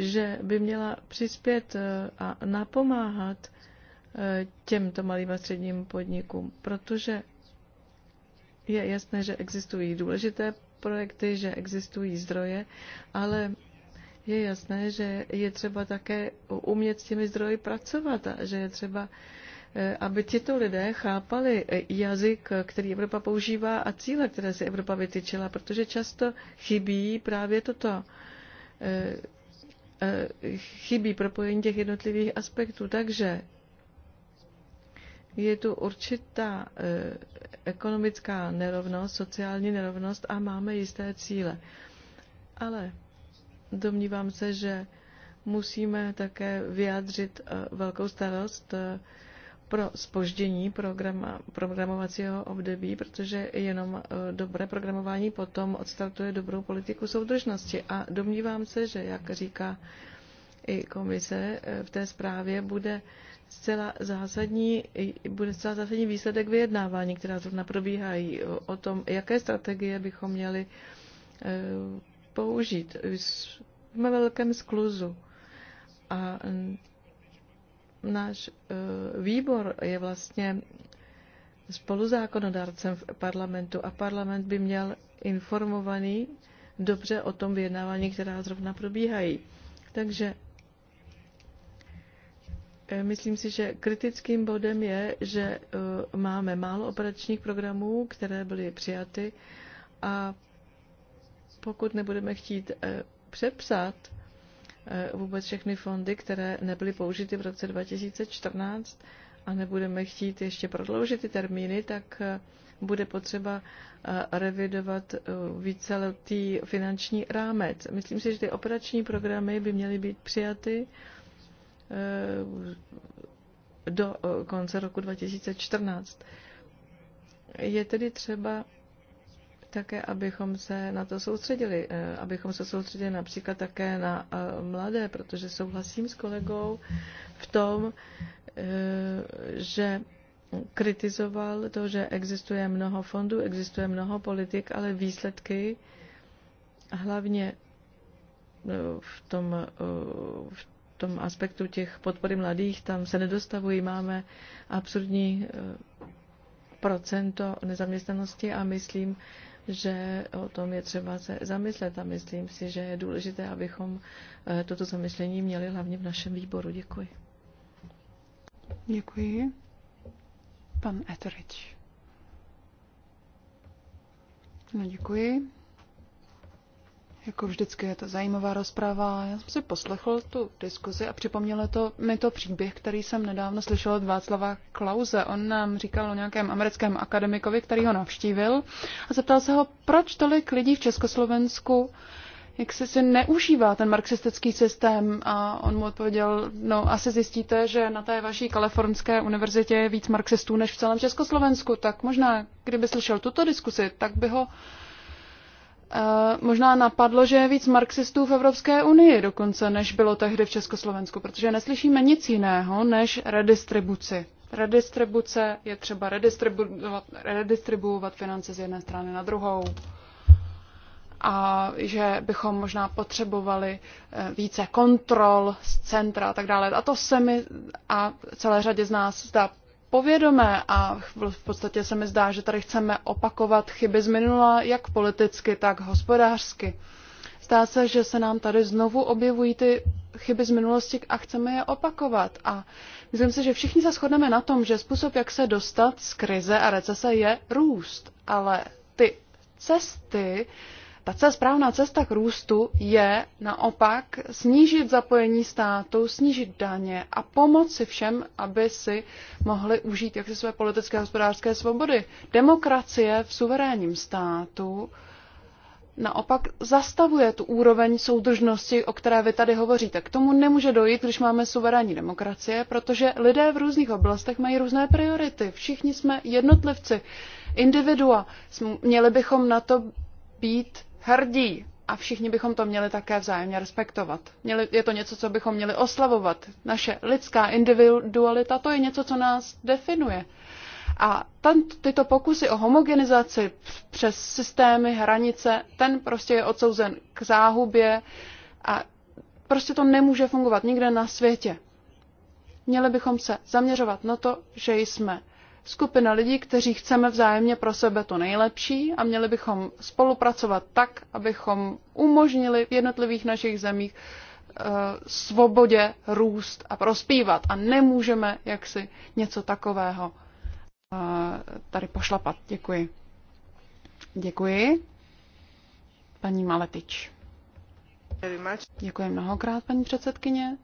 že by měla přispět a napomáhat těmto malým a středním podnikům, protože je jasné, že existují důležité projekty, že existují zdroje, ale je jasné, že je třeba také umět s těmi zdroji pracovat a že je třeba, eh, aby tito lidé chápali eh, jazyk, který Evropa používá a cíle, které si Evropa vytyčila, protože často chybí právě toto. Eh, chybí propojení těch jednotlivých aspektů, takže je tu určitá e, ekonomická nerovnost, sociální nerovnost a máme jisté cíle. Ale domnívám se, že musíme také vyjádřit e, velkou starost e, pro spoždění programa, programovacího období, protože jenom dobré programování potom odstartuje dobrou politiku soudržnosti. A domnívám se, že, jak říká i komise v té zprávě, bude zcela zásadní, bude zcela zásadní výsledek vyjednávání, která zrovna probíhají o tom, jaké strategie bychom měli eh, použít. Jsme ve velkém skluzu a náš eh, výbor je vlastně spoluzákonodárcem v parlamentu a parlament by měl informovaný dobře o tom vyjednávání, která zrovna probíhají. Takže Eh, myslím si, že kritickým bodem je, že eh, máme málo operačních programů, které byly přijaty a pokud nebudeme chtít eh, přepsat vůbec všechny fondy, které nebyly použity v roce 2014 a nebudeme chtít ještě prodloužit ty termíny, tak bude potřeba revidovat víceletý finanční rámec. Myslím si, že ty operační programy by měly být přijaty Eh, do eh, konce roku 2014. Je tedy třeba také, abychom se na to soustředili, eh, abychom se soustředili například také na mladé, protože souhlasím s kolegou v tom, že kritizoval to, že existuje mnoho fondů, existuje mnoho politik, ale výsledky hlavně v tom, v tom aspektu těch podpory mladých, tam se nedostavují. Máme absurdní eh, procento nezaměstnanosti a myslím, že o tom je třeba se zamyslet a myslím si, že je důležité, abychom eh, toto zamyšlení měli hlavně v našem výboru. Děkuji. Děkuji. Pan Eterič. No, děkuji. Jako vždycky je to zajímavá rozpráva. Já jsem si poslechl tu diskuzi a připomnělo to mi to příběh, který jsem nedávno slyšel od Václava Klauze. On nám říkal o nějakém americkém akademikovi, který ho navštívil a zeptal se ho, proč tolik lidí v Československu jak se si neužívá ten marxistický systém a on mu odpověděl, no asi zjistíte, že na té vaší kalifornské univerzitě je víc marxistů než v celém Československu, tak možná, kdyby slyšel tuto diskusi, tak by ho Eh, možná napadlo, že je víc marxistů v Evropské unii dokonce, než bylo tehdy v Československu, protože neslyšíme nic jiného než redistribuci. Redistribuce je třeba redistribuovat, redistribuovat finance z jedné strany na druhou a že bychom možná potřebovali eh, více kontrol z centra a tak dále. A to se mi a celé řadě z nás zdá povědomé a v podstatě se mi zdá, že tady chceme opakovat chyby z minula, jak politicky, tak hospodářsky. Zdá se, že se nám tady znovu objevují ty chyby z minulosti a chceme je opakovat. A myslím si, že všichni se shodneme na tom, že způsob, jak se dostat z krize a recese, je růst. Ale ty cesty ta správná cesta k růstu je naopak snížit zapojení státu, snížit daně a pomoci všem, aby si mohli užít jaksi své politické a hospodářské svobody. Demokracie v suverénním státu naopak zastavuje tu úroveň soudržnosti, o které vy tady hovoříte. K tomu nemůže dojít, když máme suverénní demokracie, protože lidé v různých oblastech mají různé priority. Všichni jsme jednotlivci, individua. Měli bychom na to být hrdí a všichni bychom to měli také vzájemně respektovat. Měli, je to něco, co bychom měli oslavovat. Naše lidská individualita, to je něco, co nás definuje. A ten, tyto pokusy o homogenizaci přes systémy, hranice, ten prostě je odsouzen k záhubě a prostě to nemůže fungovat nikde na světě. Měli bychom se zaměřovat na to, že jsme skupina lidí, kteří chceme vzájemně pro sebe to nejlepší a měli bychom spolupracovat tak, abychom umožnili v jednotlivých našich zemích eh, svobodě růst a prospívat. A nemůžeme jaksi něco takového eh, tady pošlapat. Děkuji. Děkuji. Paní Maletič. Děkuji mnohokrát, paní předsedkyně.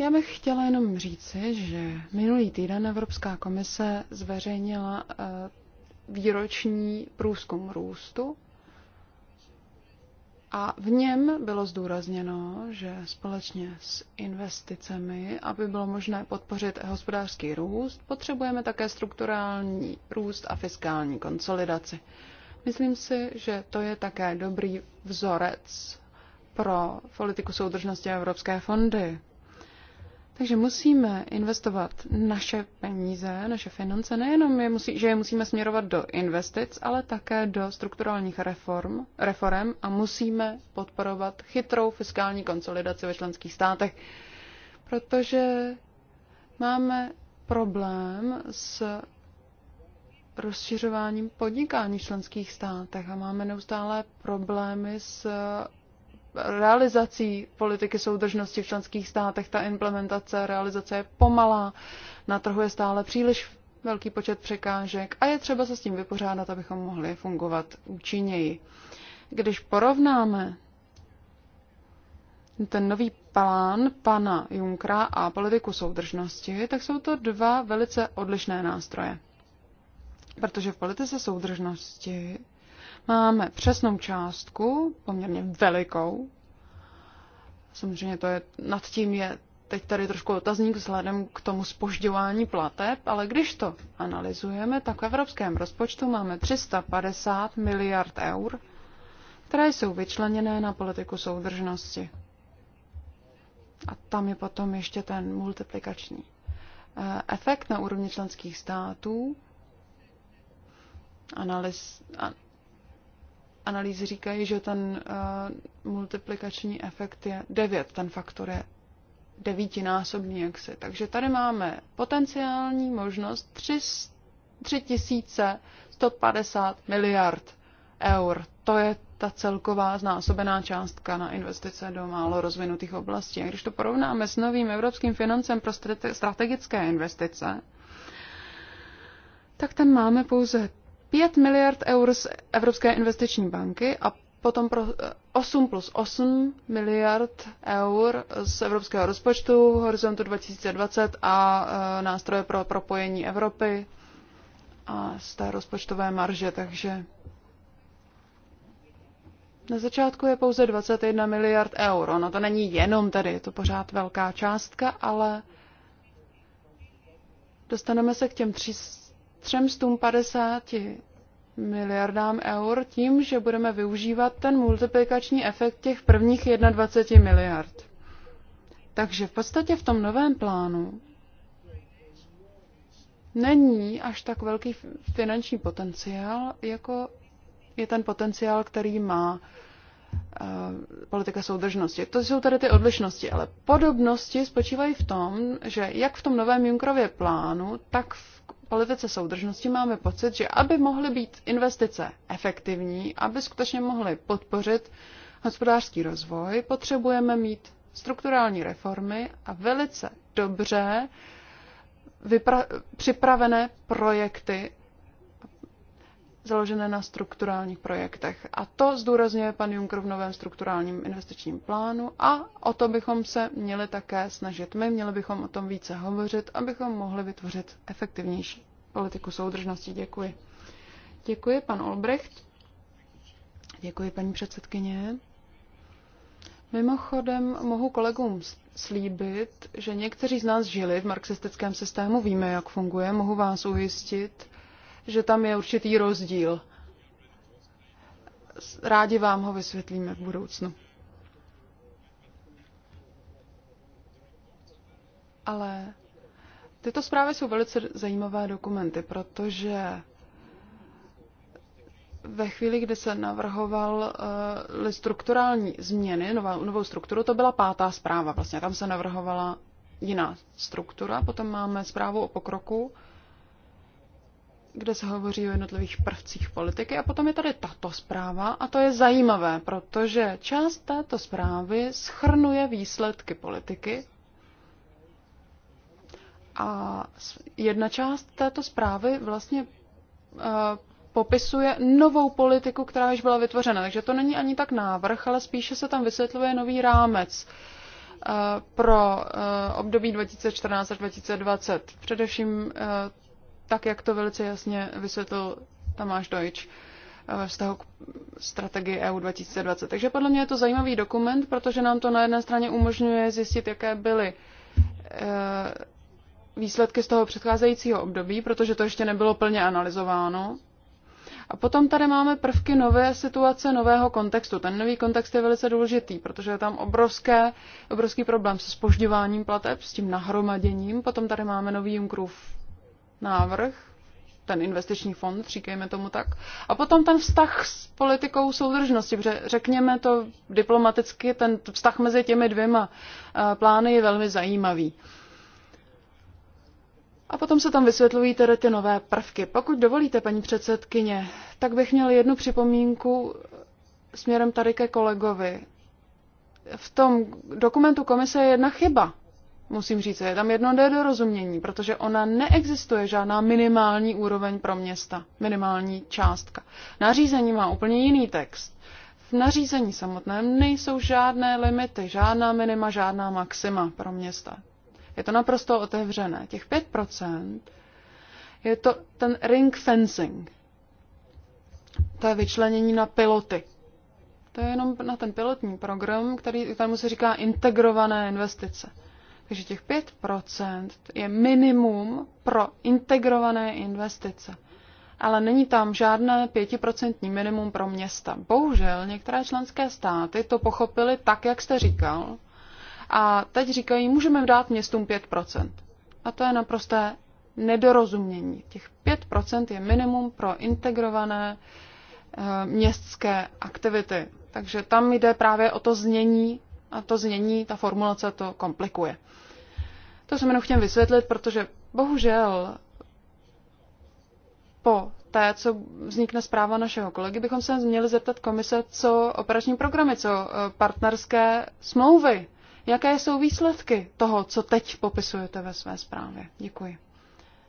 Já bych chtěla jenom říci, že minulý týden Evropská komise zveřejnila eh, výroční průzkum růstu a v něm bylo zdůrazněno, že společně s investicemi, aby bylo možné podpořit hospodářský růst, potřebujeme také strukturální růst a fiskální konsolidaci. Myslím si, že to je také dobrý vzorec pro politiku soudržnosti a evropské fondy. Takže musíme investovat naše peníze, naše finance, nejenom je musí, že je musíme směrovat do investic, ale také do strukturálních reform, reform a musíme podporovat chytrou fiskální konsolidaci ve členských státech, protože máme problém s rozšiřováním podnikání v členských státech a máme neustále problémy s realizací politiky soudržnosti v členských státech ta implementace, realizace je pomalá, na trhu je stále příliš velký počet překážek a je třeba se s tím vypořádat, abychom mohli fungovat účinněji. Když porovnáme ten nový plán pana Junkra a politiku soudržnosti, tak jsou to dva velice odlišné nástroje. Protože v politice soudržnosti Máme přesnou částku, poměrně velikou. Samozřejmě to je, nad tím je teď tady trošku otazník vzhledem k tomu spožďování plateb, ale když to analyzujeme, tak v evropském rozpočtu máme 350 miliard eur, které jsou vyčleněné na politiku soudržnosti. A tam je potom ještě ten multiplikační eh, efekt na úrovni členských států, analyz, analýzy říkají, že ten uh, multiplikační efekt je 9, ten faktor je devítinásobný jaksi. Takže tady máme potenciální možnost 3150 miliard eur. To je ta celková znásobená částka na investice do málo rozvinutých oblastí. A když to porovnáme s novým evropským financem pro strategické investice, tak tam máme pouze 5 miliard eur z Evropské investiční banky a potom pro 8 plus 8 miliard eur z evropského rozpočtu, horizontu 2020 a e, nástroje pro propojení Evropy a z té rozpočtové marže, takže na začátku je pouze 21 miliard euro. No to není jenom tady, je to pořád velká částka, ale dostaneme se k těm 300 350 miliardám eur tím, že budeme využívat ten multiplikační efekt těch prvních 21 miliard. Takže v podstatě v tom novém plánu není až tak velký finanční potenciál, jako je ten potenciál, který má eh, politika soudržnosti. To jsou tady ty odlišnosti, ale podobnosti spočívají v tom, že jak v tom novém Junkrově plánu, tak v politice soudržnosti máme pocit, že aby mohly být investice efektivní, aby skutečně mohly podpořit hospodářský rozvoj, potřebujeme mít strukturální reformy a velice dobře připravené projekty založené na strukturálních projektech. A to zdůrazňuje pan Juncker v novém strukturálním investičním plánu a o to bychom se měli také snažit my, měli bychom o tom více hovořit, abychom mohli vytvořit efektivnější politiku soudržnosti. Děkuji. Děkuji, pan Olbrecht. Děkuji, paní předsedkyně. Mimochodem mohu kolegům slíbit, že někteří z nás žili v marxistickém systému, víme, jak funguje, mohu vás ujistit, že tam je určitý rozdíl. Rádi vám ho vysvětlíme v budoucnu. Ale tyto zprávy jsou velice zajímavé dokumenty, protože ve chvíli, kdy se navrhoval uh, strukturální změny, nová, novou strukturu, to byla pátá zpráva. Vlastně tam se navrhovala jiná struktura. Potom máme zprávu o pokroku kde se hovoří o jednotlivých prvcích politiky. A potom je tady tato zpráva a to je zajímavé, protože část této zprávy schrnuje výsledky politiky a jedna část této zprávy vlastně uh, popisuje novou politiku, která již byla vytvořena. Takže to není ani tak návrh, ale spíše se tam vysvětluje nový rámec eh, pro eh, období 2014 až 2020. Především tak jak to velice jasně vysvětlil Tamáš Deutsch ve vztahu k strategii EU 2020. Takže podle mě je to zajímavý dokument, protože nám to na jedné straně umožňuje zjistit, jaké byly eh, výsledky z toho předcházejícího období, protože to ještě nebylo plně analyzováno. A potom tady máme prvky nové situace, nového kontextu. Ten nový kontext je velice důležitý, protože je tam obrovské, obrovský problém se spožďováním plateb, s tím nahromaděním. Potom tady máme nový Junckerův návrh, ten investiční fond, říkejme tomu tak. A potom ten vztah s politikou soudržnosti, protože řekněme to diplomaticky, ten vztah mezi těmi dvěma eh, plány je velmi zajímavý. A potom se tam vysvětlují tedy ty nové prvky. Pokud dovolíte, paní předsedkyně, tak bych měl jednu připomínku směrem tady ke kolegovi. V tom dokumentu komise je jedna chyba musím říct, je tam jedno nedorozumění, protože ona neexistuje žádná minimální úroveň pro města, minimální částka. Nařízení má úplně jiný text. V nařízení samotném nejsou žádné limity, žádná minima, žádná maxima pro města. Je to naprosto otevřené. Těch 5% je to ten ring fencing. To je vyčlenění na piloty. To je jenom na ten pilotní program, který, tam se říká integrované investice. Takže těch 5% je minimum pro integrované investice. Ale není tam žádné 5% minimum pro města. Bohužel některé členské státy to pochopily tak, jak jste říkal. A teď říkají, můžeme dát městům 5%. A to je naprosté nedorozumění. Těch 5% je minimum pro integrované eh, městské aktivity. Takže tam jde právě o to znění a to znění, ta formulace to komplikuje. To jsem chtěl vysvětlit, protože bohužel po té, co vznikne zpráva našeho kolegy, bychom se měli zeptat komise, co operační programy, co eh, partnerské smlouvy, jaké jsou výsledky toho, co teď popisujete ve své zprávě. Děkuji.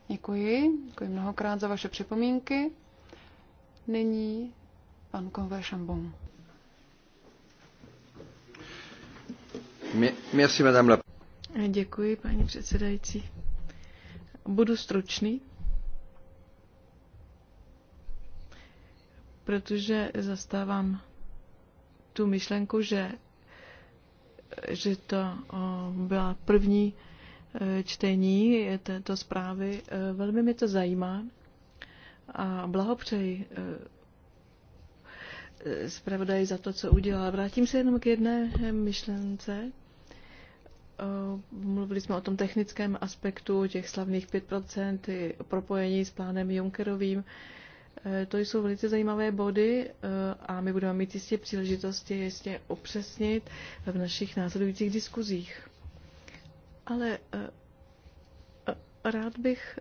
Děkuji. Děkuji mnohokrát za vaše připomínky. Nyní pan Konvé Šambon. Merci, madame la Děkuji, paní předsedající. Budu stručný, protože zastávám tu myšlenku, že, že to byla první e, čtení této zprávy. E, velmi mě to zajímá a blahopřeji e, zpravodaj za to, co udělal. Vrátím se jenom k jedné myšlence, Eh, mluvili jsme o tom technickém aspektu těch slavných 5%, propojení s plánem Junckerovým. Eh, to jsou velice zajímavé body eh, a my budeme mít jistě příležitosti jistě opřesnit v našich následujících diskuzích. Ale rád bych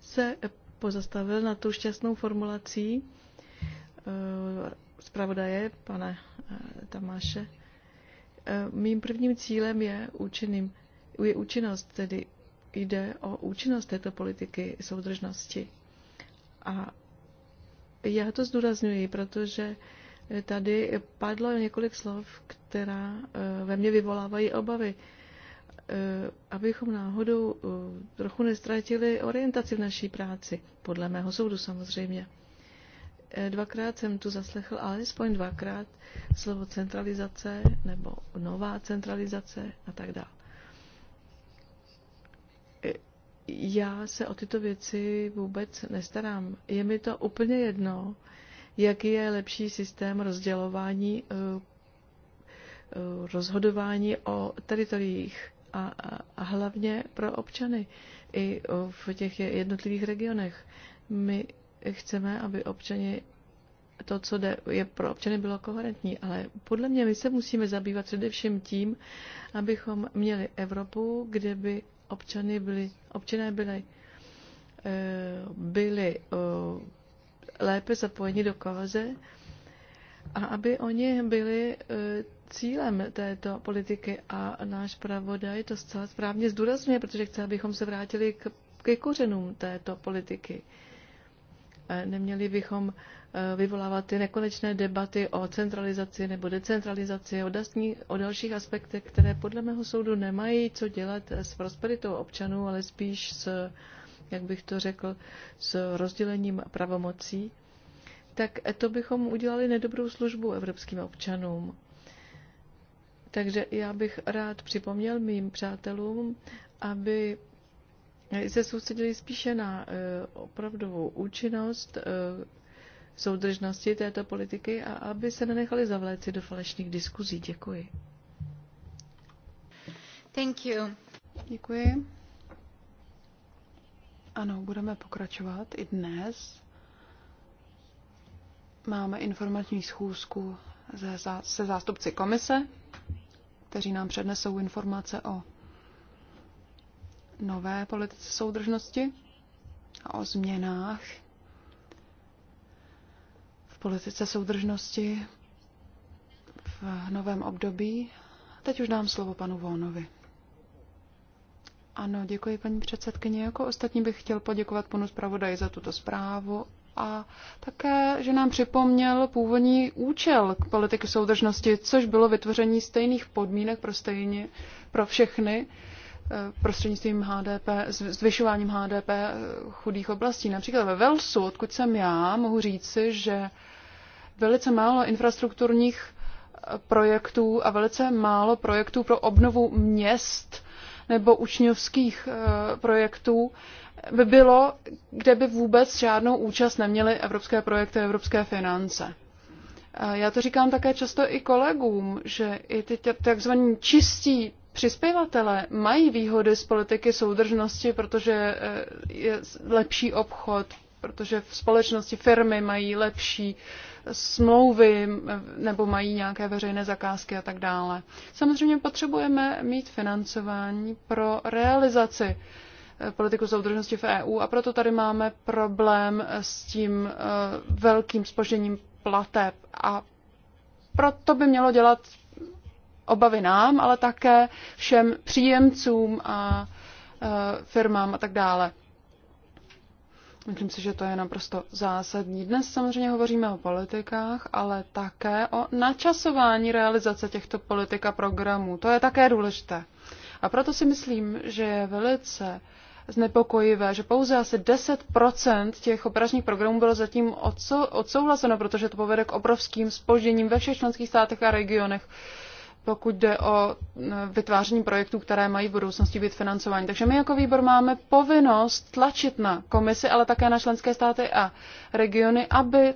se pozastavil na tu šťastnou formulací zpravodaje pana Tamáše Eh, mým prvním cílem je, účinným, je účinnost, tedy jde o účinnost této politiky soudržnosti. A já to zdůrazňuji, protože tady padlo několik slov, která eh, ve mně vyvolávají obavy. Eh, abychom náhodou trochu nestratili orientaci v naší práci, podle mého soudu samozřejmě. Eh, dvakrát jsem tu zaslechl, alespoň dvakrát, slovo centralizace nebo nová centralizace a tak dále. Eh, já se o tyto věci vůbec nestarám. Je mi to úplně jedno, jaký je lepší systém rozdělování, eh, rozhodování o teritoriích a, a, a hlavně pro občany i v těch jednotlivých regionech. My chceme, aby občany to, co jde, je pro občany, bylo koherentní. Ale podle mě my se musíme zabývat především tím, abychom měli Evropu, kde by občany byli, občané byli, eh, byli eh, lépe zapojeni do kauze a aby oni byli eh, cílem této politiky a náš je to zcela správně zdůrazňuje, protože chce, abychom se vrátili k, ke kořenům této politiky. Neměli bychom eh, vyvolávat ty nekonečné debaty o centralizaci nebo decentralizaci, o, dasní, o dalších aspektech, které podle mého soudu nemají co dělat s prosperitou občanů, ale spíš s, jak bych to řekl, s rozdělením pravomocí, tak to bychom udělali nedobrou službu evropským občanům. Takže já bych rád připomněl mým přátelům, aby se soustředili spíše na eh, opravdovou účinnost eh, soudržnosti této politiky a aby se nenechali zavléci do falešných diskuzí. Děkuji. Thank you. Děkuji. Ano, budeme pokračovat i dnes. Máme informační schůzku se zástupci komise, kteří nám přednesou informace o nové politice soudržnosti a o změnách v politice soudržnosti v novém období. Teď už dám slovo panu Vónovi. Ano, děkuji paní předsedkyně. Jako ostatní bych chtěl poděkovat panu zpravodaji za tuto zprávu a také, že nám připomněl původní účel k politiky soudržnosti, což bylo vytvoření stejných podmínek pro stejně pro všechny Eh, prostřednictvím HDP, zvyšováním HDP chudých oblastí. Například ve Velsu, odkud jsem já, mohu říci, že velice málo infrastrukturních eh, projektů a velice málo projektů pro obnovu měst nebo učňovských eh, projektů by bylo, kde by vůbec žádnou účast neměly evropské projekty, evropské finance. Já to říkám také často i kolegům, že i ty takzvaní čistí přispěvatele mají výhody z politiky soudržnosti, protože eh, je lepší obchod, protože v společnosti firmy mají lepší smlouvy nebo mají nějaké veřejné zakázky a tak dále. Samozřejmě potřebujeme mít financování pro realizaci eh, politiku soudržnosti v EU a proto tady máme problém s tím eh, velkým spožením plateb a proto by mělo dělat obavy nám, ale také všem příjemcům a firmám a tak dále. Myslím si, že to je naprosto zásadní. Dnes samozřejmě hovoříme o politikách, ale také o načasování realizace těchto politik a programů. To je také důležité. A proto si myslím, že je velice znepokojivé, že pouze asi 10% těch operačních programů bylo zatím odsouhlaseno, protože to povede k obrovským spožděním ve všech členských státech a regionech. Uh, pokud jde o e, vytváření projektů, které mají v budoucnosti být financovány. Takže my jako výbor máme povinnost tlačit na komisi, ale také na členské státy a regiony, aby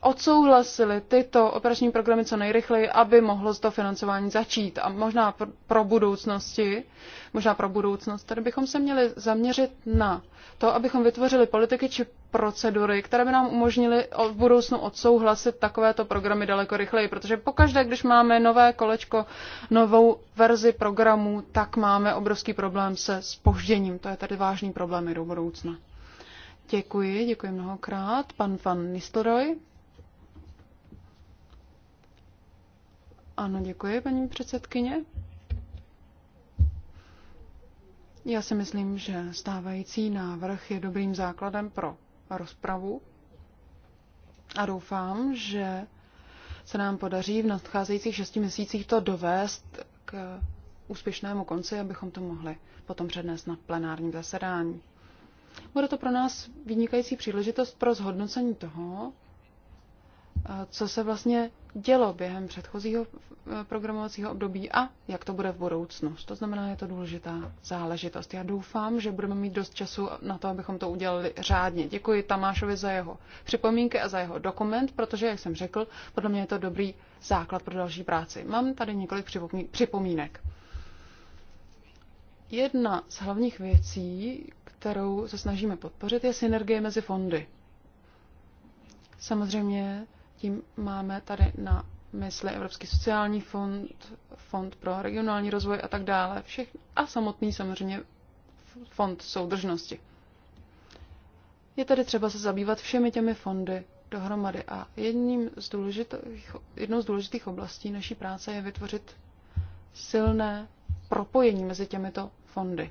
odsouhlasili tyto operační programy co nejrychleji, aby mohlo z to financování začít. A možná pro budoucnosti, možná pro budoucnost, tady bychom se měli zaměřit na to, abychom vytvořili politiky či procedury, které by nám umožnily v budoucnu odsouhlasit takovéto programy daleko rychleji, protože pokaždé, když máme nové kolečko, novou verzi programů, tak máme obrovský problém se spožděním. To je tady vážný problém i do budoucna. Děkuji, děkuji mnohokrát. Pan Van Nistelrooy, Ano, děkuji, paní předsedkyně. Já si myslím, že stávající návrh je dobrým základem pro rozpravu a doufám, že se nám podaří v nadcházejících šesti měsících to dovést k úspěšnému konci, abychom to mohli potom přednést na plenárním zasedání. Bude to pro nás vynikající příležitost pro zhodnocení toho, co se vlastně dělo během předchozího eh, programovacího období a jak to bude v budoucnu. To znamená, je to důležitá záležitost. Já doufám, že budeme mít dost času na to, abychom to udělali řádně. Děkuji Tamášovi za jeho připomínky a za jeho dokument, protože, jak jsem řekl, podle mě je to dobrý základ pro další práci. Mám tady několik připomínek. Jedna z hlavních věcí, kterou se snažíme podpořit, je synergie mezi fondy. Samozřejmě tím máme tady na mysli Evropský sociální fond, fond pro regionální rozvoj a tak dále. Všech, a samotný samozřejmě fond soudržnosti. Je tady třeba se zabývat všemi těmi fondy dohromady a jedním z důležitých, jednou z důležitých oblastí naší práce je vytvořit silné propojení mezi těmito fondy.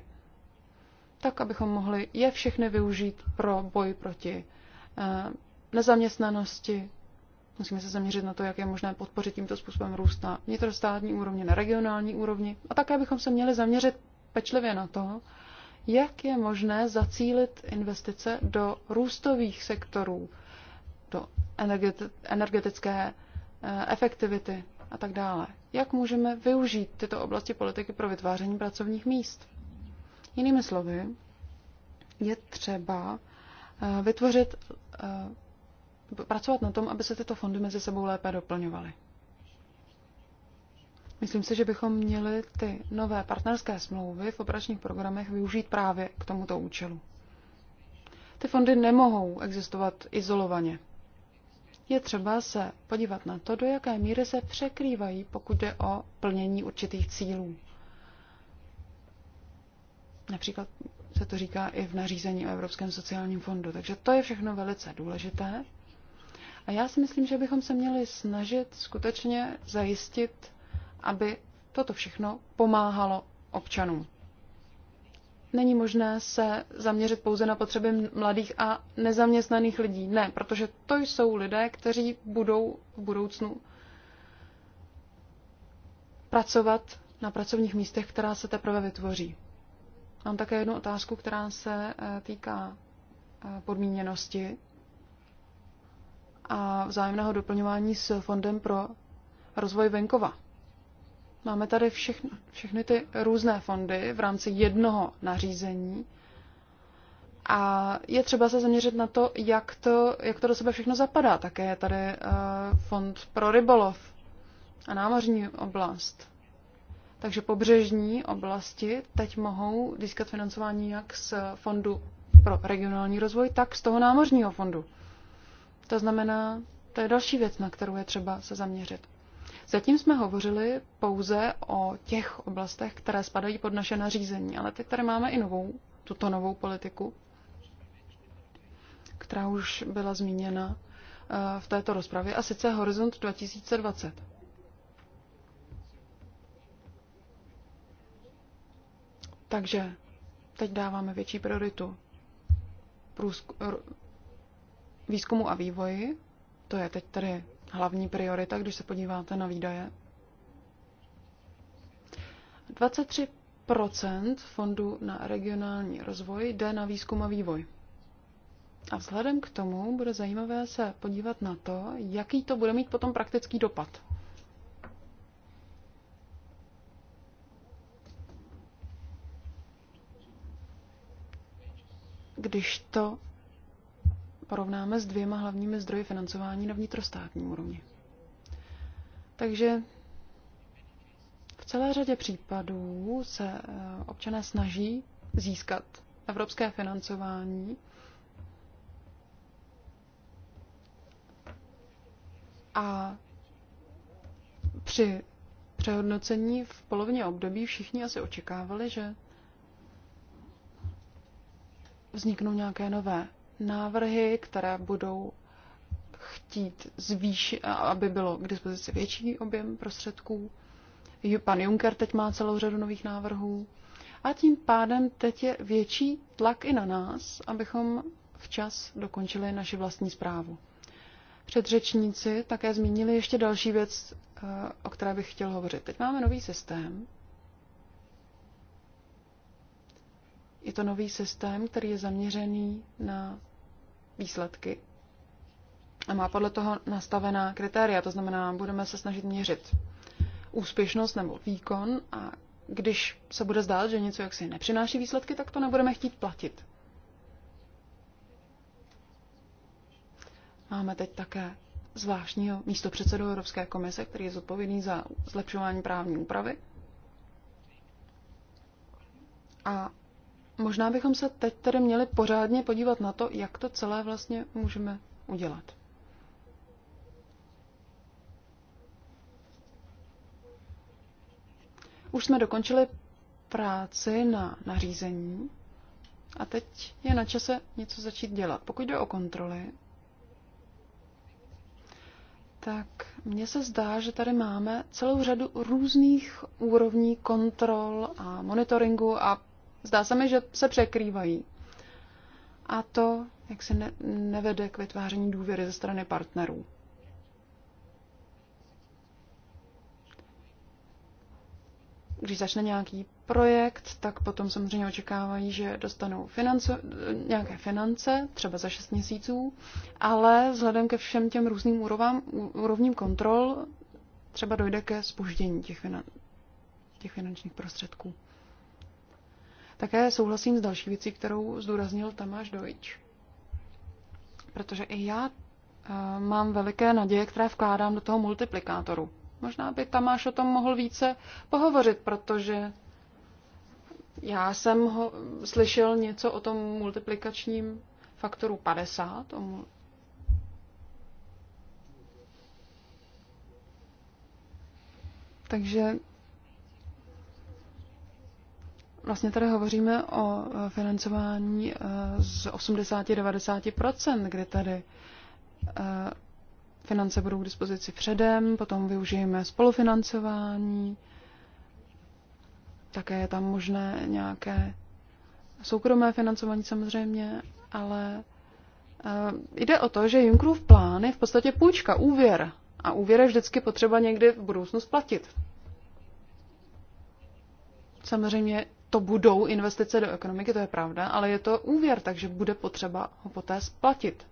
Tak, abychom mohli je všechny využít pro boj proti eh, nezaměstnanosti, Musíme se zaměřit na to, jak je možné podpořit tímto způsobem růst na vnitrostátní úrovni, na regionální úrovni. A také bychom se měli zaměřit pečlivě na to, jak je možné zacílit investice do růstových sektorů, do energetické eh, efektivity a tak dále. Jak můžeme využít tyto oblasti politiky pro vytváření pracovních míst? Jinými slovy, je třeba eh, vytvořit eh, pracovat na tom, aby se tyto fondy mezi sebou lépe doplňovaly. Myslím si, že bychom měli ty nové partnerské smlouvy v operačních programech využít právě k tomuto účelu. Ty fondy nemohou existovat izolovaně. Je třeba se podívat na to, do jaké míry se překrývají, pokud jde o plnění určitých cílů. Například se to říká i v nařízení o Evropském sociálním fondu. Takže to je všechno velice důležité. A já si myslím, že bychom se měli snažit skutečně zajistit, aby toto všechno pomáhalo občanům. Není možné se zaměřit pouze na potřeby mladých a nezaměstnaných lidí. Ne, protože to jsou lidé, kteří budou v budoucnu pracovat na pracovních místech, která se teprve vytvoří. Mám také jednu otázku, která se eh, týká eh, podmíněnosti a vzájemného doplňování s Fondem pro rozvoj venkova. Máme tady všechny, všechny ty různé fondy v rámci jednoho nařízení a je třeba se zaměřit na to, jak to, jak to do sebe všechno zapadá. Také je tady uh, fond pro rybolov a námořní oblast. Takže pobřežní oblasti teď mohou získat financování jak z fondu pro regionální rozvoj, tak z toho námořního fondu. To znamená, to je další věc, na kterou je třeba se zaměřit. Zatím jsme hovořili pouze o těch oblastech, které spadají pod naše nařízení, ale teď tady máme i novou, tuto novou politiku, která už byla zmíněna eh, v této rozpravě, a sice Horizont 2020. Takže teď dáváme větší prioritu výzkumu a vývoji, to je teď tady hlavní priorita, když se podíváte na výdaje. 23 fondu na regionální rozvoj jde na výzkum a vývoj. A vzhledem k tomu bude zajímavé se podívat na to, jaký to bude mít potom praktický dopad. Když to porovnáme s dvěma hlavními zdroji financování na vnitrostátní úrovni. Takže v celé řadě případů se eh, občané snaží získat evropské financování a při přehodnocení v polovině období všichni asi očekávali, že vzniknou nějaké nové návrhy, které budou chtít zvýšit, aby bylo k dispozici větší objem prostředků. Pan Juncker teď má celou řadu nových návrhů. A tím pádem teď je větší tlak i na nás, abychom včas dokončili naši vlastní zprávu. Předřečníci také zmínili ještě další věc, eh, o které bych chtěl hovořit. Teď máme nový systém. Je to nový systém, který je zaměřený na výsledky a má podle toho nastavená kritéria. To znamená, budeme se snažit měřit úspěšnost nebo výkon a když se bude zdát, že něco jaksi nepřináší výsledky, tak to nebudeme chtít platit. Máme teď také zvláštního předsedu Evropské komise, který je zodpovědný za zlepšování právní úpravy. A Možná bychom se teď tady měli pořádně podívat na to, jak to celé vlastně můžeme udělat. Už jsme dokončili práci na nařízení a teď je na čase něco začít dělat. Pokud jde o kontroly, tak mně se zdá, že tady máme celou řadu různých úrovní kontrol a monitoringu a Zdá se mi, že se překrývají. A to, jak se ne- nevede k vytváření důvěry ze strany partnerů. Když začne nějaký projekt, tak potom samozřejmě očekávají, že dostanou finance, nějaké finance, třeba za 6 měsíců, ale vzhledem ke všem těm různým úrovám, úrovním kontrol třeba dojde ke spoždění těch, finan, těch finančních prostředků. Také souhlasím s další věcí, kterou zdůraznil Tamáš Dojč. Protože i já eh, mám veliké naděje, které vkládám do toho multiplikátoru. Možná by Tamáš o tom mohl více pohovořit, protože já jsem ho, slyšel něco o tom multiplikačním faktoru 50, o mul- Takže Vlastně tady hovoříme o eh, financování eh, z 80-90%, kde tady eh, finance budou k dispozici předem, potom využijeme spolufinancování, také je tam možné nějaké soukromé financování samozřejmě, ale jde o to, že Junckerův plán je v podstatě půjčka, úvěr. A úvěr je vždycky potřeba někdy v budoucnu splatit. Samozřejmě to budou investice do ekonomiky, to je pravda, ale je to úvěr, takže bude potřeba ho poté splatit.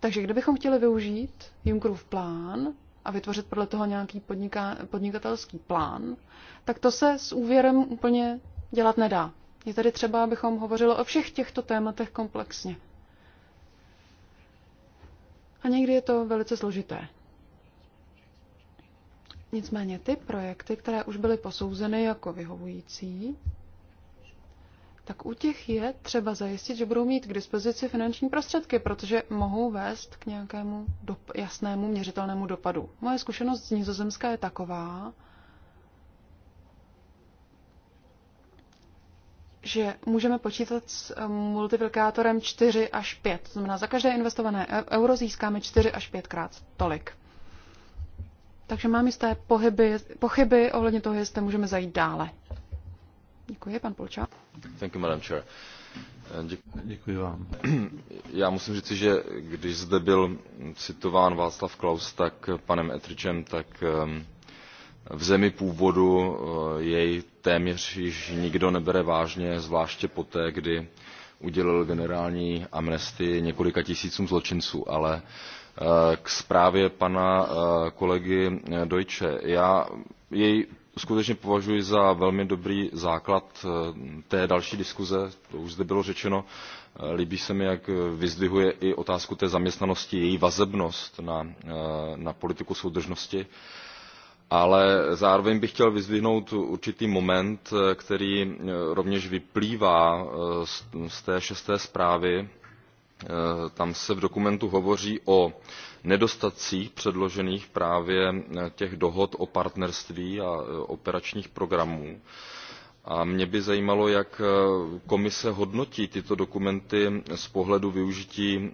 Takže kdybychom chtěli využít Junckerův plán a vytvořit podle toho nějaký podniká, podnikatelský plán, tak to se s úvěrem úplně dělat nedá. Je tady třeba, abychom hovořili o všech těchto tématech komplexně. A někdy je to velice složité. Nicméně ty projekty, které už byly posouzeny jako vyhovující, tak u těch je třeba zajistit, že budou mít k dispozici finanční prostředky, protože mohou vést k nějakému dop- jasnému měřitelnému dopadu. Moje zkušenost z Nizozemska je taková, že můžeme počítat s eh, multiplikátorem 4 až 5. To znamená, za každé investované e-, euro získáme 4 až 5 krát tolik. Takže mám jisté pohyby, pochyby ohledně toho, jestli můžeme zajít dále. Děkuji, pan Polčák. Thank you, Madam Chair. Eh, Děkuji. vám. [CLEARS THROAT] Já musím říci, že když zde byl citován Václav Klaus, tak panem Etričem, tak ehm, v zemi původu eh, jej téměř již nikdo nebere vážně, zvláště poté, kdy udělil generální amnestii několika tisícům zločinců, ale Eh, k zprávě pana eh, kolegy eh, Deutsche. Já jej skutečně považuji za velmi dobrý základ té další diskuze, to už zde bylo řečeno. Líbí se mi, jak vyzdvihuje i otázku té zaměstnanosti, její vazebnost na, na politiku soudržnosti ale zároveň bych chtěl vyzdvihnout určitý moment který rovněž vyplývá z té šesté zprávy Eh, tam se v dokumentu hovoří o nedostatcích předložených právě eh, těch dohod o partnerství a eh, operačních programů a mě by zajímalo jak komise hodnotí tyto dokumenty z pohledu využití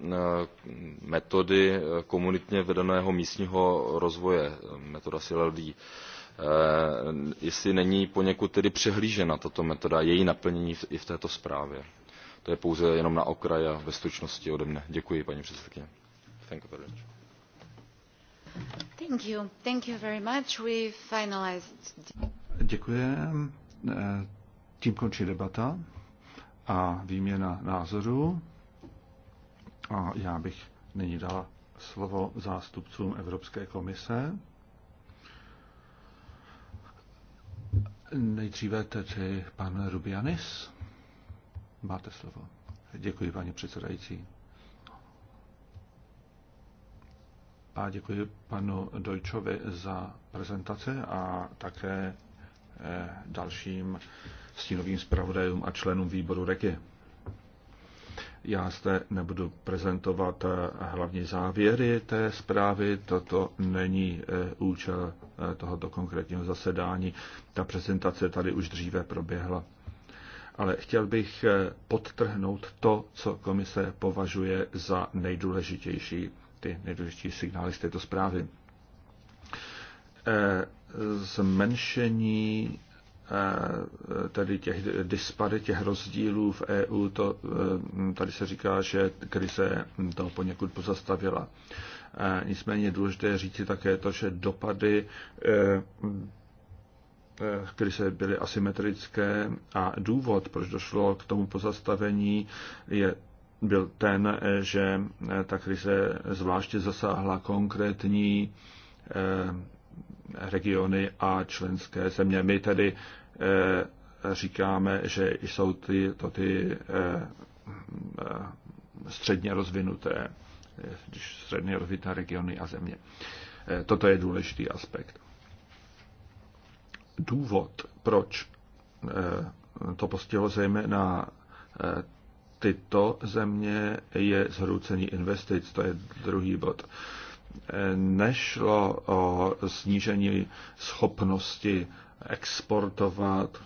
metody komunitně vedeného místního rozvoje metoda cld jestli není poněkud tedy přehlížena tato metoda její naplnění i v této zprávě to je pouze jenom na okraj a ve stručnosti ode mne. Děkuji, paní předsedkyně. Thank you very much. Thank you. Thank you very much. We finalized... Děkuji. Eh, tím končí debata a výměna názorů. A já bych nyní dala slovo zástupcům Evropské komise. Nejdříve tedy pan Rubianis. Máte slovo. Děkuji, paní předsedající. A děkuji panu Dojčovi za prezentaci a také eh, dalším stínovým zpravodajům a členům výboru REGI. Já zde nebudu prezentovat eh, hlavní závěry té zprávy, toto není eh, účel tohoto konkrétního zasedání. Ta prezentace tady už dříve proběhla ale chtěl bych eh, podtrhnout to, co komise považuje za nejdůležitější, ty nejdůležitější signály z této zprávy. Eh, zmenšení eh, tedy těch disparit, těch rozdílů v EU, to, tady se říká, že krize to poněkud pozastavila. Nicméně důležité říci také to, že dopady Eh, se byly asymetrické a důvod, proč došlo k tomu pozastavení, je, byl ten, že eh, ta krize zvláště zasáhla konkrétní eh, regiony a členské země. My tedy říkáme, že jsou ty, to ty středně rozvinuté, středně rozvinuté regiony a země. Toto je důležitý aspekt důvod, proč eh, to postihlo zejména eh, tyto země, je zhroucení investic. To je druhý bod. Eh, nešlo o snížení schopnosti exportovat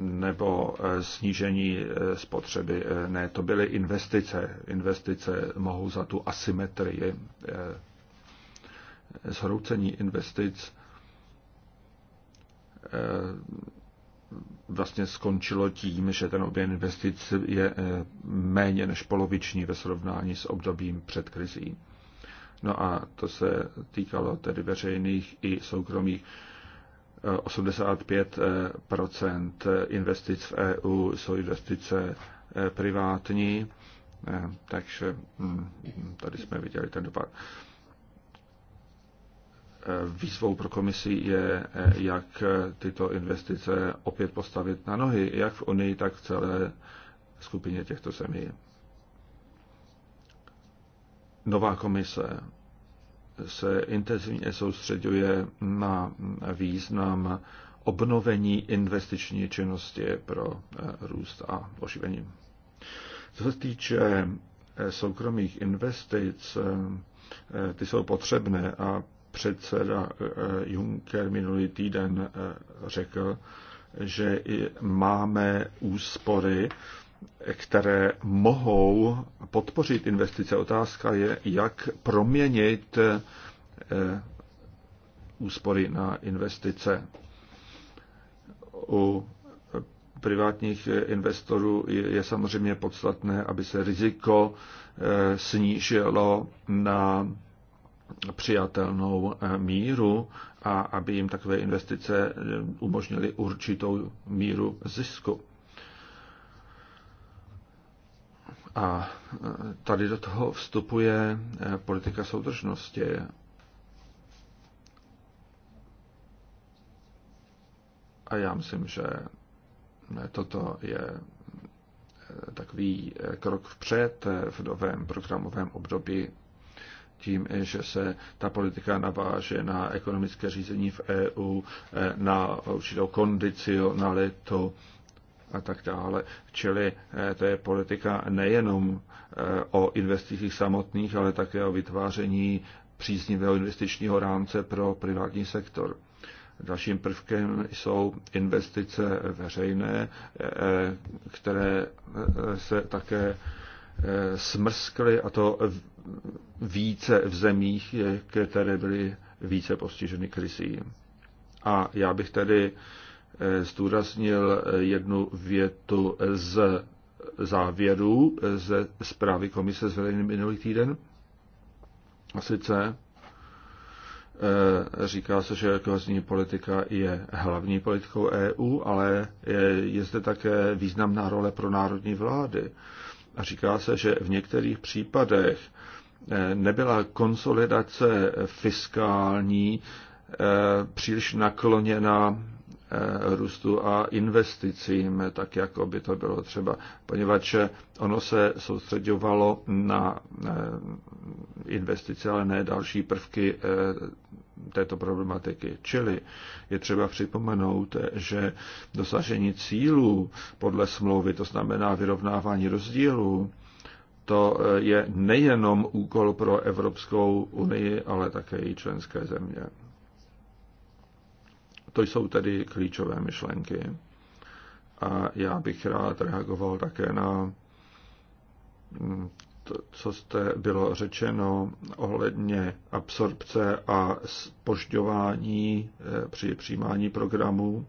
nebo snížení spotřeby. Ne, to byly investice. Investice mohou za tu asymetrii zhroucení investic eh, vlastně skončilo tím, že ten objem investic je eh, méně než poloviční ve srovnání s obdobím před krizí. No a to se týkalo tedy veřejných i soukromých. 85 eh, investic v EU jsou investice privátní, takže hm, tady jsme viděli ten dopad výzvou pro komisi je, jak tyto investice opět postavit na nohy, jak v Unii, tak v celé skupině těchto zemí. Nová komise se intenzivně soustředuje na význam obnovení investiční činnosti pro eh, růst a oživení. Co se týče eh, soukromých investic, eh, ty jsou potřebné a předseda eh, eh, Juncker minulý týden eh, řekl, že máme úspory, které mohou podpořit investice. Otázka je, jak proměnit úspory na investice. U privátních investorů je samozřejmě podstatné, aby se riziko snížilo na přijatelnou eh, míru a aby jim takové investice eh, umožnily určitou míru zisku. A eh, tady do toho vstupuje politika soudržnosti. A já myslím, že toto je takový krok vpřed v novém programovém období tím, že se ta politika naváže na ekonomické řízení v EU, eh, na určitou kondicionalitu a tak dále. Čili eh, to je politika nejenom eh, o investicích samotných, ale také o vytváření příznivého investičního rámce pro privátní sektor. Dalším prvkem jsou investice veřejné, které se také Eh, smrskly a to více v zemích, které byly více postiženy krizí. A já bych tedy eh, zdůraznil eh, jednu větu z závěrů ze zprávy komise zveřejněné minulý týden. A sice říká se, že kohezní politika je hlavní politikou EU, ale je, je zde také významná role pro národní vlády. Říká se, že v některých případech eh, nebyla konsolidace fiskální eh, příliš nakloněna eh, růstu a investicím, tak jako by to bylo třeba, poněvadž ono se soustředovalo na investice, ale ne další prvky této problematiky. Čili je třeba připomenout, že dosažení cílů podle smlouvy, to znamená vyrovnávání rozdílů, to je nejenom úkol pro Evropskou unii, ale také i členské země. To jsou tedy klíčové myšlenky. A já bych rád reagoval také na to, co jste bylo řečeno ohledně absorpce a spožďování eh, při přijímání programů.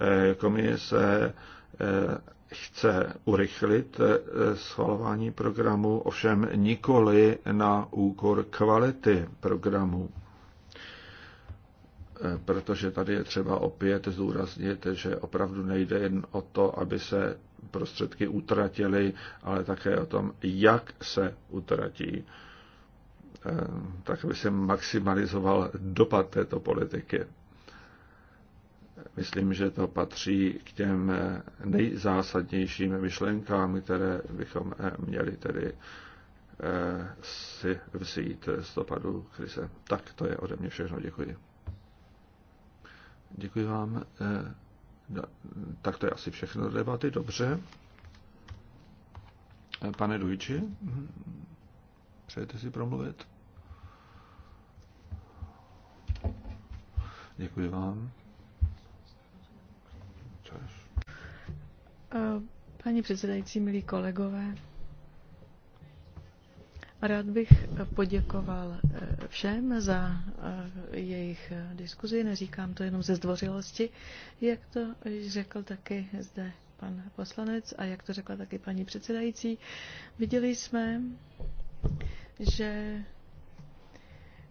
Eh, komise eh, chce urychlit schvalování programu, ovšem nikoli na úkor kvality programu. Eh, protože tady je třeba opět zdůraznit, že opravdu nejde jen o to, aby se prostředky utratily, ale také o tom, jak se utratí, eh, tak aby se maximalizoval dopad této politiky. Myslím, že to patří k těm eh, nejzásadnějším myšlenkám, které bychom měli tedy si vzít z dopadu krize. Tak to je ode mě všechno. Děkuji. Děkuji vám. Eh, tak to je asi všechno debaty, dobře. Eh, pane Dujči, přejete si promluvit? Děkuji vám. Češ. Eh, paní předsedající, milí kolegové, Rád bych poděkoval eh, všem za eh, jejich eh, diskuzi. Neříkám to jenom ze zdvořilosti, jak to řekl taky zde pan poslanec a jak to řekla taky paní předsedající. Viděli jsme, že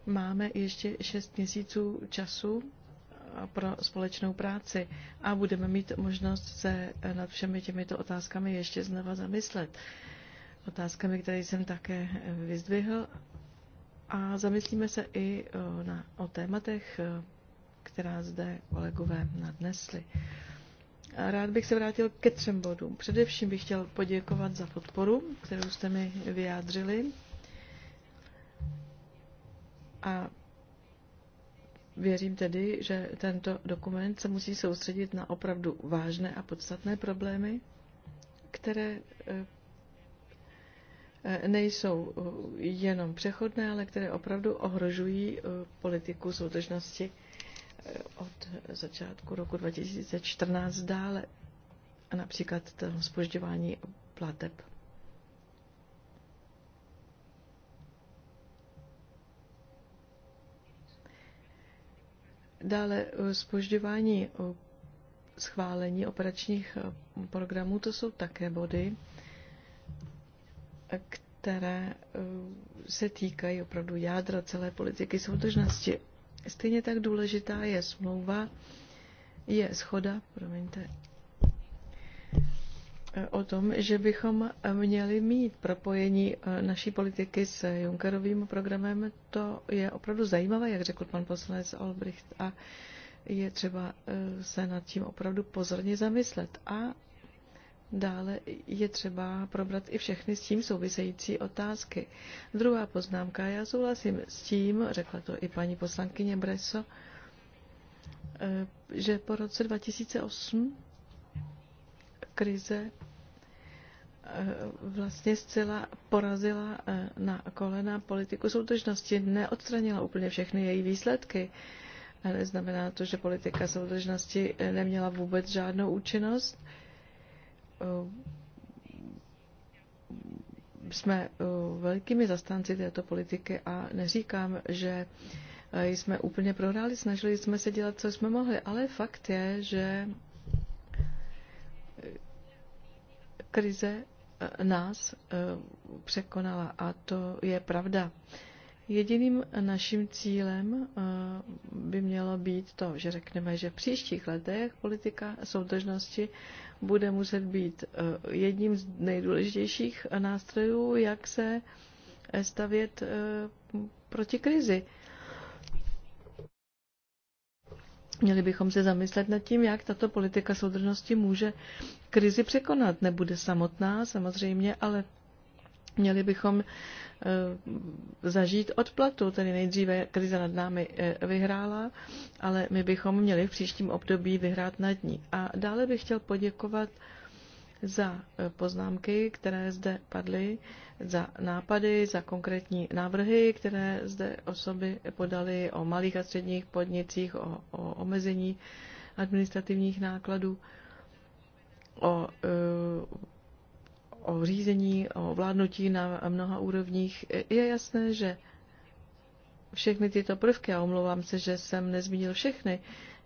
máme ještě šest měsíců času pro společnou práci a budeme mít možnost se nad všemi těmito otázkami ještě znova zamyslet otázkami, které jsem také vyzdvihl. A zamyslíme se i eh, na, o tématech, eh, která zde kolegové nadnesli. Rád bych se vrátil ke třem bodům. Především bych chtěl poděkovat za podporu, kterou jste mi vyjádřili. A věřím tedy, že tento dokument se musí soustředit na opravdu vážné a podstatné problémy, které eh, Eh, nejsou eh, jenom přechodné, ale které opravdu ohrožují eh, politiku soudržnosti od začátku roku 2014 dále, a například to spožďování plateb. Dále spožďování schválení operačních programů, to jsou také body, které eh, se týkají opravdu jádra celé politiky soudržnosti. Stejně tak důležitá je smlouva, je schoda, promiňte, eh, o tom, že bychom měli mít propojení eh, naší politiky s Junckerovým programem. To je opravdu zajímavé, jak řekl pan poslanec Olbricht, a je třeba se nad tím opravdu pozorně zamyslet. A Dále je třeba probrat i všechny s tím související otázky. Druhá poznámka, já souhlasím s tím, řekla to i paní poslankyně Breso, eh, že po roce 2008 krize eh, vlastně zcela porazila eh, na kolena politiku soudržnosti, neodstranila úplně všechny její výsledky. Neznamená to, že politika soudržnosti neměla vůbec žádnou účinnost Eh, jsme eh, velkými zastánci této politiky a neříkám, že eh, jsme úplně prohráli, snažili jsme se dělat, co jsme mohli, ale fakt je, že krize nás překonala a to je pravda. Jediným naším cílem by mělo být to, že řekneme, že v příštích letech politika soudržnosti bude muset být eh, jedním z nejdůležitějších nástrojů, jak se eh, stavět eh, proti krizi. Měli bychom se zamyslet nad tím, jak tato politika soudržnosti může krizi překonat. Nebude samotná samozřejmě, ale Měli bychom eh, zažít odplatu, tedy nejdříve krize nad námi eh, vyhrála, ale my bychom měli v příštím období vyhrát nad ní. A dále bych chtěl poděkovat za eh, poznámky, které zde padly, za nápady, za konkrétní návrhy, které zde osoby podaly o malých a středních podnicích, o, o omezení administrativních nákladů, o o řízení, o vládnutí na mnoha úrovních, je jasné, že všechny tyto prvky, a omlouvám se, že jsem nezmínil všechny,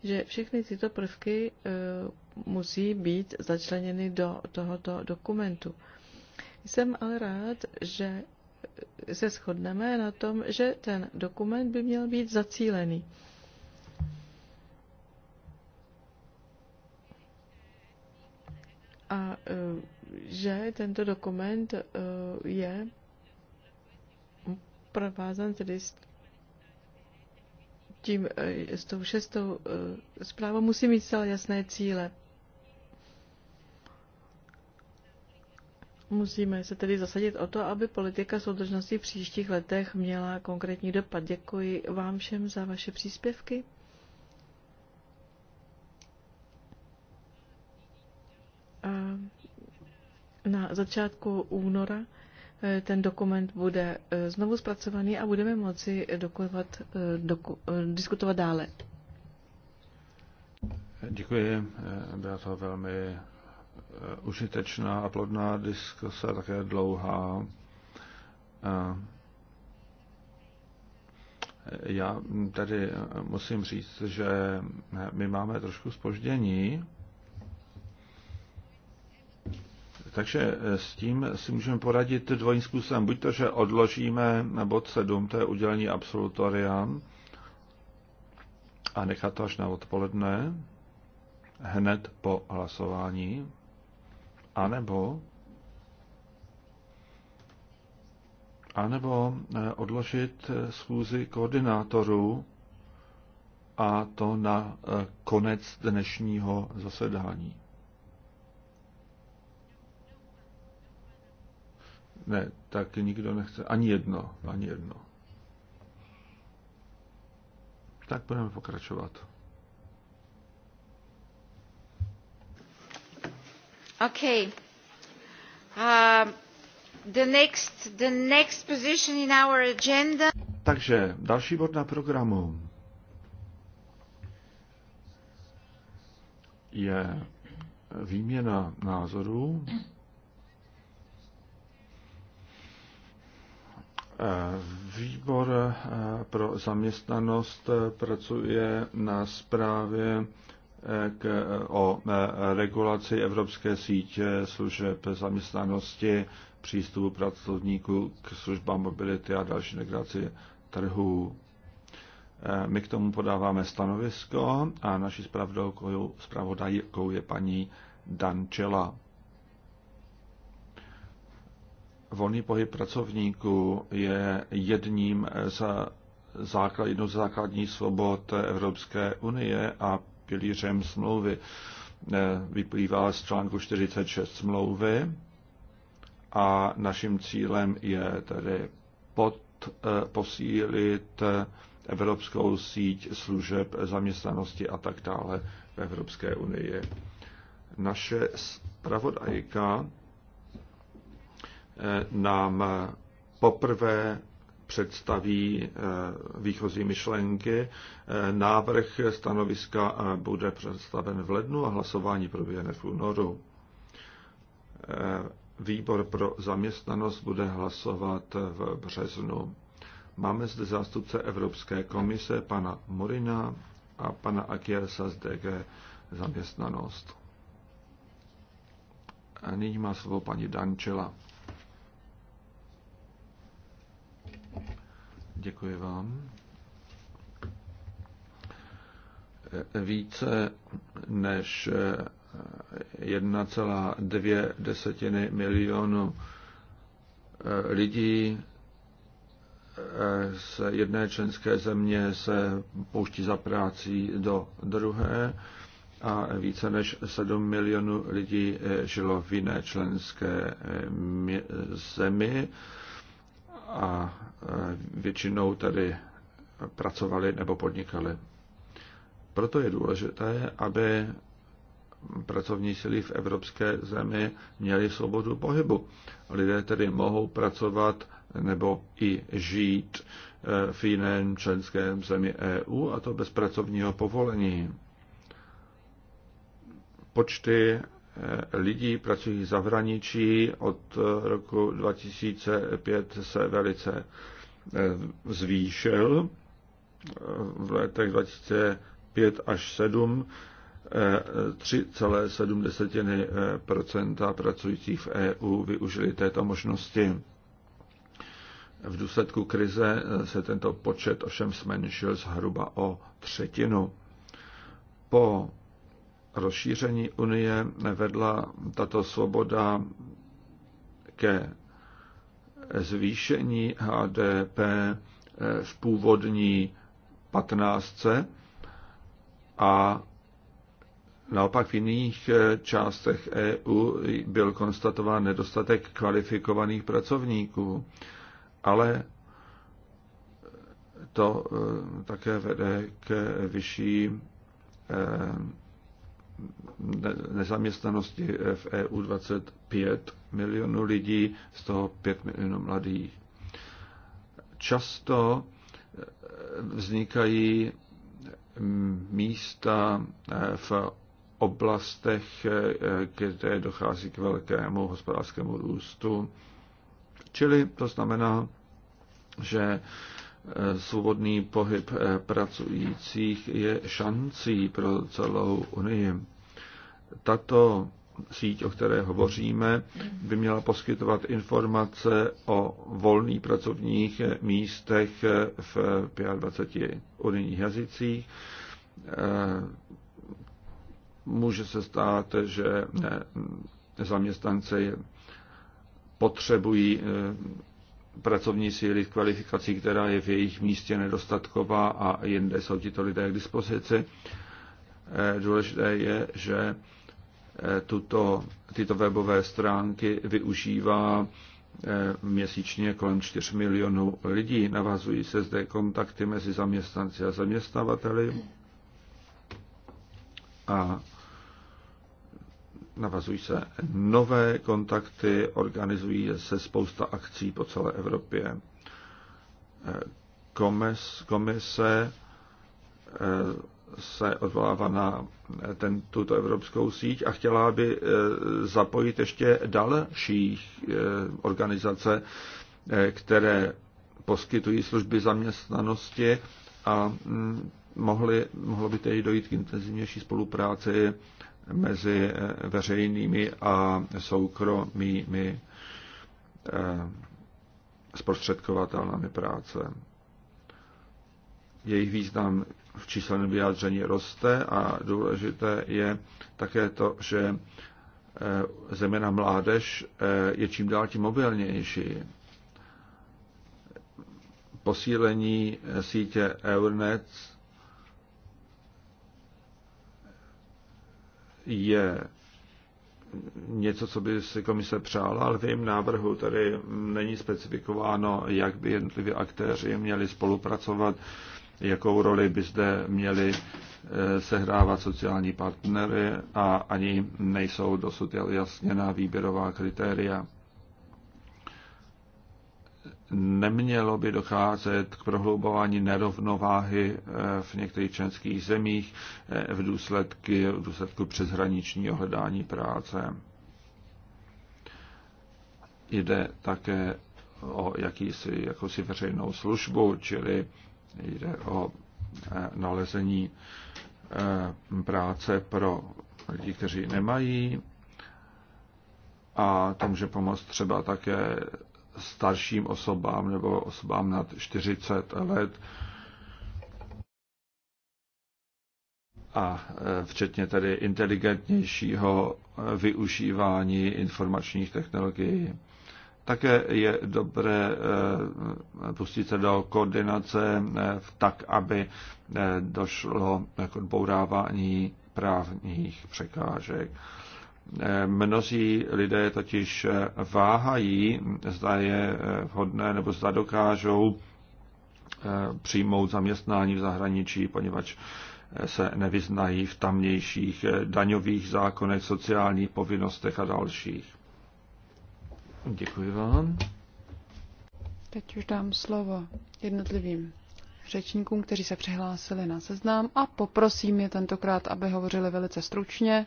že všechny tyto prvky e, musí být začleněny do tohoto dokumentu. Jsem ale rád, že se shodneme na tom, že ten dokument by měl být zacílený. A e, že tento dokument eh, je provázan tedy s tím, eh, s tou šestou eh, zprávou musí mít celé jasné cíle. Musíme se tedy zasadit o to, aby politika soudržnosti v příštích letech měla konkrétní dopad. Děkuji vám všem za vaše příspěvky. na začátku února eh, ten dokument bude eh, znovu zpracovaný a budeme moci dokovat, eh, doku, diskutovat dále. Děkuji. Byla to velmi užitečná a plodná diskuse, také dlouhá. Já tady musím říct, že my máme trošku spoždění Takže eh, s tím si můžeme poradit dvojím způsobem. Buď to, že odložíme bod 7, to je udělení absolutoria, a nechat to až na odpoledne, hned po hlasování, anebo anebo eh, odložit eh, schůzi koordinátorů a to na konec dnešního zasedání. Ne, tak nikdo nechce. Ani jedno, ani jedno. Tak budeme pokračovat. OK. Uh, the next, the next position in our agenda. Takže další bod na programu je výměna názorů. Mm Výbor eh, pro zaměstnanost eh, pracuje na zprávě eh, k, o regulaci Evropské sítě služeb zaměstnanosti, přístupu pracovníků k službám mobility a další integraci trhů. My k tomu podáváme stanovisko a naší zpravodajkou je paní Dančela volný pohyb pracovníků je jedním z základ, jednou z základních svobod Evropské unie a pilířem smlouvy. E, vyplývá z článku 46 smlouvy a naším cílem je tedy pod, e, posílit evropskou síť služeb zaměstnanosti a tak dále v Evropské unii. Naše zpravodajka nám poprvé představí eh, výchozí myšlenky. Eh, návrh stanoviska eh, bude představen v lednu a hlasování proběhne v únoru. Výbor pro zaměstnanost bude hlasovat v březnu. Máme zde zástupce Evropské komise, pana Morina a pana Akiersa z DG zaměstnanost. A nyní má slovo paní Dančela. Děkuji vám. E, více než 1,2 e, desetiny milionu e, lidí z jedné členské země se pouští za práci do druhé a více než 7 milionů lidí žilo v jiné členské zemi a e, většinou tedy pracovali nebo podnikali. Proto je důležité, aby pracovní síly v evropské zemi měly svobodu pohybu. Lidé tedy mohou pracovat nebo i žít e, v jiném členském zemi EU a to bez pracovního povolení. Počty Eh, lidí pracující v zahraničí. od eh, roku 2005 se velice eh, zvýšil. V letech 2005 až 7 3,7 pracujících v EU využili této možnosti. V důsledku krize se tento počet ovšem zmenšil zhruba o třetinu. Po rozšíření Unie vedla tato svoboda ke zvýšení HDP v původní patnáctce a naopak v jiných částech EU byl konstatován nedostatek kvalifikovaných pracovníků. Ale to eh, také vede k eh, vyšší eh, nezaměstnanosti v EU 25 milionů lidí, z toho 5 milionů mladých. Často eh, vznikají mm, místa eh, v oblastech, eh, kde dochází k velkému hospodářskému růstu. Čili to znamená, že Eh, svobodný pohyb eh, pracujících je šancí pro celou Unii. Tato síť, o které hovoříme, by měla poskytovat informace o volných pracovních eh, místech v 25 unijních jazycích. Může se stát, že zaměstnance potřebují pracovní síly s kvalifikací, která je v jejich místě nedostatková a jinde jsou tito lidé k dispozici. Eh, důležité je, že eh, tuto, tyto webové stránky využívá eh, měsíčně kolem 4 milionů lidí. Navazují se zde kontakty mezi zaměstnanci a zaměstnavateli. A navazují se nové kontakty, organizují se spousta akcí po celé Evropě. Eh, Komis, komise eh, se odvolává na ten, tuto evropskou síť a chtěla by eh, zapojit ještě další organizace, které poskytují služby zaměstnanosti a mm, mohly, mohlo by tedy dojít k intenzivnější spolupráci mezi veřejnými a soukromými eh, zprostředkovatelnami práce. Jejich význam v číselném vyjádření roste a důležité je také to, že eh, zeměna mládež eh, je čím dál tím mobilnější. Posílení sítě EURNET je něco, co by si komise přála, ale v jejím návrhu tady není specifikováno, jak by jednotliví aktéři měli spolupracovat, jakou roli by zde měli eh, sehrávat sociální partnery a ani nejsou dosud jasněná výběrová kritéria nemělo by docházet k prohloubování nerovnováhy eh, v některých členských zemích eh, v, důsledku, v důsledku přeshraničního hledání práce. Jde také o jakýsi, jakousi veřejnou službu, čili jde o eh, nalezení práce pro lidi, kteří nemají a to může pomoct třeba také starším osobám nebo osobám nad 40 let a e, včetně tedy inteligentnějšího využívání informačních technologií. Také je dobré e, pustit se do koordinace e, tak, aby došlo k odbourávání právních překážek. Mnozí lidé totiž váhají, zda je eh, vhodné nebo zda dokážou eh, přijmout zaměstnání v zahraničí, poněvadž eh, se nevyznají v tamnějších daňových zákonech, sociálních povinnostech a dalších. Děkuji vám. Teď už dám slovo jednotlivým řečníkům, kteří se přihlásili na seznám a poprosím je tentokrát, aby hovořili velice stručně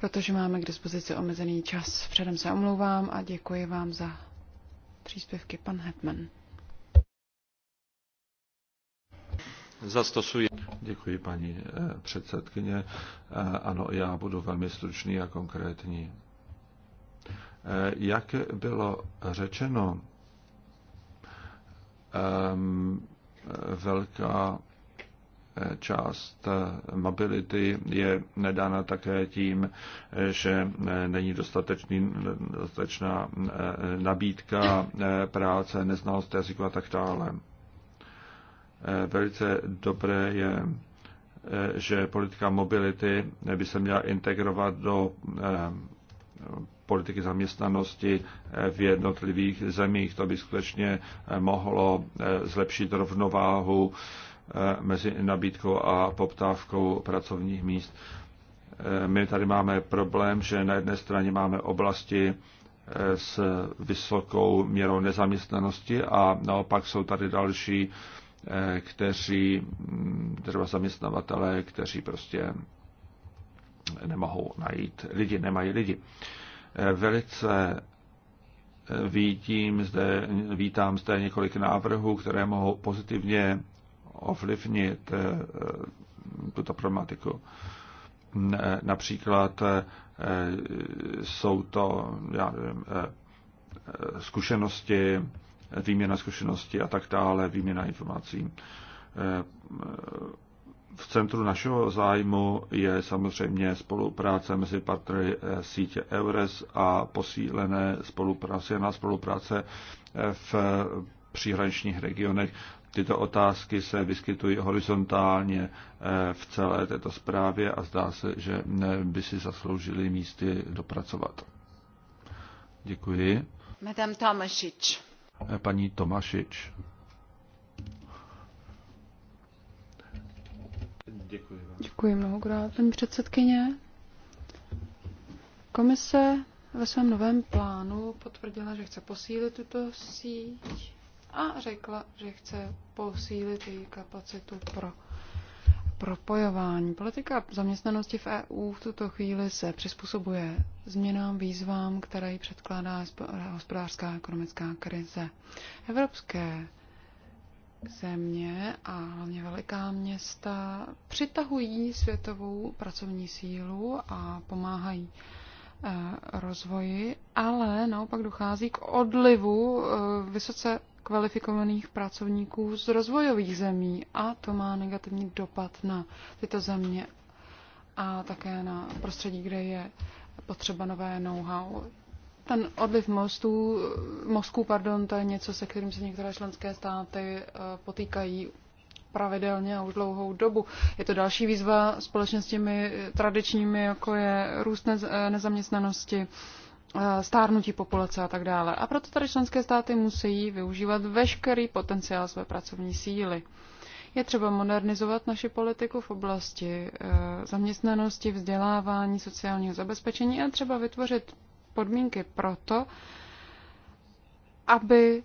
protože máme k dispozici omezený čas. Předem se omlouvám a děkuji vám za příspěvky, pan Hetman. Zastosuji. Děkuji, paní eh, předsedkyně. Eh, ano, já budu velmi stručný a konkrétní. Eh, jak bylo řečeno, ehm, velká část mobility je nedána také tím, že není dostatečný, dostatečná eh, nabídka eh, práce, neznalost jazyku a tak dále. Eh, velice dobré je, že politika mobility by se měla integrovat do politiky zaměstnanosti v jednotlivých zemích. To by skutečně mohlo zlepšit rovnováhu Eh, mezi nabídkou a poptávkou pracovních míst. Eh, my tady máme problém, že na jedné straně máme oblasti eh, s vysokou měrou nezaměstnanosti a naopak jsou tady další, kteří, mm, třeba zaměstnavatele, kteří prostě nemohou najít lidi, nemají lidi. Velice vítím zde, vítám zde několik návrhů, které mohou pozitivně ovlivnit eh, eh, tuto problematiku. Například eh, jsou to já nevím, zkušenosti, výměna zkušenosti a tak dále, výměna informací. V centru našeho zájmu je samozřejmě spolupráce mezi partnery sítě EURES a posílené spolupráce na spolupráce v příhraničních regionech Tyto otázky se vyskytují horizontálně eh, v celé této zprávě a zdá se, že eh, by si zasloužili místy dopracovat. Děkuji. Madame Tomašič. Eh, paní Tomašič. Děkuji vám. Děkuji mnohokrát, paní předsedkyně. Komise ve svém novém plánu potvrdila, že chce posílit tuto síť a řekla, že chce posílit její kapacitu pro propojování. Politika zaměstnanosti v EU v tuto chvíli se přizpůsobuje změnám, výzvám, které ji předkládá hospodářská a ekonomická krize. Evropské země a hlavně veliká města přitahují světovou pracovní sílu a pomáhají eh, rozvoji, ale naopak dochází k odlivu eh, vysoce kvalifikovaných pracovníků z rozvojových zemí a to má negativní dopad na tyto země a také na prostředí, kde je potřeba nové know-how. Ten odliv mostů, mozků, pardon, to je něco, se kterým se některé členské státy eh, potýkají pravidelně a už dlouhou dobu. Je to další výzva společně s těmi tradičními, jako je růst eh, nezaměstnanosti, stárnutí populace a tak dále. A proto tady členské státy musí využívat veškerý potenciál své pracovní síly. Je třeba modernizovat naši politiku v oblasti e, zaměstnanosti, vzdělávání, sociálního zabezpečení a třeba vytvořit podmínky pro to, aby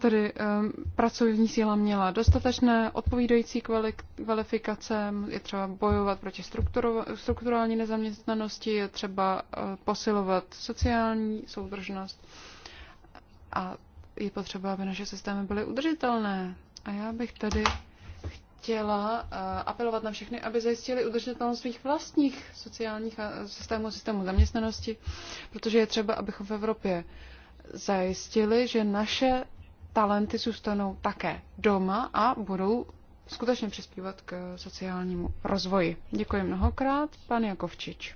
tedy um, pracovní síla měla dostatečné odpovídající kvali- kvalifikace, je třeba bojovat proti strukturální nezaměstnanosti, je třeba uh, posilovat sociální soudržnost a je potřeba, aby naše systémy byly udržitelné. A já bych tady chtěla uh, apelovat na všechny, aby zajistili udržitelnost svých vlastních sociálních eh, systémů, systémů zaměstnanosti, protože je třeba, abychom v Evropě zajistili, že naše talenty zůstanou také doma a budou skutečně přispívat k sociálnímu rozvoji. Děkuji mnohokrát, pan Jakovčič.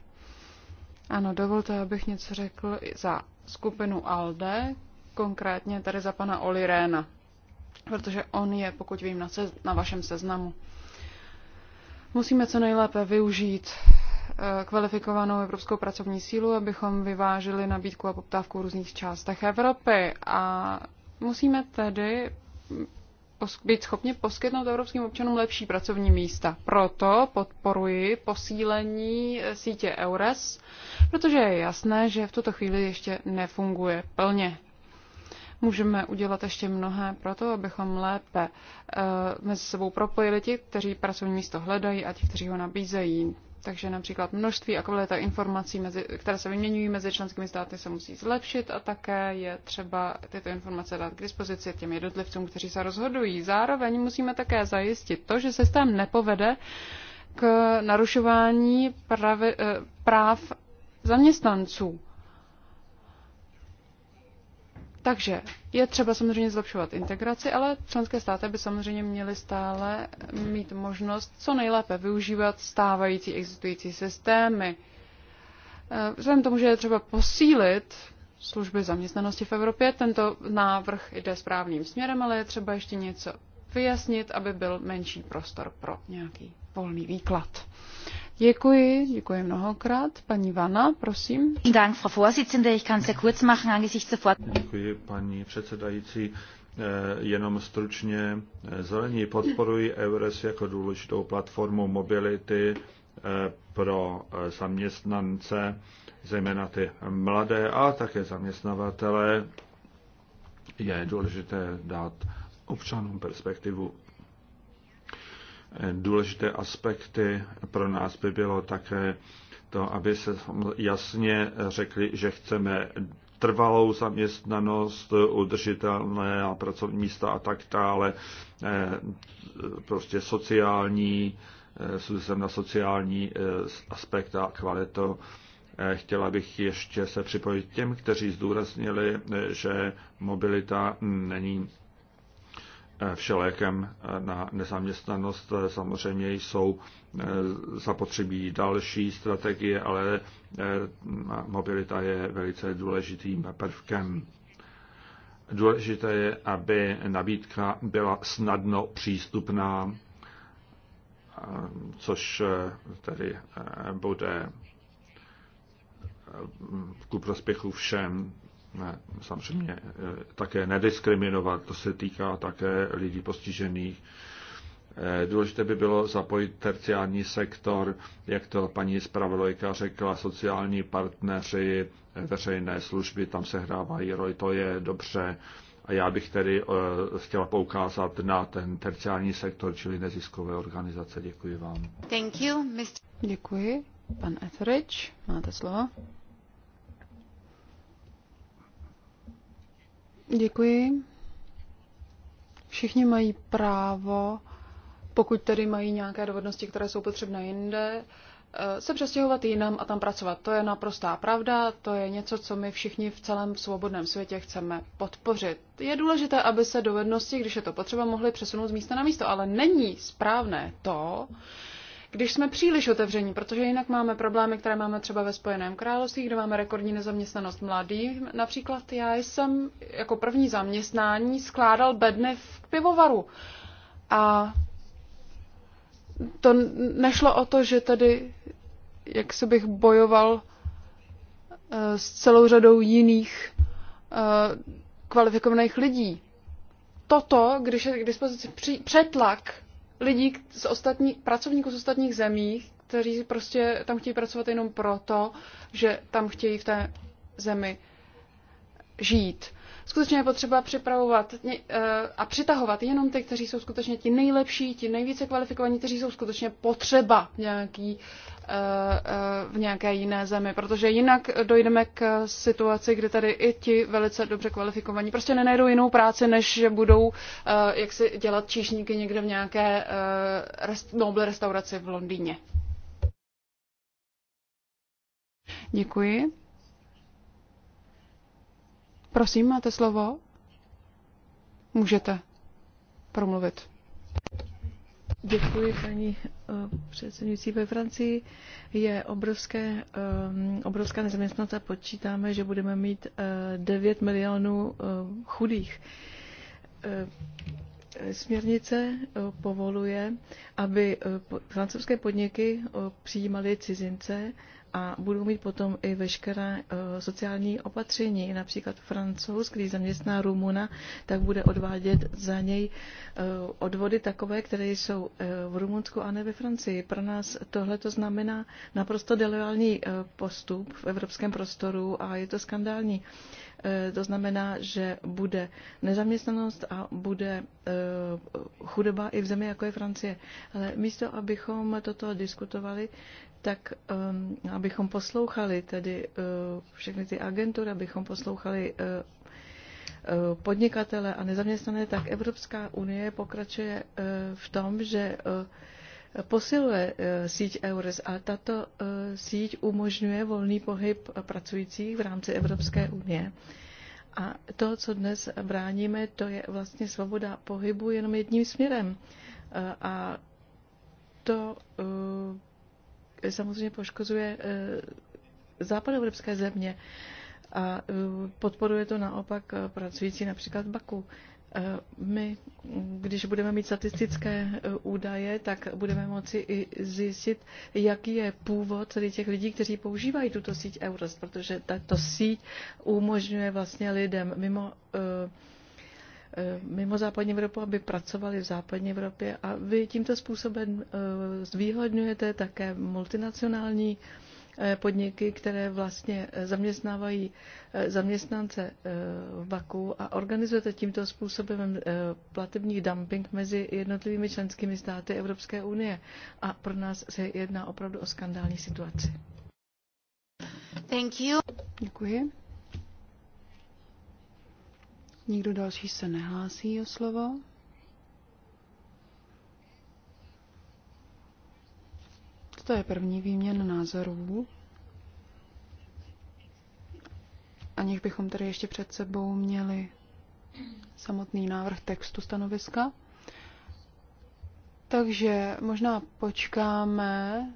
Ano, dovolte, abych něco řekl za skupinu ALDE, konkrétně tady za pana Oli Réna, protože on je, pokud vím, na, sez- na vašem seznamu. Musíme co nejlépe využít eh, kvalifikovanou evropskou pracovní sílu, abychom vyvážili nabídku a poptávku v různých částech Evropy. A Musíme tedy být schopni poskytnout evropským občanům lepší pracovní místa. Proto podporuji posílení eh, sítě EURES, protože je jasné, že v tuto chvíli ještě nefunguje plně. Můžeme udělat ještě mnohé pro to, abychom lépe uh, mezi sebou propojili ti, kteří pracovní místo hledají a ti, kteří ho nabízejí. Takže například množství a kvalita informací, mezi, které se vyměňují mezi členskými státy, se musí zlepšit a také je třeba tyto informace dát k dispozici těm jednotlivcům, kteří se rozhodují. Zároveň musíme také zajistit to, že systém nepovede k narušování pravi, eh, práv zaměstnanců. Takže je třeba samozřejmě zlepšovat integraci, ale členské státy by samozřejmě měly stále mít možnost co nejlépe využívat stávající existující systémy. Vzhledem tomu, že je třeba posílit služby zaměstnanosti v Evropě, tento návrh jde správným směrem, ale je třeba ještě něco vyjasnit, aby byl menší prostor pro nějaký volný výklad. Děkuji, děkuji mnohokrát. Paní Vana, prosím. Děkuji, paní předsedající. Eh, jenom stručně eh, zelení podporují EURES jako důležitou platformu mobility eh, pro zaměstnance, zejména ty mladé a také zaměstnavatele. Je důležité dát občanům perspektivu. Důležité aspekty pro nás by bylo také to, aby se jasně řekli, že chceme trvalou zaměstnanost, udržitelné a pracovní místa a tak dále, eh, prostě sociální, jsem eh, na sociální eh, aspekt a kvalitu. Chtěla bych ještě se připojit těm, kteří zdůraznili, že mobilita není Eh, všelékem eh, na nezaměstnanost. Eh, samozřejmě jsou zapotřebí další strategie, ale mobilita je velice důležitým prvkem. Důležité je, aby nabídka byla snadno přístupná, což tedy bude ku prospěchu všem ne, samozřejmě eh, také nediskriminovat, to se týká také lidí postižených. Eh, důležité by bylo zapojit terciální sektor, jak to paní zpravodajka řekla, sociální partneři, veřejné služby, tam se hrávají roj, to je dobře. A já bych tedy eh, chtěla poukázat na ten terciální sektor, čili neziskové organizace. Děkuji vám. Thank you, Mr. Děkuji. Pan Etheridge, máte slovo. Děkuji. Všichni mají právo, pokud tedy mají nějaké dovednosti, které jsou potřebné jinde, eh, se přestěhovat jinam a tam pracovat. To je naprostá pravda, to je něco, co my všichni v celém svobodném světě chceme podpořit. Je důležité, aby se dovednosti, když je to potřeba, mohly přesunout z místa na místo, ale není správné to, když jsme příliš otevření, protože jinak máme problémy, které máme třeba ve Spojeném království, kde máme rekordní nezaměstnanost mladých. Například já jsem jako první zaměstnání skládal bedny v pivovaru. A to nešlo o to, že tady jak se bych bojoval e, s celou řadou jiných e, kvalifikovaných lidí. Toto, když je k dispozici přetlak lidí z ostatní, pracovníků z ostatních zemí, kteří prostě tam chtějí pracovat jenom proto, že tam chtějí v té zemi žít skutečně je potřeba připravovat eh, a přitahovat jenom ty, kteří jsou skutečně ti nejlepší, ti nejvíce kvalifikovaní, kteří jsou skutečně potřeba v, nějaký, eh, eh, v nějaké jiné zemi, protože jinak dojdeme k situaci, kdy tady i ti velice dobře kvalifikovaní prostě nenajdou jinou práci, než že budou jak si dělat číšníky někde v nějaké nobl restauraci v Londýně. Děkuji. Prosím, máte slovo? Můžete promluvit. Děkuji, paní eh, předsednicí. Ve Francii je obrovské, eh, obrovská nezaměstnanost a počítáme, že budeme mít 9 eh, milionů chudých. Směrnice povoluje, aby francouzské podniky přijímaly cizince a budou mít potom i veškeré eh, sociální opatření. Například francouz, když zaměstná Rumuna, tak bude odvádět za něj eh, odvody takové, které jsou eh, v Rumunsku a ne ve Francii. Pro nás tohle to znamená naprosto deloální postup v evropském prostoru a je to skandální. To znamená, že bude nezaměstnanost a bude chudoba i v zemi, jako je Francie. Ale místo, abychom toto diskutovali, tak um, abychom poslouchali tedy uh, všechny ty agentury, abychom poslouchali uh, podnikatele a nezaměstnané, tak Evropská unie pokračuje uh, v tom, že uh, posiluje uh, síť EURES a tato uh, síť umožňuje volný pohyb pracujících v rámci Evropské unie. A to, co dnes bráníme, to je vlastně svoboda pohybu jenom jedním směrem. Uh, a to uh, samozřejmě poškozuje eh, západoevropské země a eh, podporuje to naopak eh, pracující například v Baku. My, když budeme mít statistické údaje, tak budeme moci i zjistit, jaký je původ tedy těch lidí, kteří používají tuto síť Eurost, protože tato síť umožňuje vlastně lidem mimo uh, Eh, mimo západní Evropu, aby pracovali v západní Evropě. A vy tímto způsobem eh, zvýhodňujete také multinacionální eh, podniky, které vlastně zaměstnávají zaměstnance v Baku a organizujete tímto způsobem platební dumping mezi jednotlivými členskými státy Evropské unie. A pro nás se jedná opravdu o skandální situaci. Thank you. Děkuji. Nikdo další se nehlásí o slovo. To je první výměn názorů. Aniž bychom tady ještě před sebou měli samotný návrh textu stanoviska. Takže možná počkáme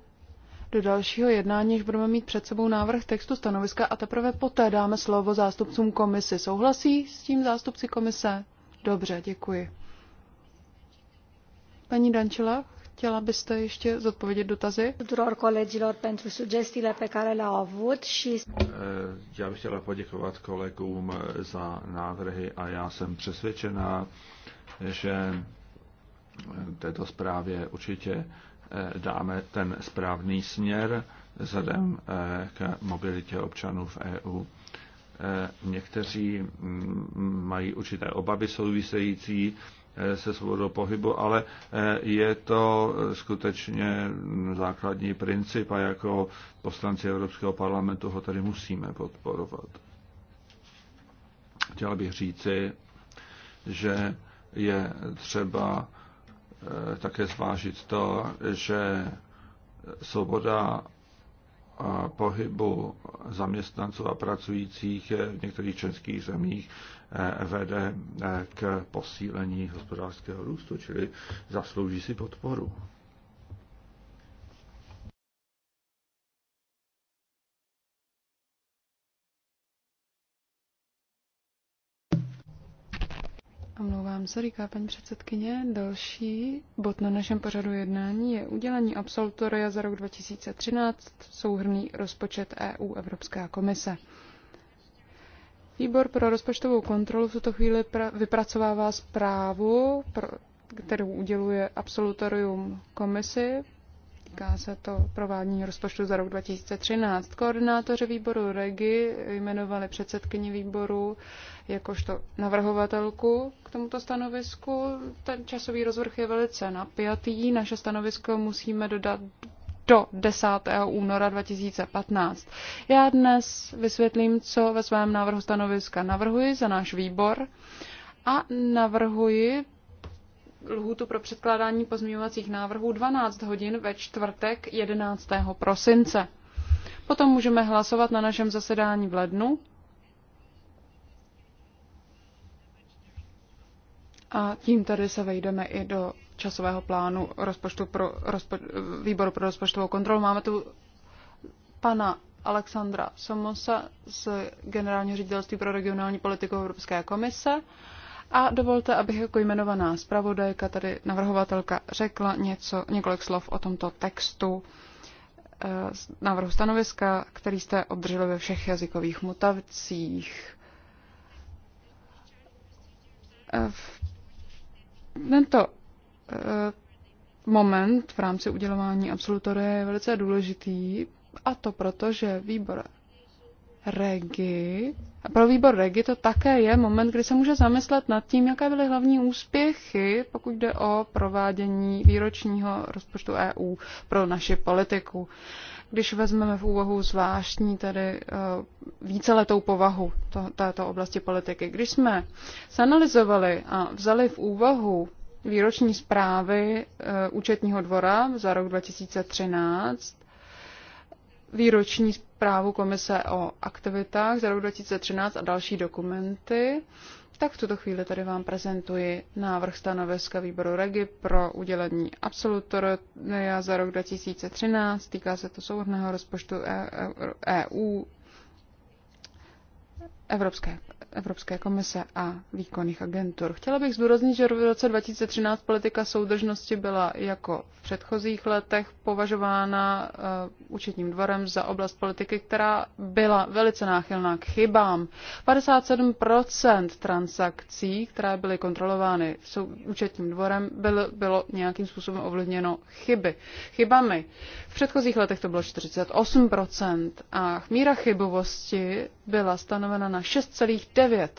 do dalšího jednání, až budeme mít před sebou návrh textu stanoviska a teprve poté dáme slovo zástupcům komise. Souhlasí s tím zástupci komise? Dobře, děkuji. Paní Dančila, chtěla byste ještě zodpovědět dotazy? Eh, já bych chtěla poděkovat kolegům eh, za návrhy a já jsem přesvědčená, že eh, této zprávě určitě Eh, dáme ten správný směr vzhledem eh, k mobilitě občanů v EU. Eh, někteří mm, mají určité obavy související se svobodou pohybu, ale je to skutečně základní princip a jako poslanci Evropského parlamentu ho tady musíme podporovat. Chtěl bych říci, že je třeba Eh, také zvážit to, že svoboda pohybu zaměstnanců a pracujících v některých českých zemích eh, vede eh, k posílení hospodářského růstu, čili zaslouží si podporu. Omlouvám se, říká paní předsedkyně. Další bod na našem pořadu jednání je udělení absolutoria za rok 2013, souhrný rozpočet EU Evropská komise. Výbor pro rozpočtovou kontrolu v tuto chvíli vypracovává zprávu, pro, kterou uděluje absolutorium komisi týká se to provádění rozpočtu za rok 2013. Koordinátoři výboru REGI jmenovali předsedkyni výboru jakožto navrhovatelku k tomuto stanovisku. Ten časový rozvrh je velice napjatý. Naše stanovisko musíme dodat do 10. února 2015. Já dnes vysvětlím, co ve svém návrhu stanoviska navrhuji za náš výbor a navrhuji lhůtu pro předkládání pozměňovacích návrhů 12 hodin ve čtvrtek 11. prosince. Potom můžeme hlasovat na našem zasedání v lednu. A tím tady se vejdeme i do časového plánu rozpočtu pro, rozpo, výboru pro rozpočtovou kontrolu. Máme tu pana Alexandra Somosa z Generálního ředitelství pro regionální politiku Evropské komise. A dovolte, abych jako jmenovaná zpravodajka, tady navrhovatelka, řekla něco, několik slov o tomto textu eh, návrhu stanoviska, který jste obdrželi ve všech jazykových mutacích. Eh, tento eh, moment v rámci udělování absolutoria je velice důležitý, a to proto, že výbor Regi, a pro výbor Regi to také je moment, kdy se může zamyslet nad tím, jaké byly hlavní úspěchy, pokud jde o provádění výročního rozpočtu EU pro naši politiku. Když vezmeme v úvahu zvláštní tedy eh, víceletou povahu to, této oblasti politiky. Když jsme analyzovali a vzali v úvahu výroční zprávy eh, účetního dvora za rok 2013, výroční zprávu Komise o aktivitách za rok 2013 a další dokumenty, tak v tuto chvíli tady vám prezentuji návrh stanoviska výboru REGI pro udělení absolutoria za rok 2013. Týká se to souhodného rozpočtu EU e- e- e Evropské Evropské komise a výkonných agentur. Chtěla bych zdůraznit, že v roce 2013 politika soudržnosti byla jako v předchozích letech považována eh, účetním dvorem za oblast politiky, která byla velice náchylná k chybám. 57% transakcí, které byly kontrolovány sou, účetním dvorem, byl, bylo nějakým způsobem ovlivněno chyby. Chybami. V předchozích letech to bylo 48% a míra chybovosti byla stanovena na 6,9 9.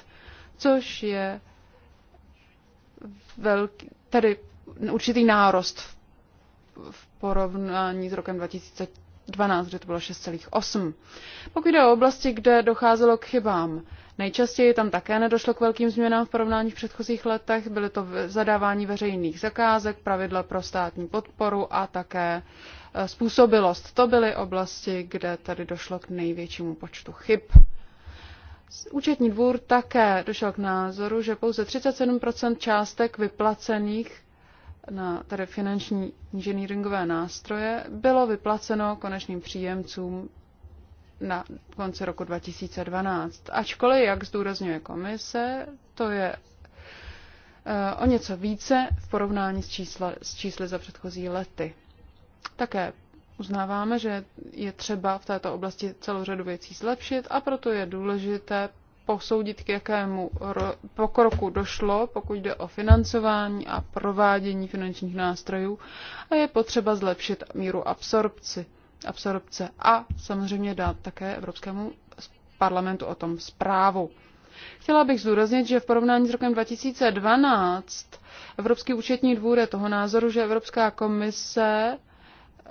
což je velký, tedy určitý nárost v, v porovnání s rokem 2012, kde to bylo 6,8. Pokud jde o oblasti, kde docházelo k chybám, Nejčastěji tam také nedošlo k velkým změnám v porovnání v předchozích letech. Byly to zadávání veřejných zakázek, pravidla pro státní podporu a také eh, způsobilost. To byly oblasti, kde tady došlo k největšímu počtu chyb. Účetní dvůr také došel k názoru, že pouze 37 částek vyplacených na tady finanční inženýringové nástroje bylo vyplaceno konečným příjemcům na konci roku 2012. Ačkoliv, jak zdůrazňuje komise, to je eh, o něco více v porovnání s, s čísly za předchozí lety. Také Uznáváme, že je třeba v této oblasti celou řadu věcí zlepšit a proto je důležité posoudit, k jakému pokroku došlo, pokud jde o financování a provádění finančních nástrojů a je potřeba zlepšit míru absorpci, absorpce a samozřejmě dát také Evropskému parlamentu o tom zprávu. Chtěla bych zdůraznit, že v porovnání s rokem 2012 Evropský účetní dvůr je toho názoru, že Evropská komise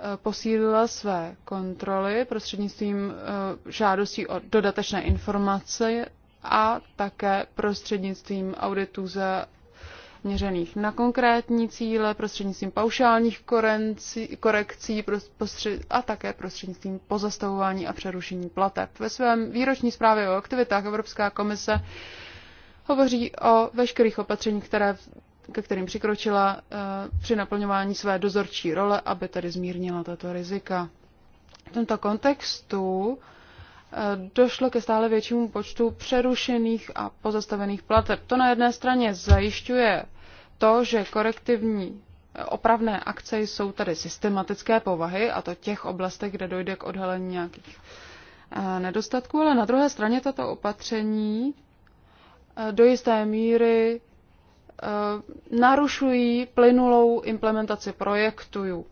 Eh, posílila své kontroly prostřednictvím eh, žádostí o dodatečné informace a také prostřednictvím auditů za měřených na konkrétní cíle, prostřednictvím paušálních korekcí a také prostřednictvím pozastavování a přerušení plateb. Ve svém výroční zprávě o aktivitách Evropská komise hovoří o veškerých opatřeních, které ke kterým přikročila eh, při naplňování své dozorčí role, aby tedy zmírnila tato rizika. V tomto kontextu eh, došlo ke stále většímu počtu přerušených a pozastavených plateb. To na jedné straně zajišťuje to, že korektivní eh, opravné akce jsou tady systematické povahy, a to těch oblastech, kde dojde k odhalení nějakých nedostatků, ale na druhé straně tato opatření do jisté míry Eh, narušují plynulou implementaci projektů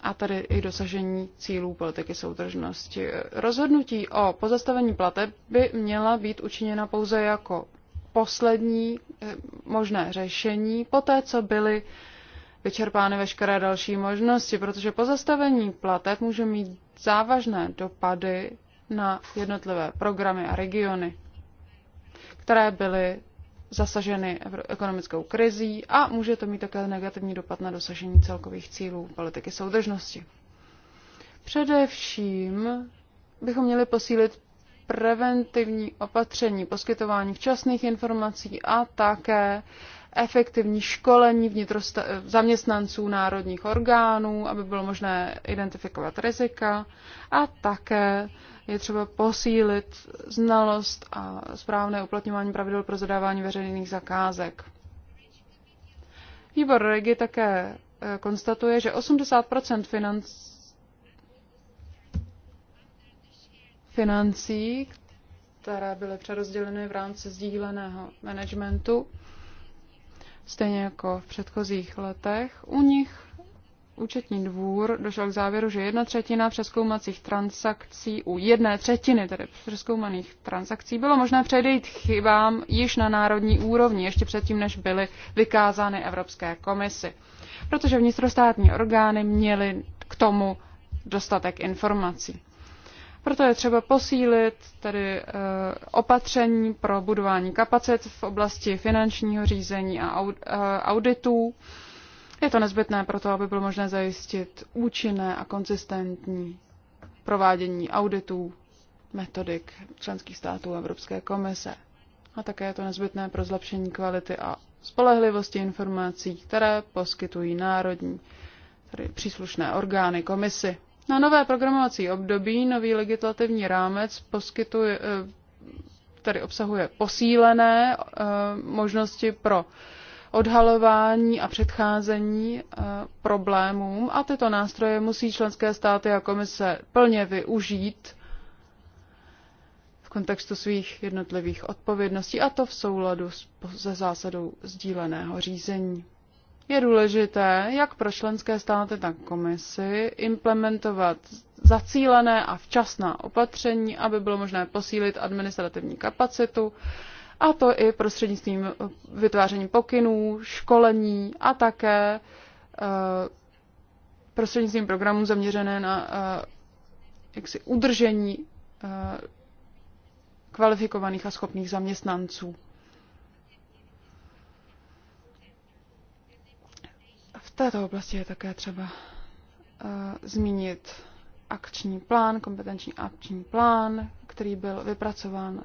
a tedy i dosažení cílů politiky soudržnosti. Rozhodnutí o pozastavení plateb by měla být učiněna pouze jako poslední eh, možné řešení, poté co byly vyčerpány veškeré další možnosti, protože pozastavení plateb může mít závažné dopady na jednotlivé programy a regiony, které byly zasaženy ekonomickou krizí a může to mít také negativní dopad na dosažení celkových cílů politiky soudržnosti. Především bychom měli posílit preventivní opatření, poskytování včasných informací a také efektivní školení vnitrosta- zaměstnanců národních orgánů, aby bylo možné identifikovat rizika a také je třeba posílit znalost a správné uplatňování pravidel pro zadávání veřejných zakázek. Výbor Regi také e, konstatuje, že 80 financ... financí, které byly přerozděleny v rámci sdíleného managementu, stejně jako v předchozích letech, u nich účetní dvůr došel k závěru, že jedna třetina přeskoumacích transakcí, u jedné třetiny tedy přeskoumaných transakcí, bylo možné předejít chybám již na národní úrovni, ještě předtím, než byly vykázány Evropské komisi. Protože vnitrostátní orgány měly k tomu dostatek informací. Proto je třeba posílit tedy eh, opatření pro budování kapacit v oblasti finančního řízení a eh, auditů. Je to nezbytné pro to, aby bylo možné zajistit účinné a konzistentní provádění auditů, metodik členských států Evropské komise. A také je to nezbytné pro zlepšení kvality a spolehlivosti informací, které poskytují národní, tedy příslušné orgány komisy. Na nové programovací období nový legislativní rámec poskytuje, eh, tedy obsahuje posílené eh, možnosti pro odhalování a předcházení eh, problémům a tyto nástroje musí členské státy a komise plně využít v kontextu svých jednotlivých odpovědností a to v souladu se zásadou sdíleného řízení. Je důležité, jak pro členské státy, tak komisi implementovat zacílené a včasná opatření, aby bylo možné posílit administrativní kapacitu, a to i prostřednictvím eh, vytváření pokynů, školení a také eh, prostřednictvím programů zaměřené na eh, jaksi udržení kvalifikovaných a schopných zaměstnanců. V této oblasti je také třeba uh, zmínit akční plán, kompetenční akční plán, který byl vypracován uh,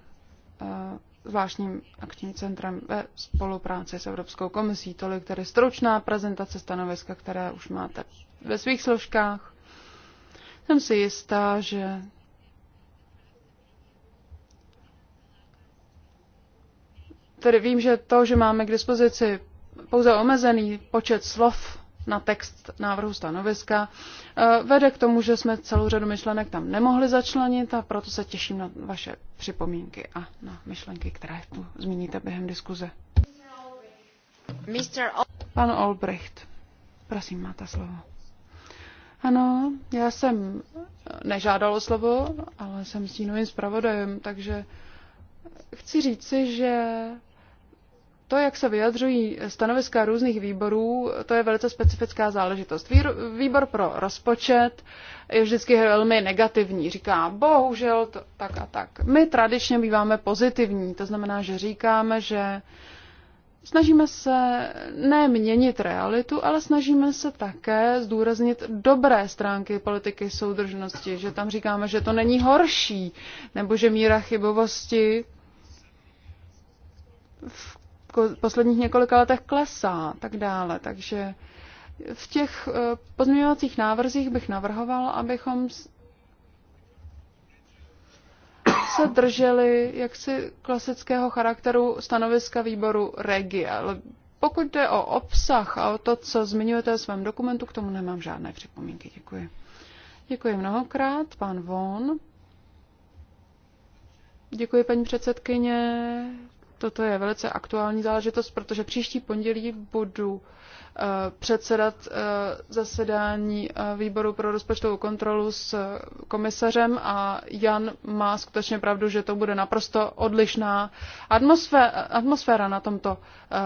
zvláštním akčním centrem ve spolupráci s Evropskou komisí. Tolik tedy stručná prezentace stanoviska, které už máte ve svých složkách. Jsem si jistá, že tedy vím, že to, že máme k dispozici pouze omezený počet slov na text návrhu stanoviska eh, vede k tomu, že jsme celou řadu myšlenek tam nemohli začlenit a proto se těším na vaše připomínky a na myšlenky, které tu zmíníte během diskuze. Pan Olbricht, prosím, máte slovo. Ano, já jsem eh, nežádal o slovo, ale jsem stínovým zpravodajem, takže chci říci, že to, jak se vyjadřují stanoviska různých výborů, to je velice specifická záležitost. Výbor pro rozpočet je vždycky velmi negativní. Říká, bohužel, to, tak a tak. My tradičně býváme pozitivní, to znamená, že říkáme, že snažíme se ne měnit realitu, ale snažíme se také zdůraznit dobré stránky politiky soudržnosti, že tam říkáme, že to není horší, nebo že míra chybovosti v posledních několika letech klesá tak dále. Takže v těch eh, pozměňovacích návrzích bych navrhoval, abychom se drželi jaksi klasického charakteru stanoviska výboru regie. Ale pokud jde o obsah a o to, co zmiňujete ve svém dokumentu, k tomu nemám žádné připomínky. Děkuji. Děkuji mnohokrát, pan Von. Děkuji, paní předsedkyně. Toto je velice aktuální záležitost, protože příští pondělí budu Eh, předsedat eh, zasedání eh, výboru pro rozpočtovou kontrolu s komisařem a Jan má skutečně pravdu, že to bude naprosto odlišná atmosféra na tomto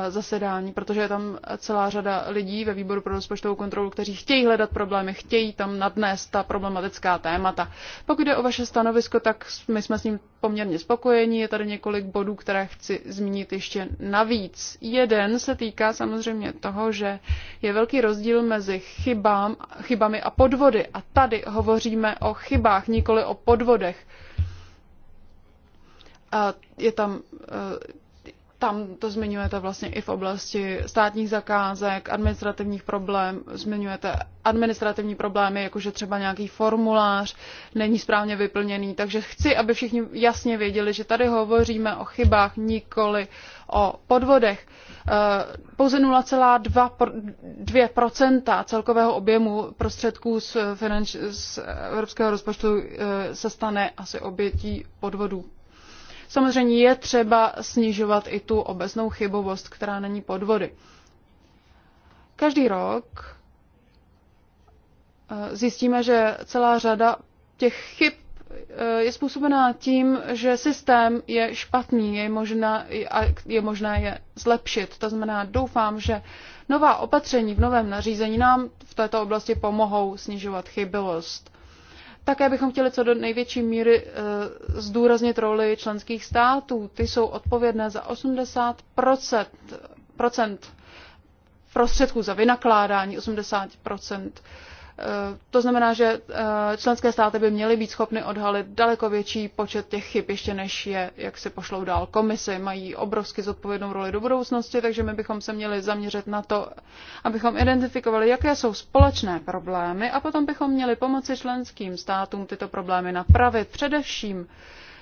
zasedání, protože je tam celá řada lidí ve výboru pro rozpočtovou kontrolu, kteří chtějí hledat problémy, chtějí tam nadnést ta problematická témata. Pokud jde o vaše stanovisko, tak my jsme s ním poměrně spokojení. Je tady několik bodů, které chci zmínit ještě navíc. Jeden se týká samozřejmě toho, že je velký rozdíl mezi chybám, chybami a podvody. A tady hovoříme o chybách, nikoli o podvodech. A je tam eh, tam to zmiňujete vlastně i v oblasti státních zakázek, administrativních problémů zmiňujete administrativní problémy, jakože třeba nějaký formulář není správně vyplněný. Takže chci, aby všichni jasně věděli, že tady hovoříme o chybách, nikoli o podvodech. Eh, pouze 0,2 celkového objemu prostředků z, finanč, z evropského rozpočtu eh, se stane asi obětí podvodů Samozřejmě je třeba snižovat i tu obecnou chybovost, která není podvody. Každý rok eh, zjistíme, že celá řada těch chyb eh, je způsobená tím, že systém je špatný je je možné je zlepšit. To znamená, doufám, že nová opatření v novém nařízení nám v této oblasti pomohou snižovat chybilost. Také bychom chtěli co do největší míry e, zdůraznit roli členských států. Ty jsou odpovědné za 80 procent prostředků za vynakládání 80 procent. Eh, to znamená, že eh, členské státy by měly být schopny odhalit daleko větší počet těch chyb, ještě než je, jak se pošlou dál komisy. Mají obrovsky zodpovědnou roli do budoucnosti, takže my bychom se měli zaměřit na to, abychom identifikovali, jaké jsou společné problémy a potom bychom měli pomoci členským státům tyto problémy napravit. Především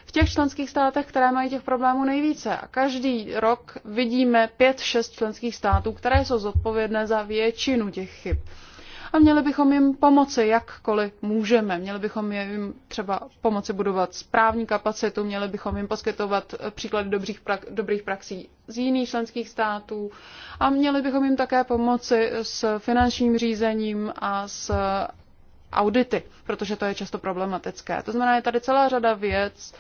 v těch členských státech, které mají těch problémů nejvíce. A každý rok vidíme 5-6 členských států, které jsou zodpovědné za většinu těch chyb a měli bychom jim pomoci jakkoliv můžeme. Měli bychom jim třeba pomoci budovat správní kapacitu, měli bychom jim poskytovat eh, příklady dobrých, prak- dobrých praxí z jiných členských států a měli bychom jim také pomoci s finančním řízením a s audity, protože to je často problematické. To znamená, je tady celá řada věc,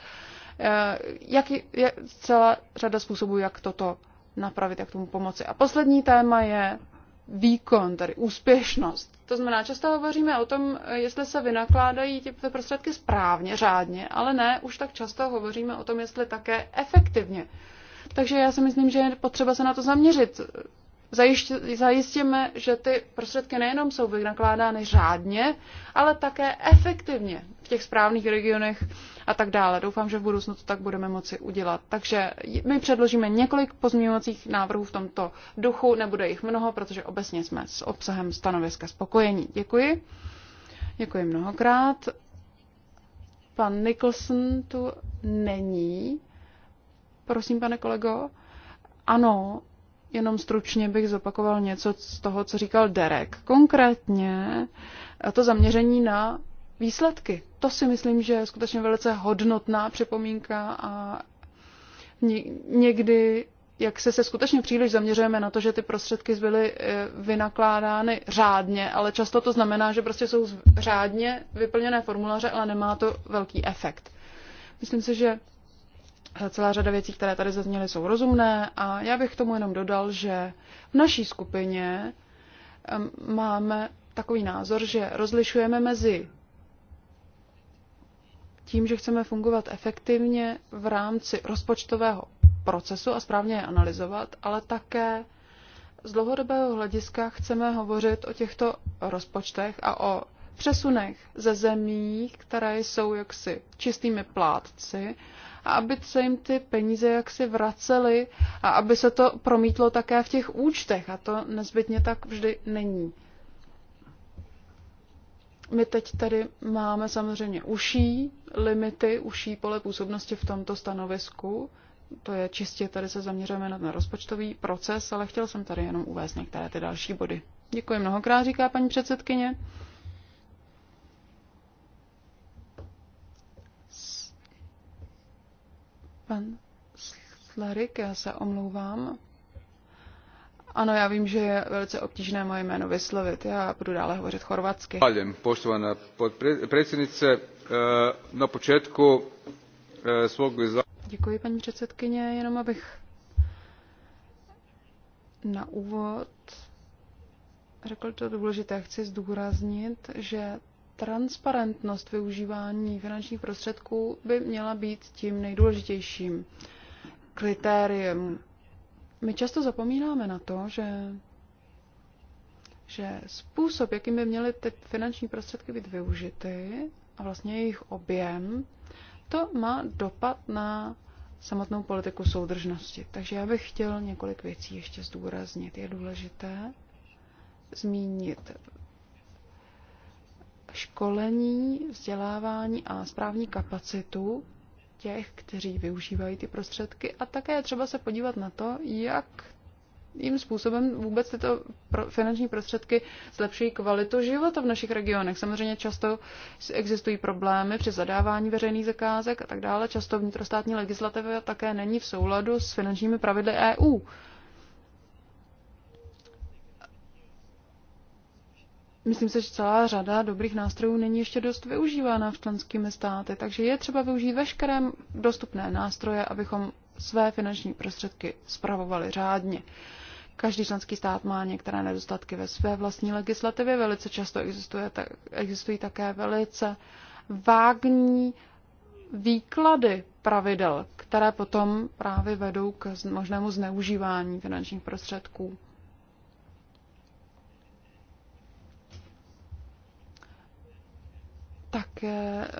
eh, jak je celá řada způsobů, jak toto napravit, jak tomu pomoci. A poslední téma je výkon, tedy úspěšnost. To znamená, často hovoříme o tom, jestli se vynakládají ty prostředky správně, řádně, ale ne, už tak často hovoříme o tom, jestli také efektivně. Takže já si myslím, že je potřeba se na to zaměřit, zajistíme, že ty prostředky nejenom jsou vynakládány řádně, ale také efektivně v těch správných regionech a tak dále. Doufám, že v budoucnu to tak budeme moci udělat. Takže my předložíme několik pozměňovacích návrhů v tomto duchu, nebude jich mnoho, protože obecně jsme s obsahem stanoviska spokojení. Děkuji. Děkuji mnohokrát. Pan Nicholson tu není. Prosím, pane kolego. Ano, Jenom stručně bych zopakoval něco z toho, co říkal Derek. Konkrétně to zaměření na výsledky. To si myslím, že je skutečně velice hodnotná připomínka a někdy, jak se, se skutečně příliš zaměřujeme na to, že ty prostředky byly e, vynakládány řádně, ale často to znamená, že prostě jsou řádně vyplněné formuláře, ale nemá to velký efekt. Myslím si, že Eh, celá řada věcí, které tady zazněly, jsou rozumné a já bych k tomu jenom dodal, že v naší skupině máme takový názor, že rozlišujeme mezi tím, že chceme fungovat efektivně v rámci rozpočtového procesu a správně je analyzovat, ale také z dlouhodobého hlediska chceme hovořit o těchto rozpočtech a o přesunech ze zemí, které jsou jaksi čistými plátci a aby se jim ty peníze jaksi vracely a aby se to promítlo také v těch účtech a to nezbytně tak vždy není. My teď tady máme samozřejmě uší limity, uší pole působnosti v tomto stanovisku. To je čistě, tady se zaměřujeme na ten rozpočtový proces, ale chtěl jsem tady jenom uvést některé ty další body. Děkuji mnohokrát, říká paní předsedkyně. Pan Slarik, já se omlouvám. Ano, já vím, že je velice obtížné moje jméno vyslovit. Já budu dále hovořit chorvatsky. Hvaljem, poštovaná předsednice. E, na počátku e, svog Děkuji, paní předsedkyně. Jenom abych na úvod řekl to důležité. Chci zdůraznit, že transparentnost využívání finančních prostředků by měla být tím nejdůležitějším kritériem. My často zapomínáme na to, že, že způsob, jakým by měly ty finanční prostředky být využity a vlastně jejich objem, to má dopad na samotnou politiku soudržnosti. Takže já bych chtěl několik věcí ještě zdůraznit. Je důležité zmínit školení, vzdělávání a správní kapacitu těch, kteří využívají ty prostředky a také třeba se podívat na to, jak jím způsobem vůbec tyto finanční prostředky zlepšují kvalitu života v našich regionech. Samozřejmě často existují problémy při zadávání veřejných zakázek a tak dále. Často vnitrostátní legislativa také není v souladu s finančními pravidly EU. myslím se, že celá řada dobrých nástrojů není ještě dost využívána v členskými státy, takže je třeba využít veškeré dostupné nástroje, abychom své finanční prostředky spravovali řádně. Každý členský stát má některé nedostatky ve své vlastní legislativě, velice často existuje, tak, existují také velice vágní výklady pravidel, které potom právě vedou k možnému zneužívání finančních prostředků. Také eh,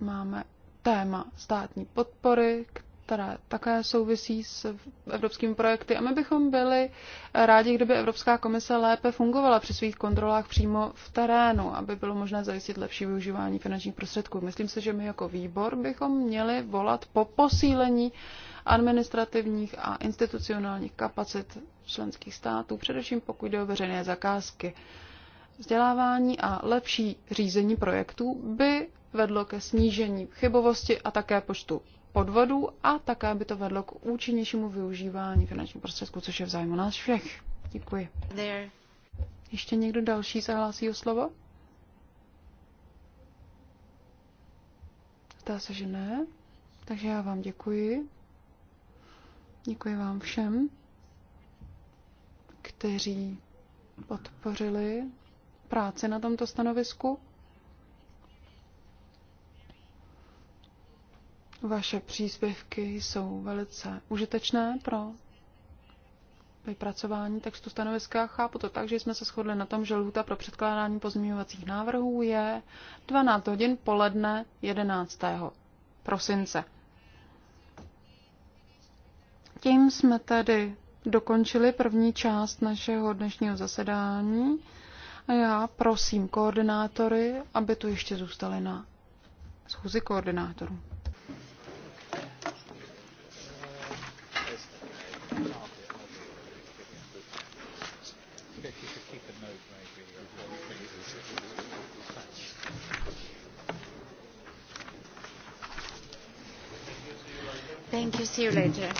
máme téma státní podpory, které také souvisí s evropskými projekty. A my bychom byli rádi, kdyby Evropská komise lépe fungovala při svých kontrolách přímo v terénu, aby bylo možné zajistit lepší využívání finančních prostředků. Myslím si, že my jako výbor bychom měli volat po posílení administrativních a institucionálních kapacit členských států, především pokud jde o veřejné zakázky vzdělávání a lepší řízení projektů by vedlo ke snížení chybovosti a také počtu podvodů a také by to vedlo k účinnějšímu využívání finančních prostředků, což je v zájmu nás všech. Děkuji. There. Ještě někdo další se hlásí o slovo? Zdá se, že ne. Takže já vám děkuji. Děkuji vám všem, kteří podpořili Práce na tomto stanovisku. Vaše příspěvky jsou velice užitečné pro vypracování textu stanoviska. Chápu to tak, že jsme se shodli na tom, že lhůta pro předkládání pozměňovacích návrhů je 12 hodin poledne 11. prosince. Tím jsme tedy dokončili první část našeho dnešního zasedání. A já prosím koordinátory, aby tu ještě zůstali na schůzi koordinátorů. Thank you. See you later.